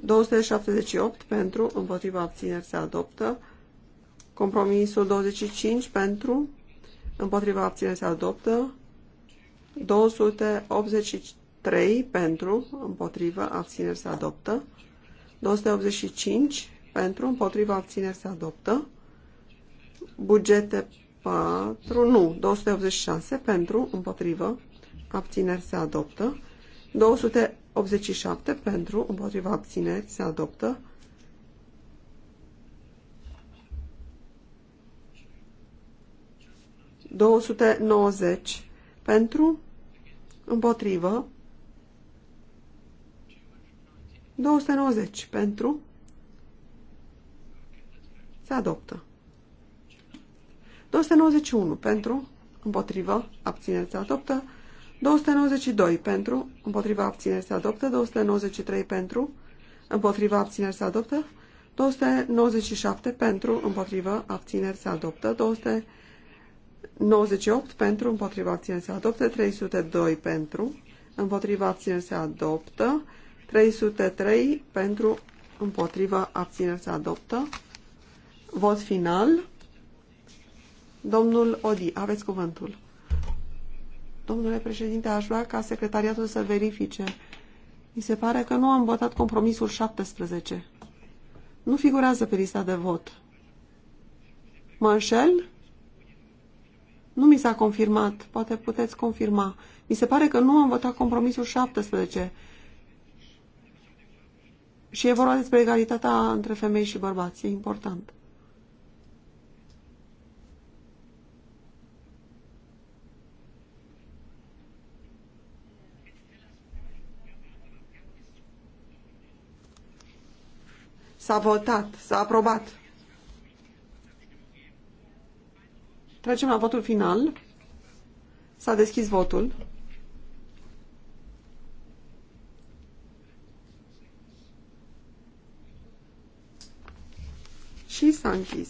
278 pentru împotriva abțineri se adoptă. Compromisul 25 pentru, împotriva abțineri se adoptă. 283 pentru, împotriva abțineri se adoptă. 285 pentru, împotriva abțineri se adoptă. Bugete 4, nu, 286 pentru, împotriva abțineri se adoptă. 287 pentru, împotriva abțineri se adoptă. 290 pentru, împotrivă, 290 pentru, se adoptă. 291 pentru, împotrivă, abțineri se adoptă. 292 pentru, împotrivă, abțineri se adoptă. 293 pentru, împotrivă, abțineri se adoptă. 297 pentru, împotrivă, abțineri se adoptă. 293 98 pentru, împotriva abțineri se adoptă, 302 pentru, împotriva abțineri se adoptă, 303 pentru, împotriva abțineri se adoptă. Vot final. Domnul Odi, aveți cuvântul. Domnule președinte, aș vrea ca secretariatul să verifice. Mi se pare că nu am votat compromisul 17. Nu figurează pe lista de vot. Mă înșel? Nu mi s-a confirmat, poate puteți confirma. Mi se pare că nu am votat compromisul 17. Și e vorba despre egalitatea între femei și bărbați, e important. S-a votat, s-a aprobat. Trecem la votul final. S-a deschis votul. Și s-a închis.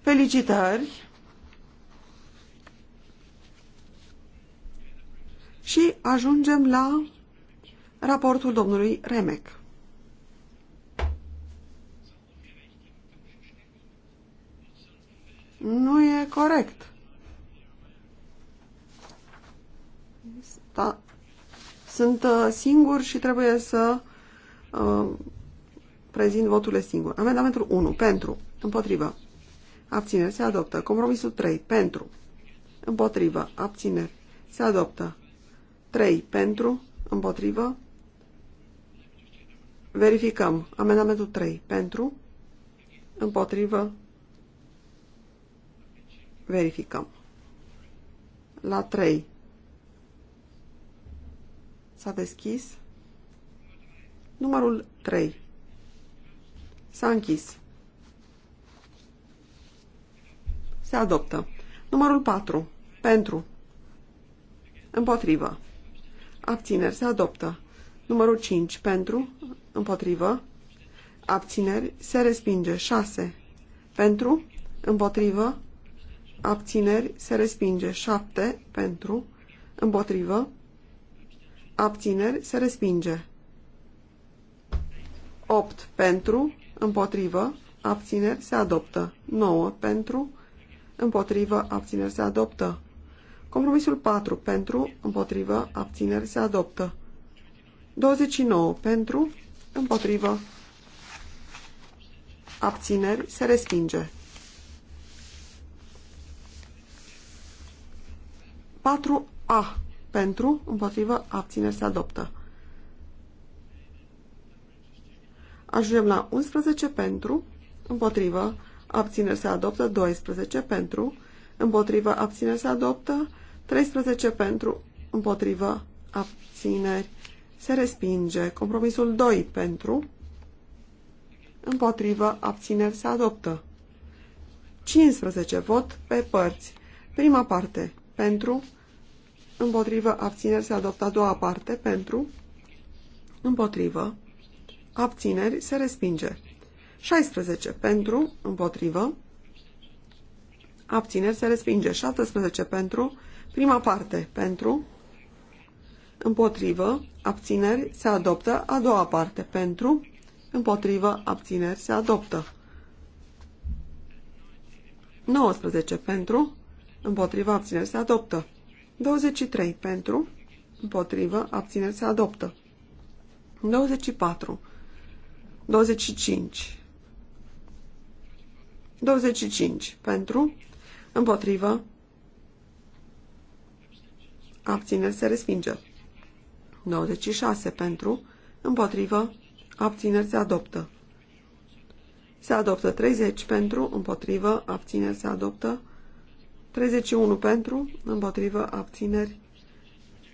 Felicitări! Și ajungem la raportul domnului Remec. corect. Sta da. Sunt uh, singur și trebuie să uh, prezint voturile singur. Amendamentul 1. Pentru. Împotrivă. Abțineri. Se adoptă. Compromisul 3. Pentru. Împotrivă. Abțineri. Se adoptă. 3. Pentru. Împotrivă. Verificăm. Amendamentul 3. Pentru. Împotrivă. Verificăm. La 3. S-a deschis. Numărul 3. S-a închis. Se adoptă. Numărul 4. Pentru. Împotrivă. Abțineri. Se adoptă. Numărul 5. Pentru. Împotrivă. Abțineri. Se respinge. 6. Pentru. Împotrivă abțineri, se respinge. 7 pentru, împotrivă, abțineri, se respinge. 8 pentru, împotrivă, abțineri, se adoptă. 9 pentru, împotrivă, abțineri, se adoptă. Compromisul 4 pentru, împotrivă, abțineri, se adoptă. 29 pentru, împotrivă, abțineri, se respinge. 4A pentru, împotrivă, abțineri se adoptă. Ajungem la 11 pentru, împotrivă, abțineri se adoptă, 12 pentru, împotrivă, abțineri se adoptă, 13 pentru, împotrivă, abțineri se respinge. Compromisul 2 pentru, împotrivă, abțineri se adoptă. 15 vot pe părți. Prima parte, pentru, împotrivă, abțineri, se adoptă a doua parte, pentru, împotrivă, abțineri, se respinge. 16 pentru, împotrivă, abțineri, se respinge. 17 pentru, prima parte, pentru, împotrivă, abțineri, se adoptă a doua parte, pentru, împotrivă, abțineri, se adoptă. 19 pentru, împotriva abțineri, se adoptă. 23 pentru, împotrivă, abțineri se adoptă. 24, 25, 25 pentru, împotrivă, abțineri se respinge. 96 pentru, împotrivă, abțineri se adoptă. Se adoptă 30 pentru, împotrivă, abțineri se adoptă. 31 pentru, împotrivă, abțineri,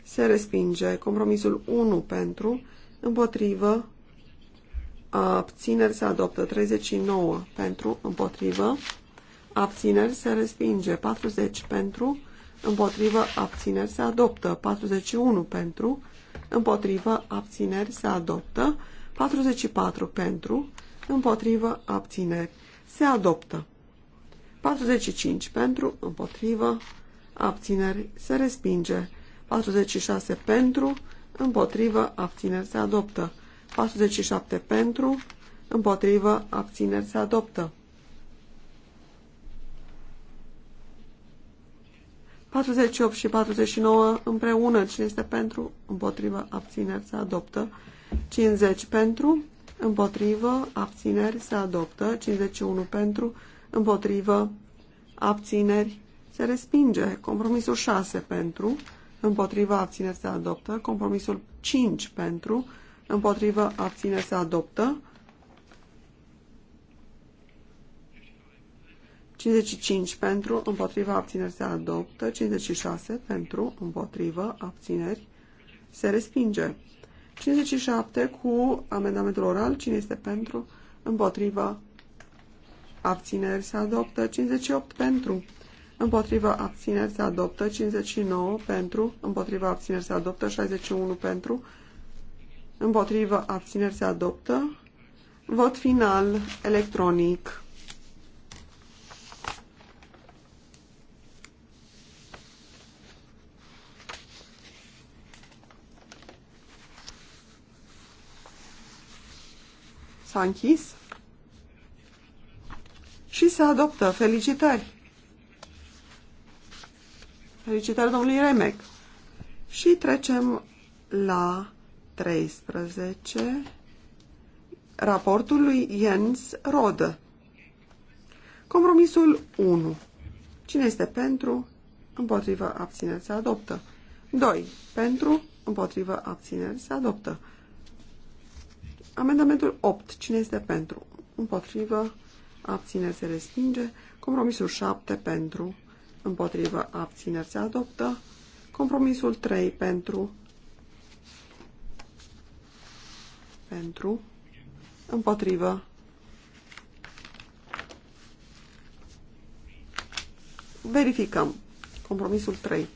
se respinge. Compromisul 1 pentru, împotrivă, abțineri se adoptă. 39 pentru, împotrivă, abțineri se respinge. 40 pentru, împotrivă, abțineri se adoptă. 41 pentru, împotrivă, abțineri se adoptă. 44 pentru, împotrivă, abțineri se adoptă. 45 pentru, împotrivă, abțineri, se respinge. 46 pentru, împotrivă, abțineri, se adoptă. 47 pentru, împotrivă, abțineri, se adoptă. 48 și 49 împreună, cine este pentru, împotrivă, abțineri, se adoptă. 50 pentru, împotrivă, abțineri, se adoptă. 51 pentru, împotrivă, abțineri, se respinge. Compromisul 6 pentru, împotrivă, abțineri, se adoptă. Compromisul 5 pentru, împotrivă, abțineri, se adoptă. 55 pentru, împotrivă, abțineri se adoptă, 56 pentru, împotrivă, abțineri se respinge. 57 cu amendamentul oral, cine este pentru, împotrivă, abțineri se adoptă, 58 pentru, împotriva abțineri se adoptă, 59 pentru, împotriva abțineri se adoptă, 61 pentru, împotriva abțineri se adoptă, vot final electronic. S-a închis? și se adoptă. Felicitări! Felicitări domnului Remec! Și trecem la 13 raportul lui Jens Rodă. Compromisul 1. Cine este pentru? Împotrivă abțineri se adoptă. 2. Pentru? Împotrivă abțineri se adoptă. Amendamentul 8. Cine este pentru? Împotrivă abțineri se respinge, compromisul 7 pentru, împotrivă, abțineri se adoptă, compromisul 3 pentru, pentru, împotrivă, verificăm, compromisul 3.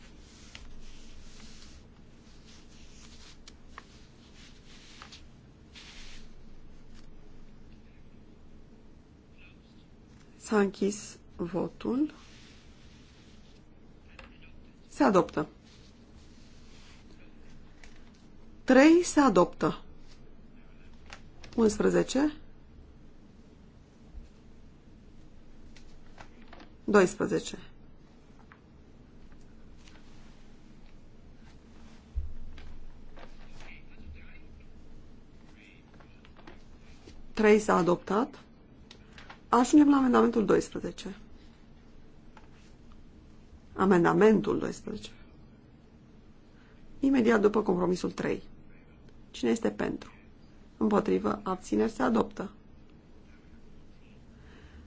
S-a închis votul. Se adoptă. 3 se adoptă. 11. 12. Trei s-a adoptat. Ajungem la amendamentul 12. Amendamentul 12. Imediat după compromisul 3. Cine este pentru? Împotrivă, abțineri, se adoptă.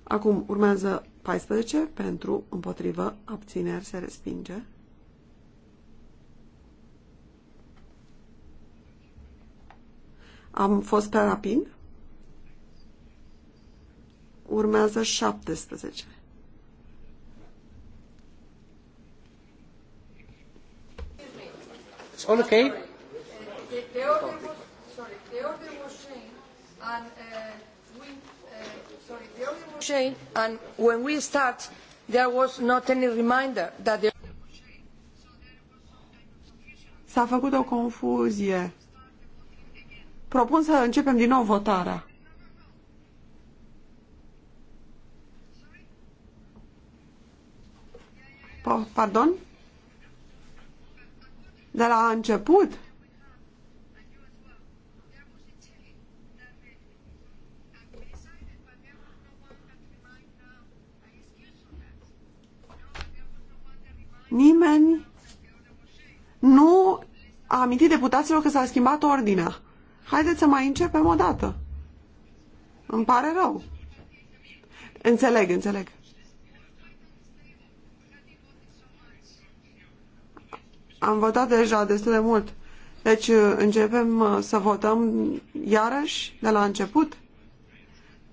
Acum urmează 14 pentru, împotrivă, abțineri, se respinge. Am fost pe rapid? Urmează 17. It's all okay? and and when we start there was not any reminder that the S-a făcut o confuzie. Propun să începem din nou votarea. Oh, pardon? De la început? Nimeni nu a amintit deputaților că s-a schimbat ordinea. Haideți să mai începem o dată. Îmi pare rău. Înțeleg, înțeleg. Am votat deja destul de mult. Deci uh, începem uh, să votăm iarăși de la început.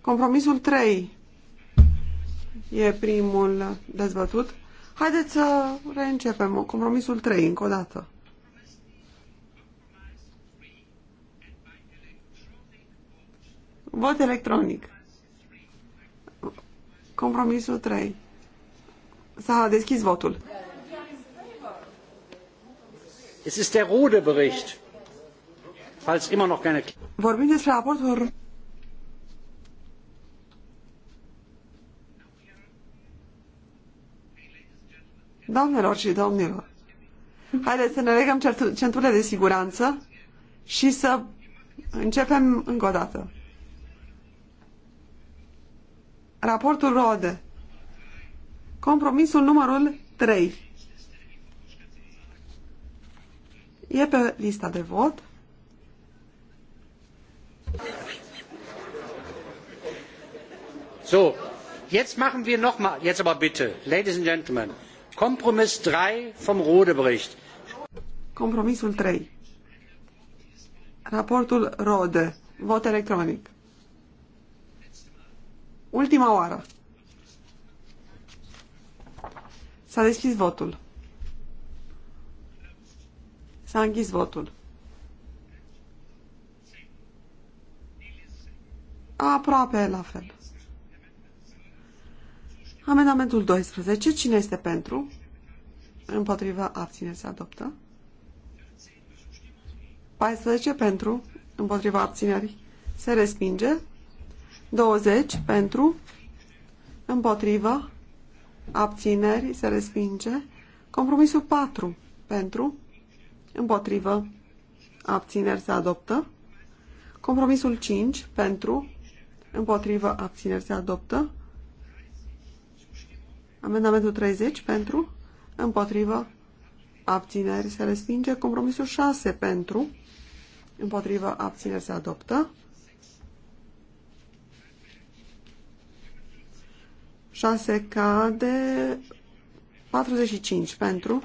Compromisul 3 e primul dezbătut. Haideți să reîncepem compromisul 3 încă o dată. Vot electronic. Compromisul 3. S-a deschis votul. Es ist der bericht Falls immer noch keine... Vorbim despre raportul Doamnelor și domnilor, haideți să ne legăm centurile de siguranță și să începem încă o dată. Raportul Rode. Compromisul numărul 3. E pe lista de vot. So, jetzt machen wir noch mal, jetzt aber bitte, ladies and gentlemen, Kompromiss 3 vom Rode-Bericht. Kompromissul 3. Raportul Rode. Vot electronic. Ultima oară. S-a deschis votul. S-a închis votul. Aproape la fel. Amendamentul 12. Cine este pentru? Împotriva abține se adoptă. 14 pentru. Împotriva abținerii, se respinge. 20 pentru. Împotriva abținerii, se respinge. Compromisul 4 pentru. Împotrivă. Abțineri se adoptă. Compromisul 5 pentru. Împotrivă. Abțineri se adoptă. Amendamentul 30 pentru. Împotrivă. Abțineri se respinge. Compromisul 6 pentru. Împotrivă. Abțineri se adoptă. 6 cade 45 pentru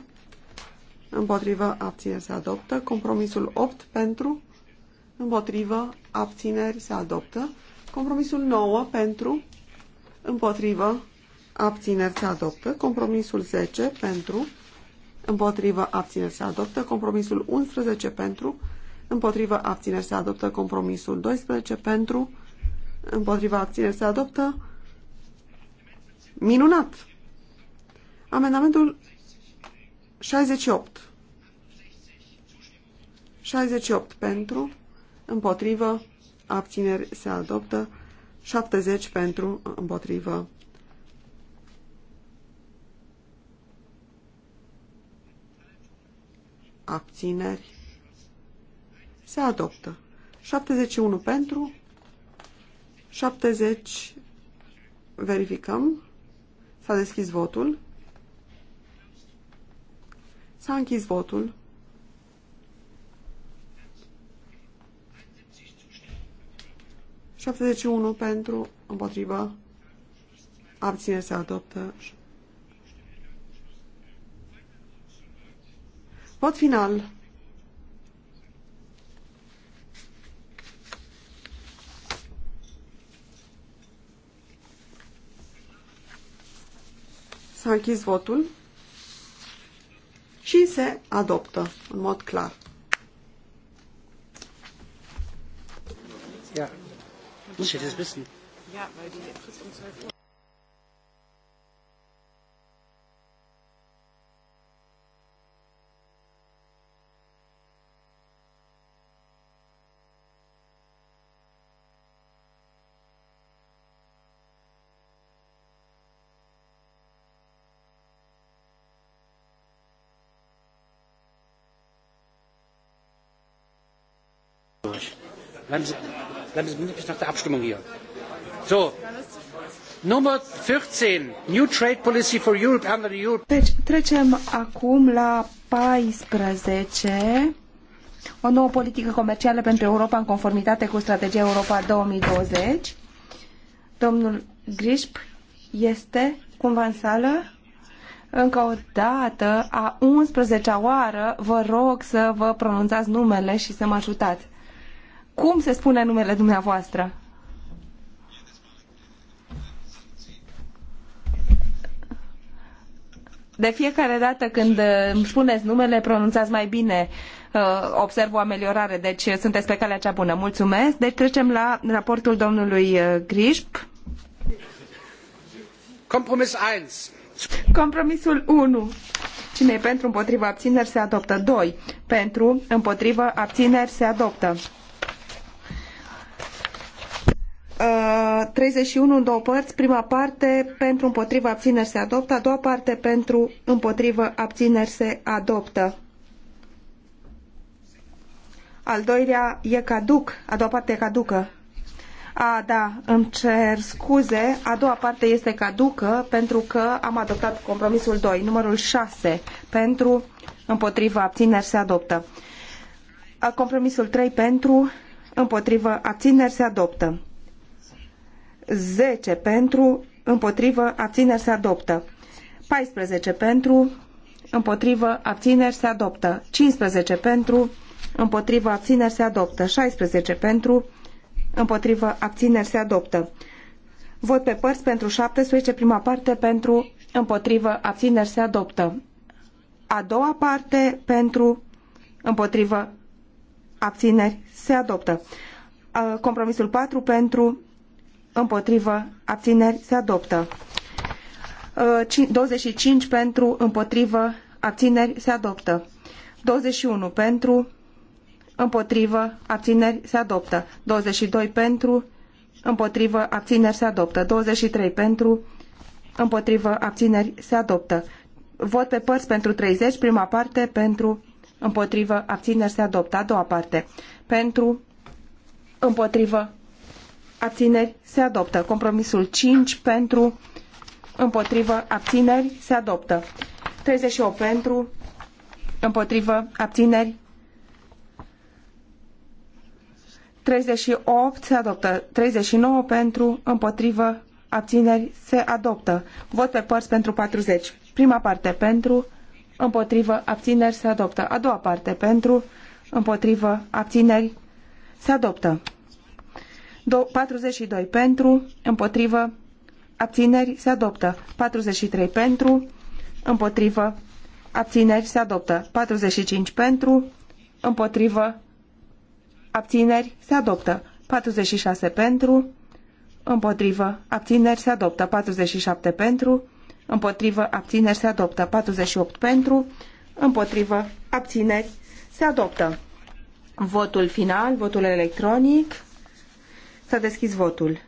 împotrivă, abțineri se adoptă. Compromisul 8 pentru, împotrivă, abțineri se adoptă. Compromisul 9 pentru, împotrivă, abțineri se adoptă. Compromisul 10 pentru, împotrivă, abțineri se adoptă. Compromisul 11 pentru, împotrivă, abțineri se adoptă. Compromisul 12 pentru, împotrivă, abțineri se adoptă. Minunat! Amendamentul 68. 68 pentru, împotrivă, abțineri se adoptă, 70 pentru, împotrivă. Abțineri se adoptă. 71 pentru, 70 verificăm, s-a deschis votul. S-a închis votul. Șaptezeci unu pentru, împotrivă, abține se adoptă. Vot final. S-a închis votul și se adoptă în mod clar. Ja, muss ich das wissen? Ja, weil die Frist um 12 Uhr. Bleiben Sie, bleiben Sie bis nach der Abstimmung hier. So. Nummer 14. New Trade Policy for Europe under the Europe. Deci trecem acum la 14. O nouă politică comercială pentru Europa în conformitate cu strategia Europa 2020. Domnul Grisp este cumva în sală? Încă o dată, a 11-a oară, vă rog să vă pronunțați numele și să mă ajutați. Cum se spune numele dumneavoastră? De fiecare dată când uh, îmi spuneți numele, pronunțați mai bine. Uh, observ o ameliorare, deci uh, sunteți pe calea cea bună. Mulțumesc. Deci trecem la raportul domnului Grișp. Compromis 1. Compromisul 1. Cine e pentru, împotriva, abțineri, se adoptă. 2. Pentru, împotriva, abțineri, se adoptă. 31 uh, în două părți, prima parte pentru împotriva abțineri se adoptă, a doua parte pentru împotriva abțineri se adoptă. Al doilea e caduc, a doua parte e caducă. A, da, îmi cer scuze, a doua parte este caducă pentru că am adoptat compromisul 2, numărul 6, pentru împotriva abțineri se adoptă. Compromisul 3 pentru împotriva abțineri se adoptă. 10 pentru, împotrivă, abțineri se adoptă. 14 pentru, împotrivă, abțineri se adoptă. 15 pentru, împotrivă, abțineri se adoptă. 16 pentru, împotrivă, abțineri se adoptă. Vot pe părți pentru 17, prima parte pentru, împotrivă, abțineri se adoptă. A doua parte pentru, împotrivă, abțineri se adoptă. Compromisul 4 pentru, împotrivă, abțineri, se adoptă. 25 uh, pentru, împotrivă, abțineri, se adoptă. 21 pentru, împotrivă, abțineri, se adoptă. 22 pentru, împotrivă, abțineri, se adoptă. 23 pentru, împotrivă, abțineri, se adoptă. Vot pe părți pentru 30, prima parte, pentru, împotrivă, abțineri, se adoptă. A doua parte, pentru, împotrivă, abțineri, se adoptă. Compromisul 5 pentru, împotrivă, abțineri, se adoptă. 38 pentru, împotrivă, abțineri, 38 se adoptă, 39 pentru, împotrivă, abțineri se adoptă. Vot pe părți pentru 40. Prima parte pentru, împotrivă, abțineri se adoptă. A doua parte pentru, împotrivă, abțineri se adoptă. 42 pentru, împotrivă, abțineri, se adoptă. 43 pentru, împotrivă, abțineri, se adoptă. 45 pentru, împotrivă, abțineri, se adoptă. 46 pentru, împotrivă, abțineri, se adoptă. 47 pentru, împotrivă, abțineri, se adoptă. 48 pentru, împotrivă, abțineri, se adoptă. Votul final, votul electronic. S-a deschis votul.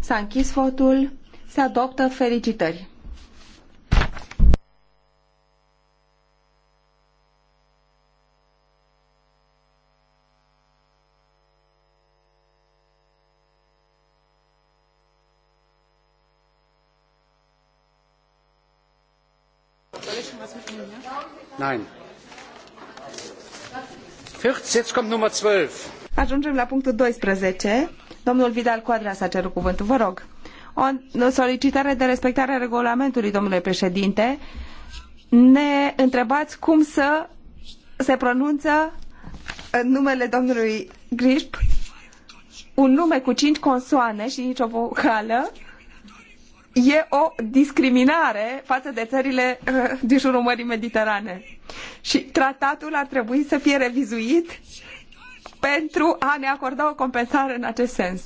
S-a închis votul. Se adoptă felicitări. Nein. Jetzt kommt Nummer 12. Ajungem la punctul 12. Domnul Vidal Quadras a cerut cuvântul. Vă rog. O solicitare de respectare a regulamentului, domnule președinte. Ne întrebați cum să se pronunță în uh, numele domnului Grisp un nume cu cinci consoane și nicio vocală e o discriminare față de țările uh, din jurul Mării Mediterane. Și tratatul ar trebui să fie revizuit pentru a ne acorda o compensare în acest sens.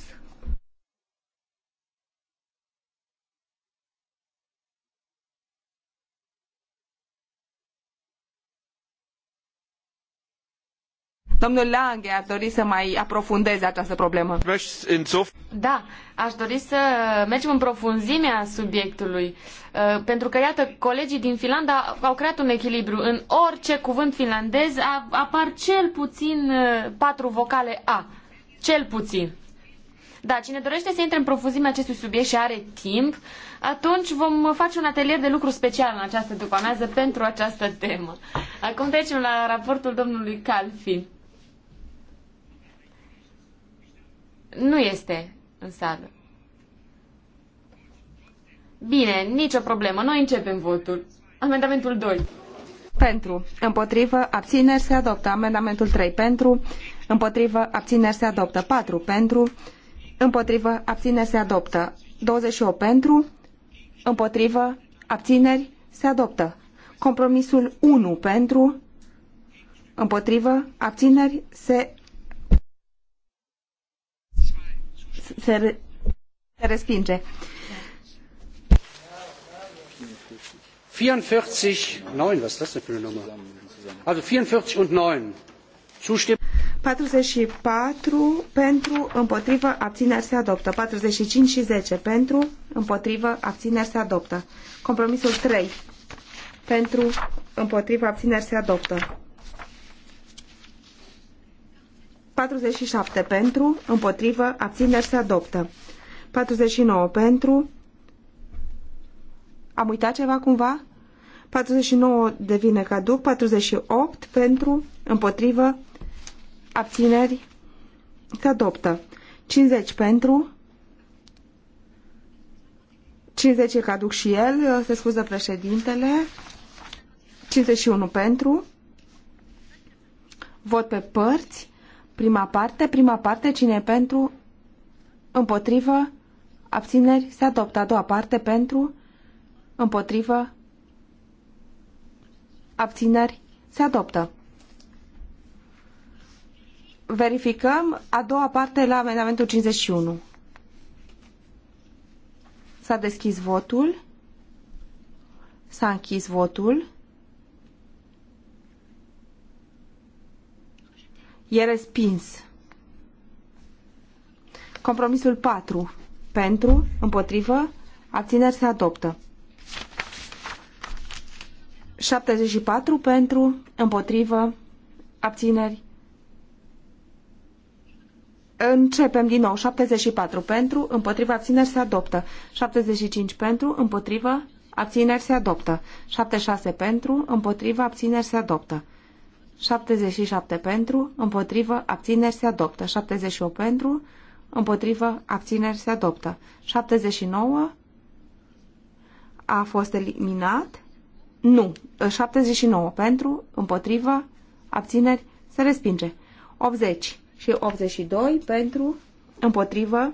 Domnul Lange ar dori să mai aprofundeze această problemă. Da, aș dori să mergem în profunzimea subiectului, uh, pentru că, iată, colegii din Finlanda au creat un echilibru. În orice cuvânt finlandez apar cel puțin uh, patru vocale A. Cel puțin. Da, cine dorește să intre în profunzime acestui subiect și are timp, atunci vom face un atelier de lucru special în această după pentru această temă. Acum trecem la raportul domnului Calfin. nu este în sală. Bine, nicio problemă. Noi începem votul. Amendamentul 2. Pentru. Împotrivă. Abțineri se adoptă. Amendamentul 3. Pentru. Împotrivă. Abțineri se adoptă. 4. Pentru. Împotrivă. Abțineri se adoptă. 28. Pentru. Împotrivă. Abțineri se adoptă. Compromisul 1. Pentru. Împotrivă. Abțineri se se, se respinge. 44, 9, was ist das denn für 44 und 9. Zustimmen. 44 pentru, împotrivă, abțineri se adoptă. 45 și 10 pentru, împotrivă, abțineri se adoptă. Compromisul 3 pentru, împotrivă, abțineri se adoptă. 47 pentru, împotrivă, abțineri se adoptă. 49 pentru. Am uitat ceva cumva? 49 devine caduc, 48 pentru, împotrivă, abțineri se adoptă. 50 pentru, 50 e caduc și el, se scuză președintele, 51 pentru, vot pe părți, Prima parte, prima parte, cine e pentru, împotrivă, abțineri, se adoptă. A doua parte, pentru, împotrivă, abțineri, se adoptă. Verificăm a doua parte la amendamentul 51. S-a deschis votul. S-a închis votul. E respins. Compromisul 4. Pentru, împotrivă, abțineri se adoptă. 74 pentru, împotrivă, abțineri. Începem din nou. 74 pentru, împotrivă, abțineri se adoptă. 75 pentru, împotrivă, abțineri se adoptă. 76 pentru, împotrivă, abțineri se adoptă. 77 pentru, împotrivă, abțineri se adoptă. 78 pentru, împotrivă, abțineri se adoptă. 79 a fost eliminat. Nu. 79 pentru, împotrivă, abțineri se respinge. 80 și 82 pentru, împotrivă,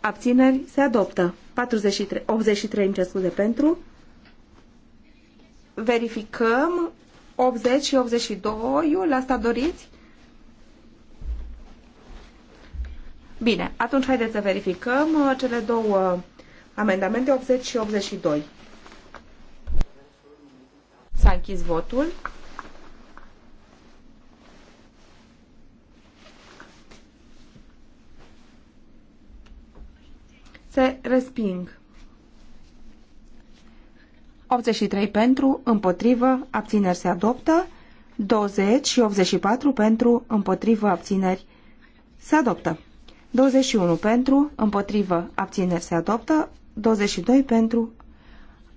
abțineri se adoptă. 43, 83, îmi scuze, pentru. Verificăm 80 și 82, iul asta doriți? Bine, atunci haideți să verificăm uh, cele două uh, amendamente, 80 și 82. S-a închis votul. Se resping. 83 pentru, împotrivă, abțineri se adoptă. 20 și 84 pentru, împotrivă, abțineri se adoptă. 21 pentru, împotrivă, abțineri se adoptă. 22 pentru,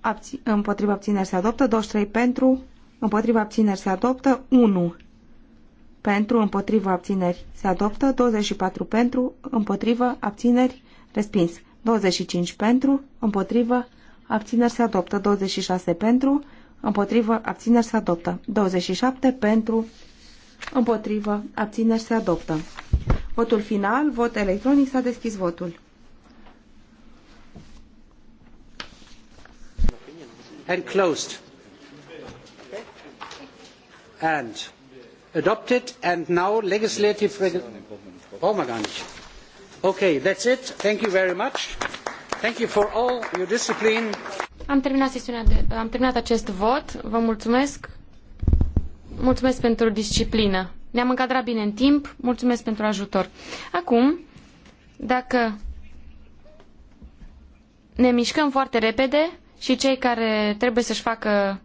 abți, împotrivă, abțineri se adoptă. 23 pentru, împotrivă, abțineri se adoptă. 1 pentru, împotrivă, abțineri se adoptă. 24 pentru, împotrivă, abțineri respins. 25 pentru, împotrivă, abțineri abțineri se adoptă. 26 pentru, împotrivă, abțineri se adoptă. 27 pentru, împotrivă, abțineri se adoptă. Votul final, vot electronic, s-a deschis votul. And closed. And adopted and now legislative... Brauchen wir gar nicht. Okay, that's it. Thank you very much. Am terminat am terminat acest vot. Vă mulțumesc. Mulțumesc pentru disciplină. Ne-am încadrat bine în timp. Mulțumesc pentru ajutor. Acum, dacă ne mișcăm foarte repede și cei care trebuie să-și facă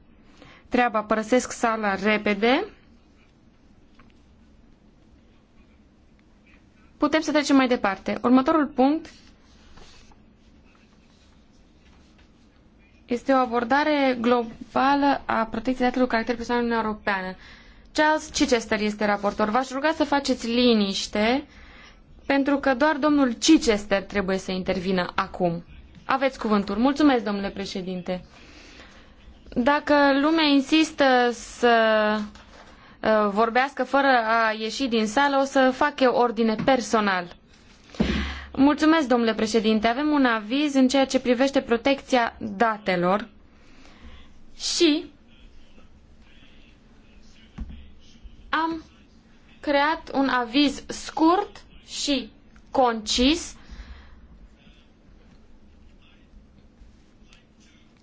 treaba părăsesc sala repede, putem să trecem mai departe. Următorul punct Este o abordare globală a protecției datelor cu caracter personal în Europeană. Charles Chichester este raportor. V-aș ruga să faceți liniște, pentru că doar domnul Chichester trebuie să intervină acum. Aveți cuvântul. Mulțumesc, domnule președinte. Dacă lumea insistă să uh, vorbească fără a ieși din sală, o să fac eu ordine personal. Mulțumesc, domnule președinte. Avem un aviz în ceea ce privește protecția datelor și am creat un aviz scurt și concis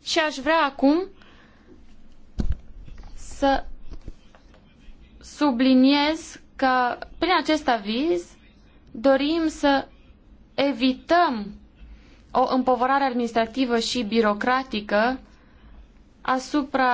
și aș vrea acum să subliniez că prin acest aviz dorim să evităm o împovărare administrativă și birocratică asupra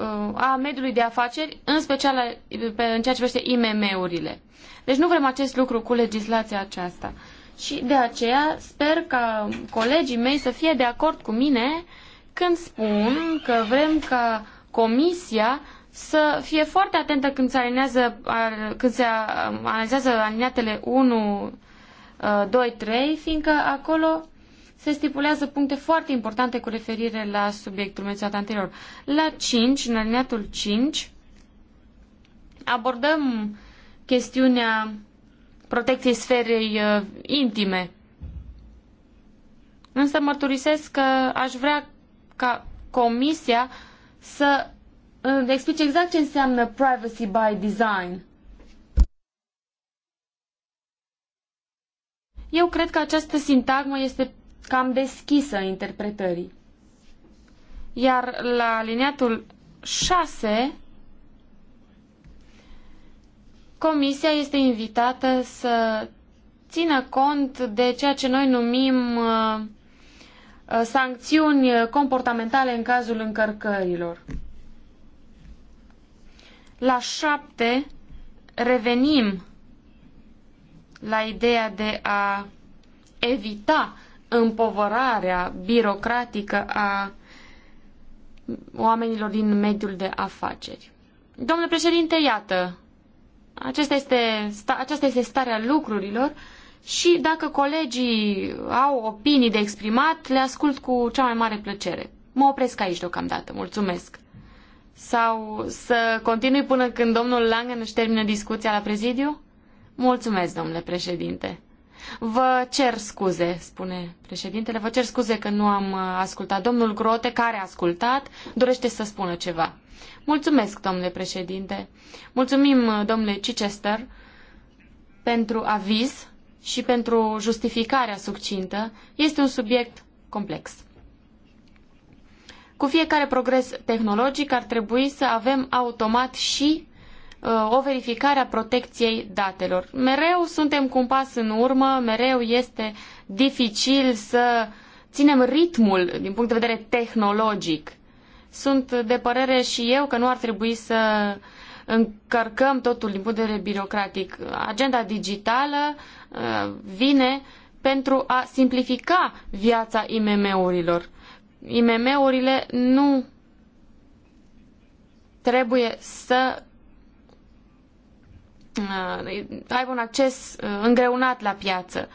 uh, a mediului de afaceri, în special în ceea ce privește IMM-urile. Deci nu vrem acest lucru cu legislația aceasta. Și de aceea sper ca colegii mei să fie de acord cu mine când spun că vrem ca comisia să fie foarte atentă când se, alinează, când se um, analizează alineatele 1 2, 3, fiindcă acolo se stipulează puncte foarte importante cu referire la subiectul menționat anterior. La 5, în alineatul 5, abordăm chestiunea protecției sferei uh, intime. Însă mărturisesc că aș vrea ca comisia să uh, explice exact ce înseamnă privacy by design. Eu cred că această sintagmă este cam deschisă interpretării. Iar la aliniatul 6, Comisia este invitată să țină cont de ceea ce noi numim uh, sancțiuni comportamentale în cazul încărcărilor. La șapte revenim la ideea de a evita împovărarea birocratică a oamenilor din mediul de afaceri. Domnule președinte, iată, aceasta este, aceasta este starea lucrurilor și dacă colegii au opinii de exprimat, le ascult cu cea mai mare plăcere. Mă opresc aici deocamdată, mulțumesc. Sau să continui până când domnul Langen își termină discuția la prezidiu? Mulțumesc, domnule președinte. Vă cer scuze, spune președintele, vă cer scuze că nu am uh, ascultat. Domnul Grote, care a ascultat, dorește să spună ceva. Mulțumesc, domnule președinte. Mulțumim, uh, domnule Chichester, pentru aviz și pentru justificarea succintă. Este un subiect complex. Cu fiecare progres tehnologic ar trebui să avem automat și Uh, o verificare a protecției datelor. Mereu suntem cu un pas în urmă, mereu este dificil să ținem ritmul din punct de vedere tehnologic. Sunt de părere și eu că nu ar trebui să încărcăm totul din punct de vedere birocratic. Agenda digitală uh, vine pentru a simplifica viața IMM-urilor. IMM-urile nu trebuie să Uh, aibă un acces uh, îngreunat la piață.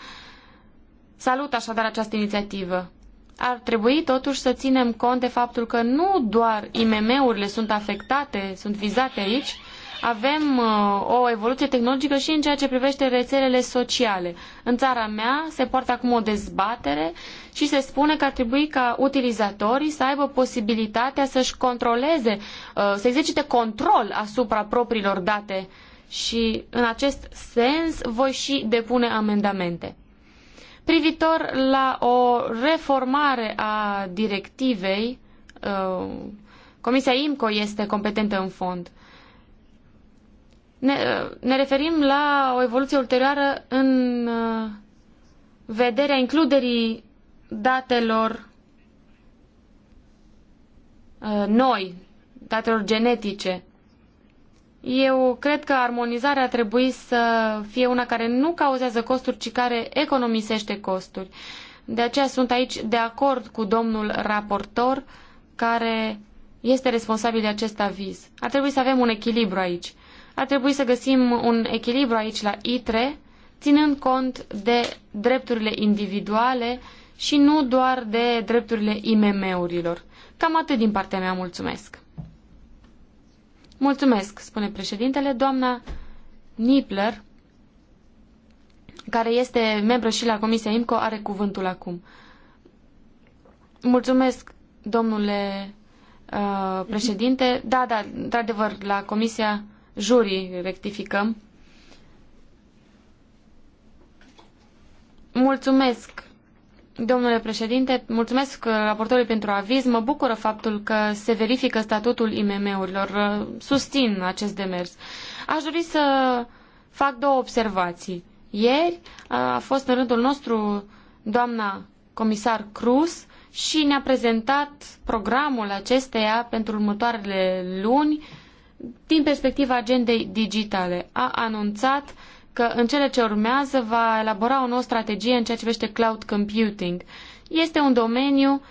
Salut așadar această inițiativă. Ar trebui totuși să ținem cont de faptul că nu doar IMM-urile sunt afectate, sunt vizate aici, avem uh, o evoluție tehnologică și în ceea ce privește rețelele sociale. În țara mea se poartă acum o dezbatere și se spune că ar trebui ca utilizatorii să aibă posibilitatea să-și controleze, să exercite control asupra propriilor date uh, și în acest sens voi și depune amendamente. Privitor la o reformare a directivei, uh, Comisia IMCO este competentă în fond. Ne, uh, ne referim la o evoluție ulterioară în uh, vederea includerii datelor noi, datelor genetice eu cred că armonizarea ar trebui să fie una care nu cauzează costuri, ci care economisește costuri. De aceea sunt aici de acord cu domnul raportor care este responsabil de acest aviz. Ar trebui să avem un echilibru aici. Ar trebui să găsim un echilibru aici la ITRE, ținând cont de drepturile individuale și nu doar de drepturile IMM-urilor. Cam atât din partea mea, mulțumesc. Mulțumesc, spune președintele. Doamna Nipler, care este membră și la Comisia IMCO, are cuvântul acum. Mulțumesc, domnule uh, președinte. Da, da, într-adevăr, la Comisia Jurii rectificăm. Mulțumesc Domnule președinte, mulțumesc uh, raportorului pentru aviz. Mă bucură faptul că se verifică statutul IMM-urilor. Uh, susțin acest demers. Aș dori să fac două observații. Ieri uh, a fost în rândul nostru doamna comisar Cruz și ne-a prezentat programul acesteia pentru următoarele luni din perspectiva agendei digitale. A anunțat uh, că în cele ce urmează va elabora o nouă strategie în ceea ce privește cloud computing. Este un domeniu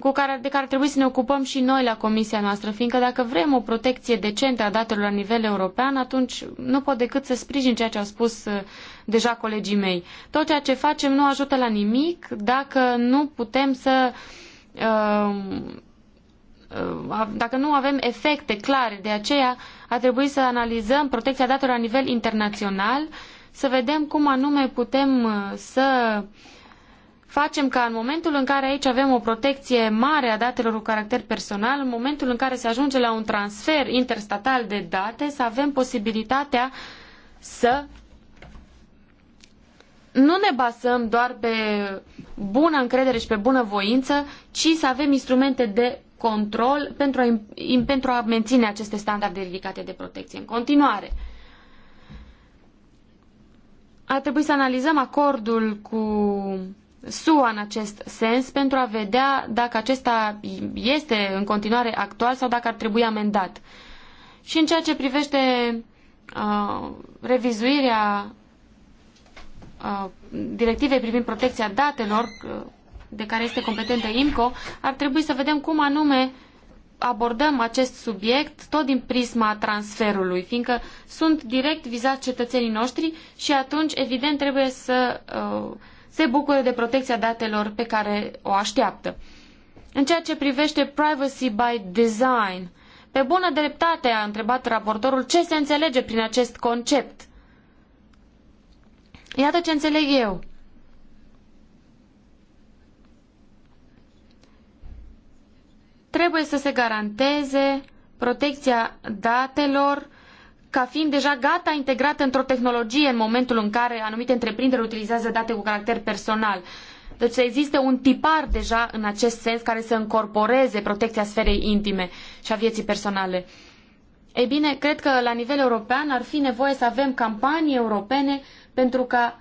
cu care, de care trebuie să ne ocupăm și noi la comisia noastră, fiindcă dacă vrem o protecție decentă a datelor la nivel european, atunci nu pot decât să sprijin ceea ce au spus uh, deja colegii mei. Tot ceea ce facem nu ajută la nimic dacă nu putem să uh, dacă nu avem efecte clare, de aceea a trebuit să analizăm protecția datelor la nivel internațional, să vedem cum anume putem uh, să facem ca în momentul în care aici avem o protecție mare a datelor cu caracter personal, în momentul în care se ajunge la un transfer interstatal de date, să avem posibilitatea să nu ne basăm doar pe bună încredere și pe bună voință, ci să avem instrumente de control pentru a, pentru a menține aceste standarde ridicate de protecție. În continuare, ar trebui să analizăm acordul cu SUA în acest sens pentru a vedea dacă acesta este în continuare actual sau dacă ar trebui amendat. Și în ceea ce privește uh, revizuirea uh, directivei privind protecția datelor, uh, de care este competentă IMCO, ar trebui să vedem cum anume abordăm acest subiect tot din prisma transferului, fiindcă sunt direct vizați cetățenii noștri și atunci, evident, trebuie să uh, se bucure de protecția datelor pe care o așteaptă. În ceea ce privește privacy by design, pe bună dreptate a întrebat raportorul ce se înțelege prin acest concept. Iată ce înțeleg eu. trebuie să se garanteze protecția datelor ca fiind deja gata integrată într-o tehnologie în momentul în care anumite întreprinderi utilizează date cu caracter personal. Deci să existe un tipar deja în acest sens care să încorporeze protecția sferei intime și a vieții personale. Ei bine, cred că la nivel european ar fi nevoie să avem campanii europene pentru ca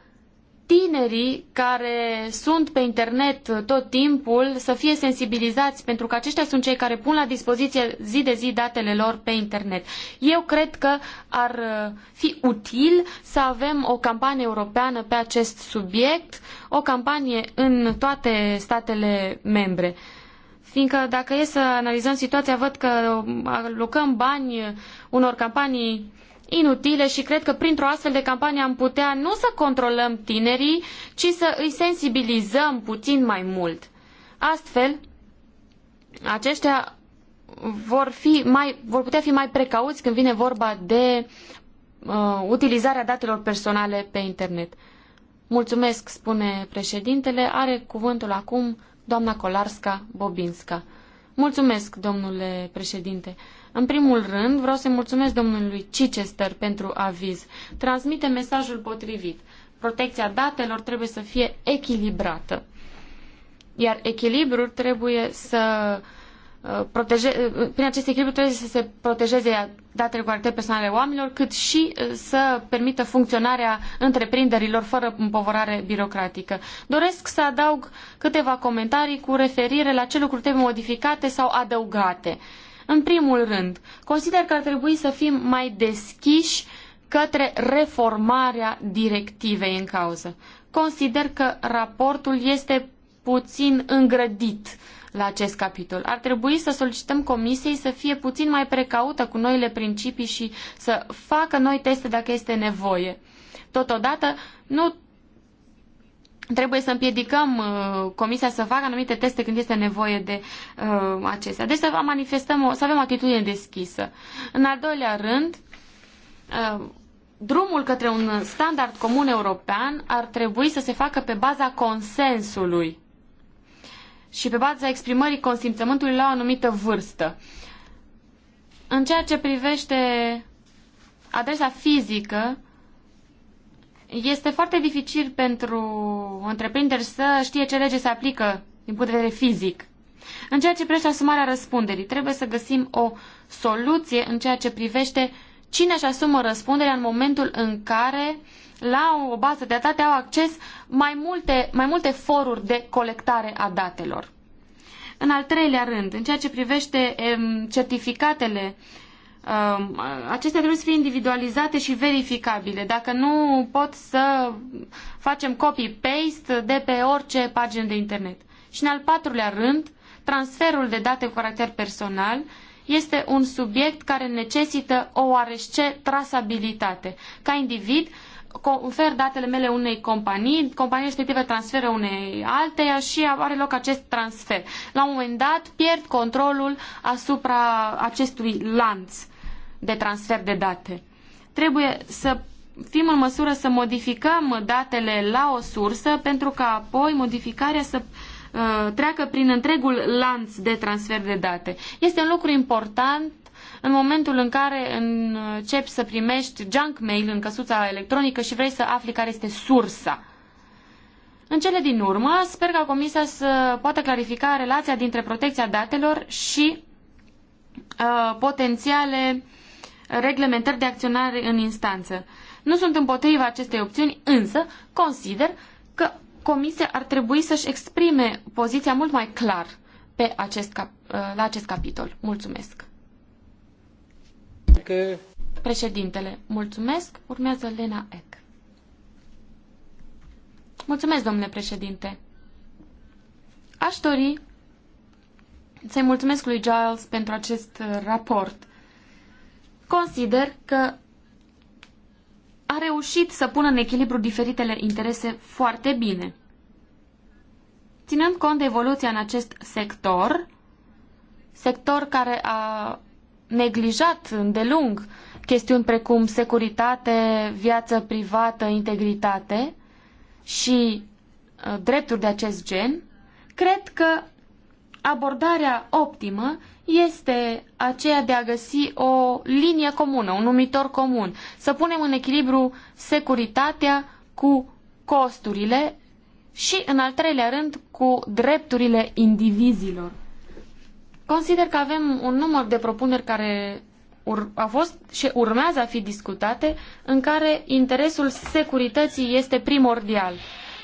tinerii care sunt pe internet tot timpul să fie sensibilizați, pentru că aceștia sunt cei care pun la dispoziție zi de zi datele lor pe internet. Eu cred că ar uh, fi util să avem o campanie europeană pe acest subiect, o campanie în toate statele membre. Fiindcă dacă e să analizăm situația, văd că uh, alocăm bani unor campanii inutile și cred că printr-o astfel de campanie am putea nu să controlăm tinerii, ci să îi sensibilizăm puțin mai mult. Astfel, aceștia vor, fi mai, vor putea fi mai precauți când vine vorba de uh, utilizarea datelor personale pe internet. Mulțumesc, spune președintele. Are cuvântul acum doamna Kolarska Bobinska. Mulțumesc, domnule președinte. În primul rând, vreau să mulțumesc domnului Chichester pentru aviz. Transmite mesajul potrivit. Protecția datelor trebuie să fie echilibrată. Iar echilibrul trebuie să uh, Uh, proteje, uh, prin acest echilibru trebuie să se protejeze datele cu caracter ale oamenilor, cât și uh, să permită funcționarea întreprinderilor fără împovărare birocratică. Doresc să adaug câteva comentarii cu referire la ce lucruri trebuie modificate sau adăugate. În primul rând, consider că ar trebui să fim mai deschiși către reformarea directivei în cauză. Consider că raportul este puțin îngrădit uh, la acest capitol. Ar trebui să solicităm comisiei să fie puțin mai precaută cu noile principii și să facă noi teste dacă este nevoie. Totodată, nu trebuie să împiedicăm uh, comisia să facă anumite teste când este nevoie de uh, acestea. Deci să manifestăm, o, să avem o atitudine deschisă. În al doilea rând, uh, drumul către un standard comun european ar trebui să se facă pe baza consensului și pe baza exprimării consimțământului la o anumită vârstă. În ceea ce privește adresa fizică, este foarte dificil pentru întreprinderi să știe ce lege se aplică din punct de vedere fizic. În ceea ce privește asumarea răspunderii, trebuie să găsim o soluție în ceea ce privește cine își asumă răspunderea în momentul în care uh, la o bază de date au acces mai multe, mai multe foruri de colectare a datelor. În al treilea rând, în ceea ce privește certificatele, acestea trebuie să fie individualizate și verificabile. Dacă nu pot să facem copy-paste de pe orice pagină de internet. Și în al patrulea rând, transferul de date cu caracter personal este un subiect care necesită o oarește trasabilitate. Ca individ, confer datele mele unei companii, compania respectivă transferă unei alteia și are loc acest transfer. La un moment dat pierd controlul asupra acestui lanț de transfer de date. Trebuie să fim în măsură să modificăm datele la o sursă pentru ca apoi modificarea să uh, treacă prin întregul lanț de transfer de date. Este un lucru important în momentul în care începi să primești junk mail în căsuța electronică și vrei să afli care este sursa. În cele din urmă, sper ca Comisia să poată clarifica relația dintre protecția datelor și uh, potențiale reglementări de acționare în instanță. Nu sunt împotriva acestei opțiuni, însă consider că Comisia ar trebui să-și exprime poziția mult mai clar pe acest cap, uh, la acest capitol. Mulțumesc! că... Președintele, mulțumesc. Urmează Lena Eck. Mulțumesc, domnule președinte. Aș dori să-i mulțumesc lui Giles pentru acest uh, raport. Consider că a reușit să pună în echilibru diferitele interese foarte bine. Ținând cont de evoluția în acest sector, sector care a neglijat îndelung chestiuni precum securitate, viață privată, integritate și uh, drepturi de acest gen, cred că abordarea optimă este aceea de a găsi o linie comună, un numitor comun, să punem în echilibru securitatea cu costurile și, în al treilea rând, cu drepturile indivizilor. Consider că avem un număr de propuneri care au fost și urmează a fi discutate, în care interesul securității este primordial.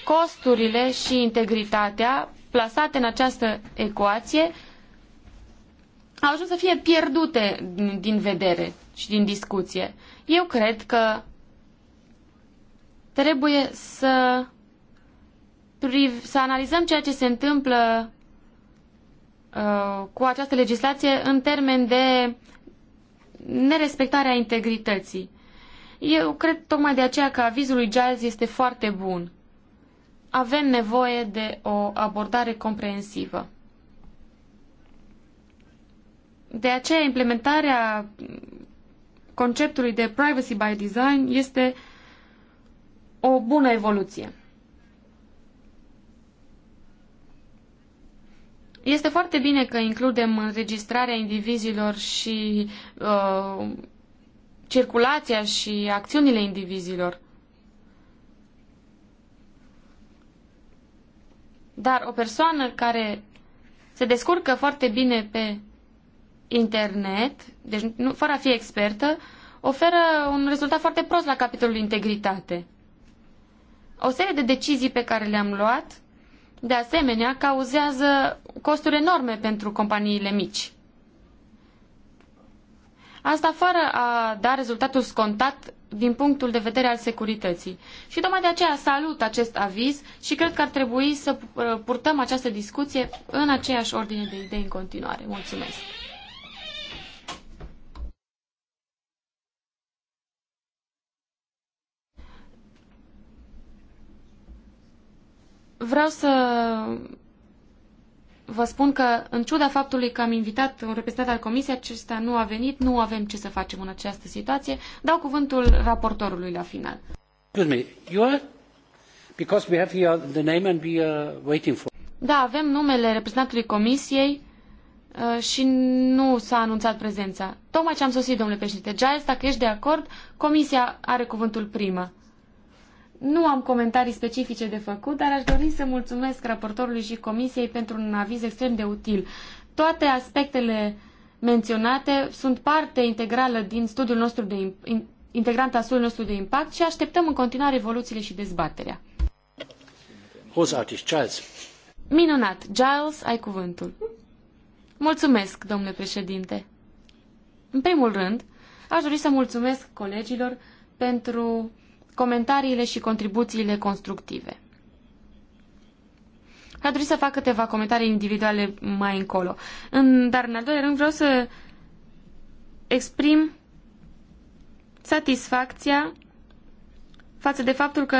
Costurile și integritatea plasate în această ecuație au ajuns să fie pierdute din vedere și din discuție. Eu cred că trebuie să, priv, să analizăm ceea ce se întâmplă Uh, cu această legislație în termen de nerespectarea integrității. Eu cred tocmai de aceea că avizul lui Giles este foarte bun. Avem nevoie de o abordare comprehensivă. De aceea implementarea conceptului de privacy by design este o bună evoluție. Este foarte bine că includem înregistrarea indivizilor și uh, circulația și acțiunile indivizilor. Dar o persoană care se descurcă foarte bine pe internet, deci nu, fără a fi expertă, oferă un rezultat foarte prost la capitolul integritate. O serie de decizii pe care le-am luat de asemenea, cauzează costuri enorme pentru companiile mici. Asta fără a da rezultatul scontat din punctul de vedere al securității. Și tocmai de aceea salut acest aviz și cred că ar trebui să uh, purtăm această discuție în aceeași ordine de idei în continuare. Mulțumesc! Vreau să vă spun că, în ciuda faptului că am invitat un reprezentant al comisiei, acesta nu a venit, nu avem ce să facem în această situație. Dau cuvântul raportorului la final. Da, avem numele reprezentantului comisiei uh, și nu s-a anunțat prezența. Tocmai ce am sosit, domnule președinte. Giles, dacă ești de acord, comisia are cuvântul primă. Nu am comentarii specifice de făcut, dar aș dori să mulțumesc raportorului și comisiei pentru un aviz extrem de util. Toate aspectele menționate sunt parte integrală din studiul nostru de a studiului nostru de impact și așteptăm în continuare evoluțiile și dezbaterea. Charles. Minunat. Giles, ai cuvântul. Mulțumesc, domnule președinte. În primul rând, aș dori să mulțumesc colegilor pentru comentariile și contribuțiile constructive. A dori să fac câteva comentarii individuale mai încolo. În, dar, în al doilea rând, vreau să exprim satisfacția față de faptul că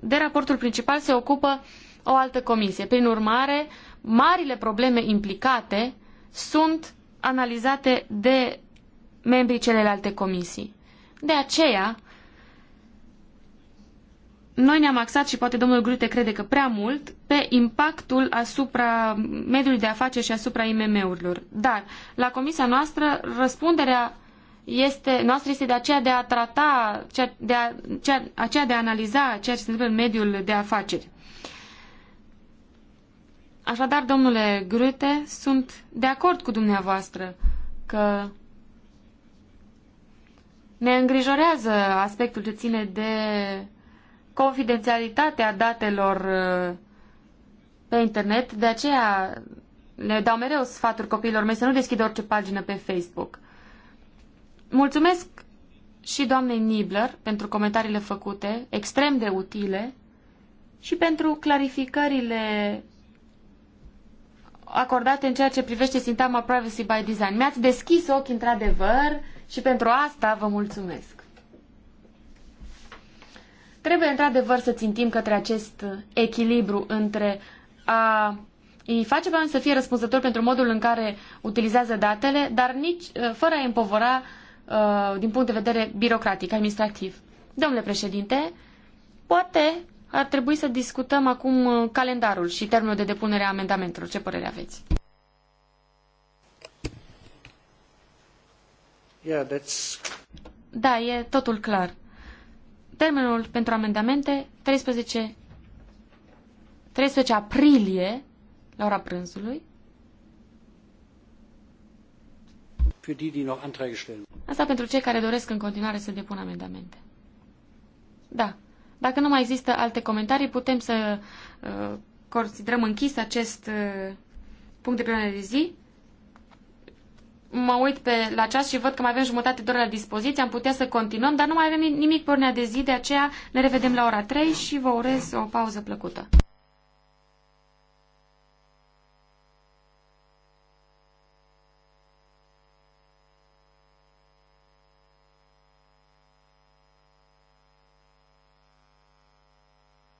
de raportul principal se ocupă o altă comisie. Prin urmare, marile probleme implicate sunt analizate de membrii celelalte comisii. De aceea, noi ne-am axat și poate domnul Grute crede că prea mult pe impactul asupra mediului de afaceri și asupra IMM-urilor. Dar la comisia noastră răspunderea este, noastră este de aceea de a trata, de a, cea, aceea de a analiza ceea ce se întâmplă în mediul de afaceri. Așadar, domnule Grute, sunt de acord cu dumneavoastră că ne îngrijorează aspectul ce ține de confidențialitatea datelor uh, pe internet, de aceea le dau mereu sfaturi copiilor mei să nu deschidă orice pagină pe Facebook. Mulțumesc și doamnei Nibler pentru comentariile făcute, extrem de utile, și pentru clarificările acordate în ceea ce privește sintagma Privacy by Design. Mi-ați deschis ochii într-adevăr și pentru asta vă mulțumesc. Trebuie într-adevăr să țintim către acest echilibru între a îi face pe oameni să fie răspunzători pentru modul în care utilizează datele, dar nici uh, fără a împovora uh, din punct de vedere birocratic, administrativ. Domnule președinte, poate ar trebui să discutăm acum uh, calendarul și termenul de depunere a amendamentelor. Ce părere aveți? Yeah, that's... Da, e totul clar. Termenul pentru amendamente 13, 13 aprilie la ora prânzului. Asta pentru cei care doresc în continuare să depună amendamente. Da. Dacă nu mai există alte comentarii, putem să uh, considerăm închis acest uh, punct de plenare de zi mă uit pe la ceas și văd că mai avem jumătate de oră la dispoziție, am putea să continuăm, dar nu mai avem nimic pornea de zi, de aceea ne revedem la ora 3 și vă urez o pauză plăcută.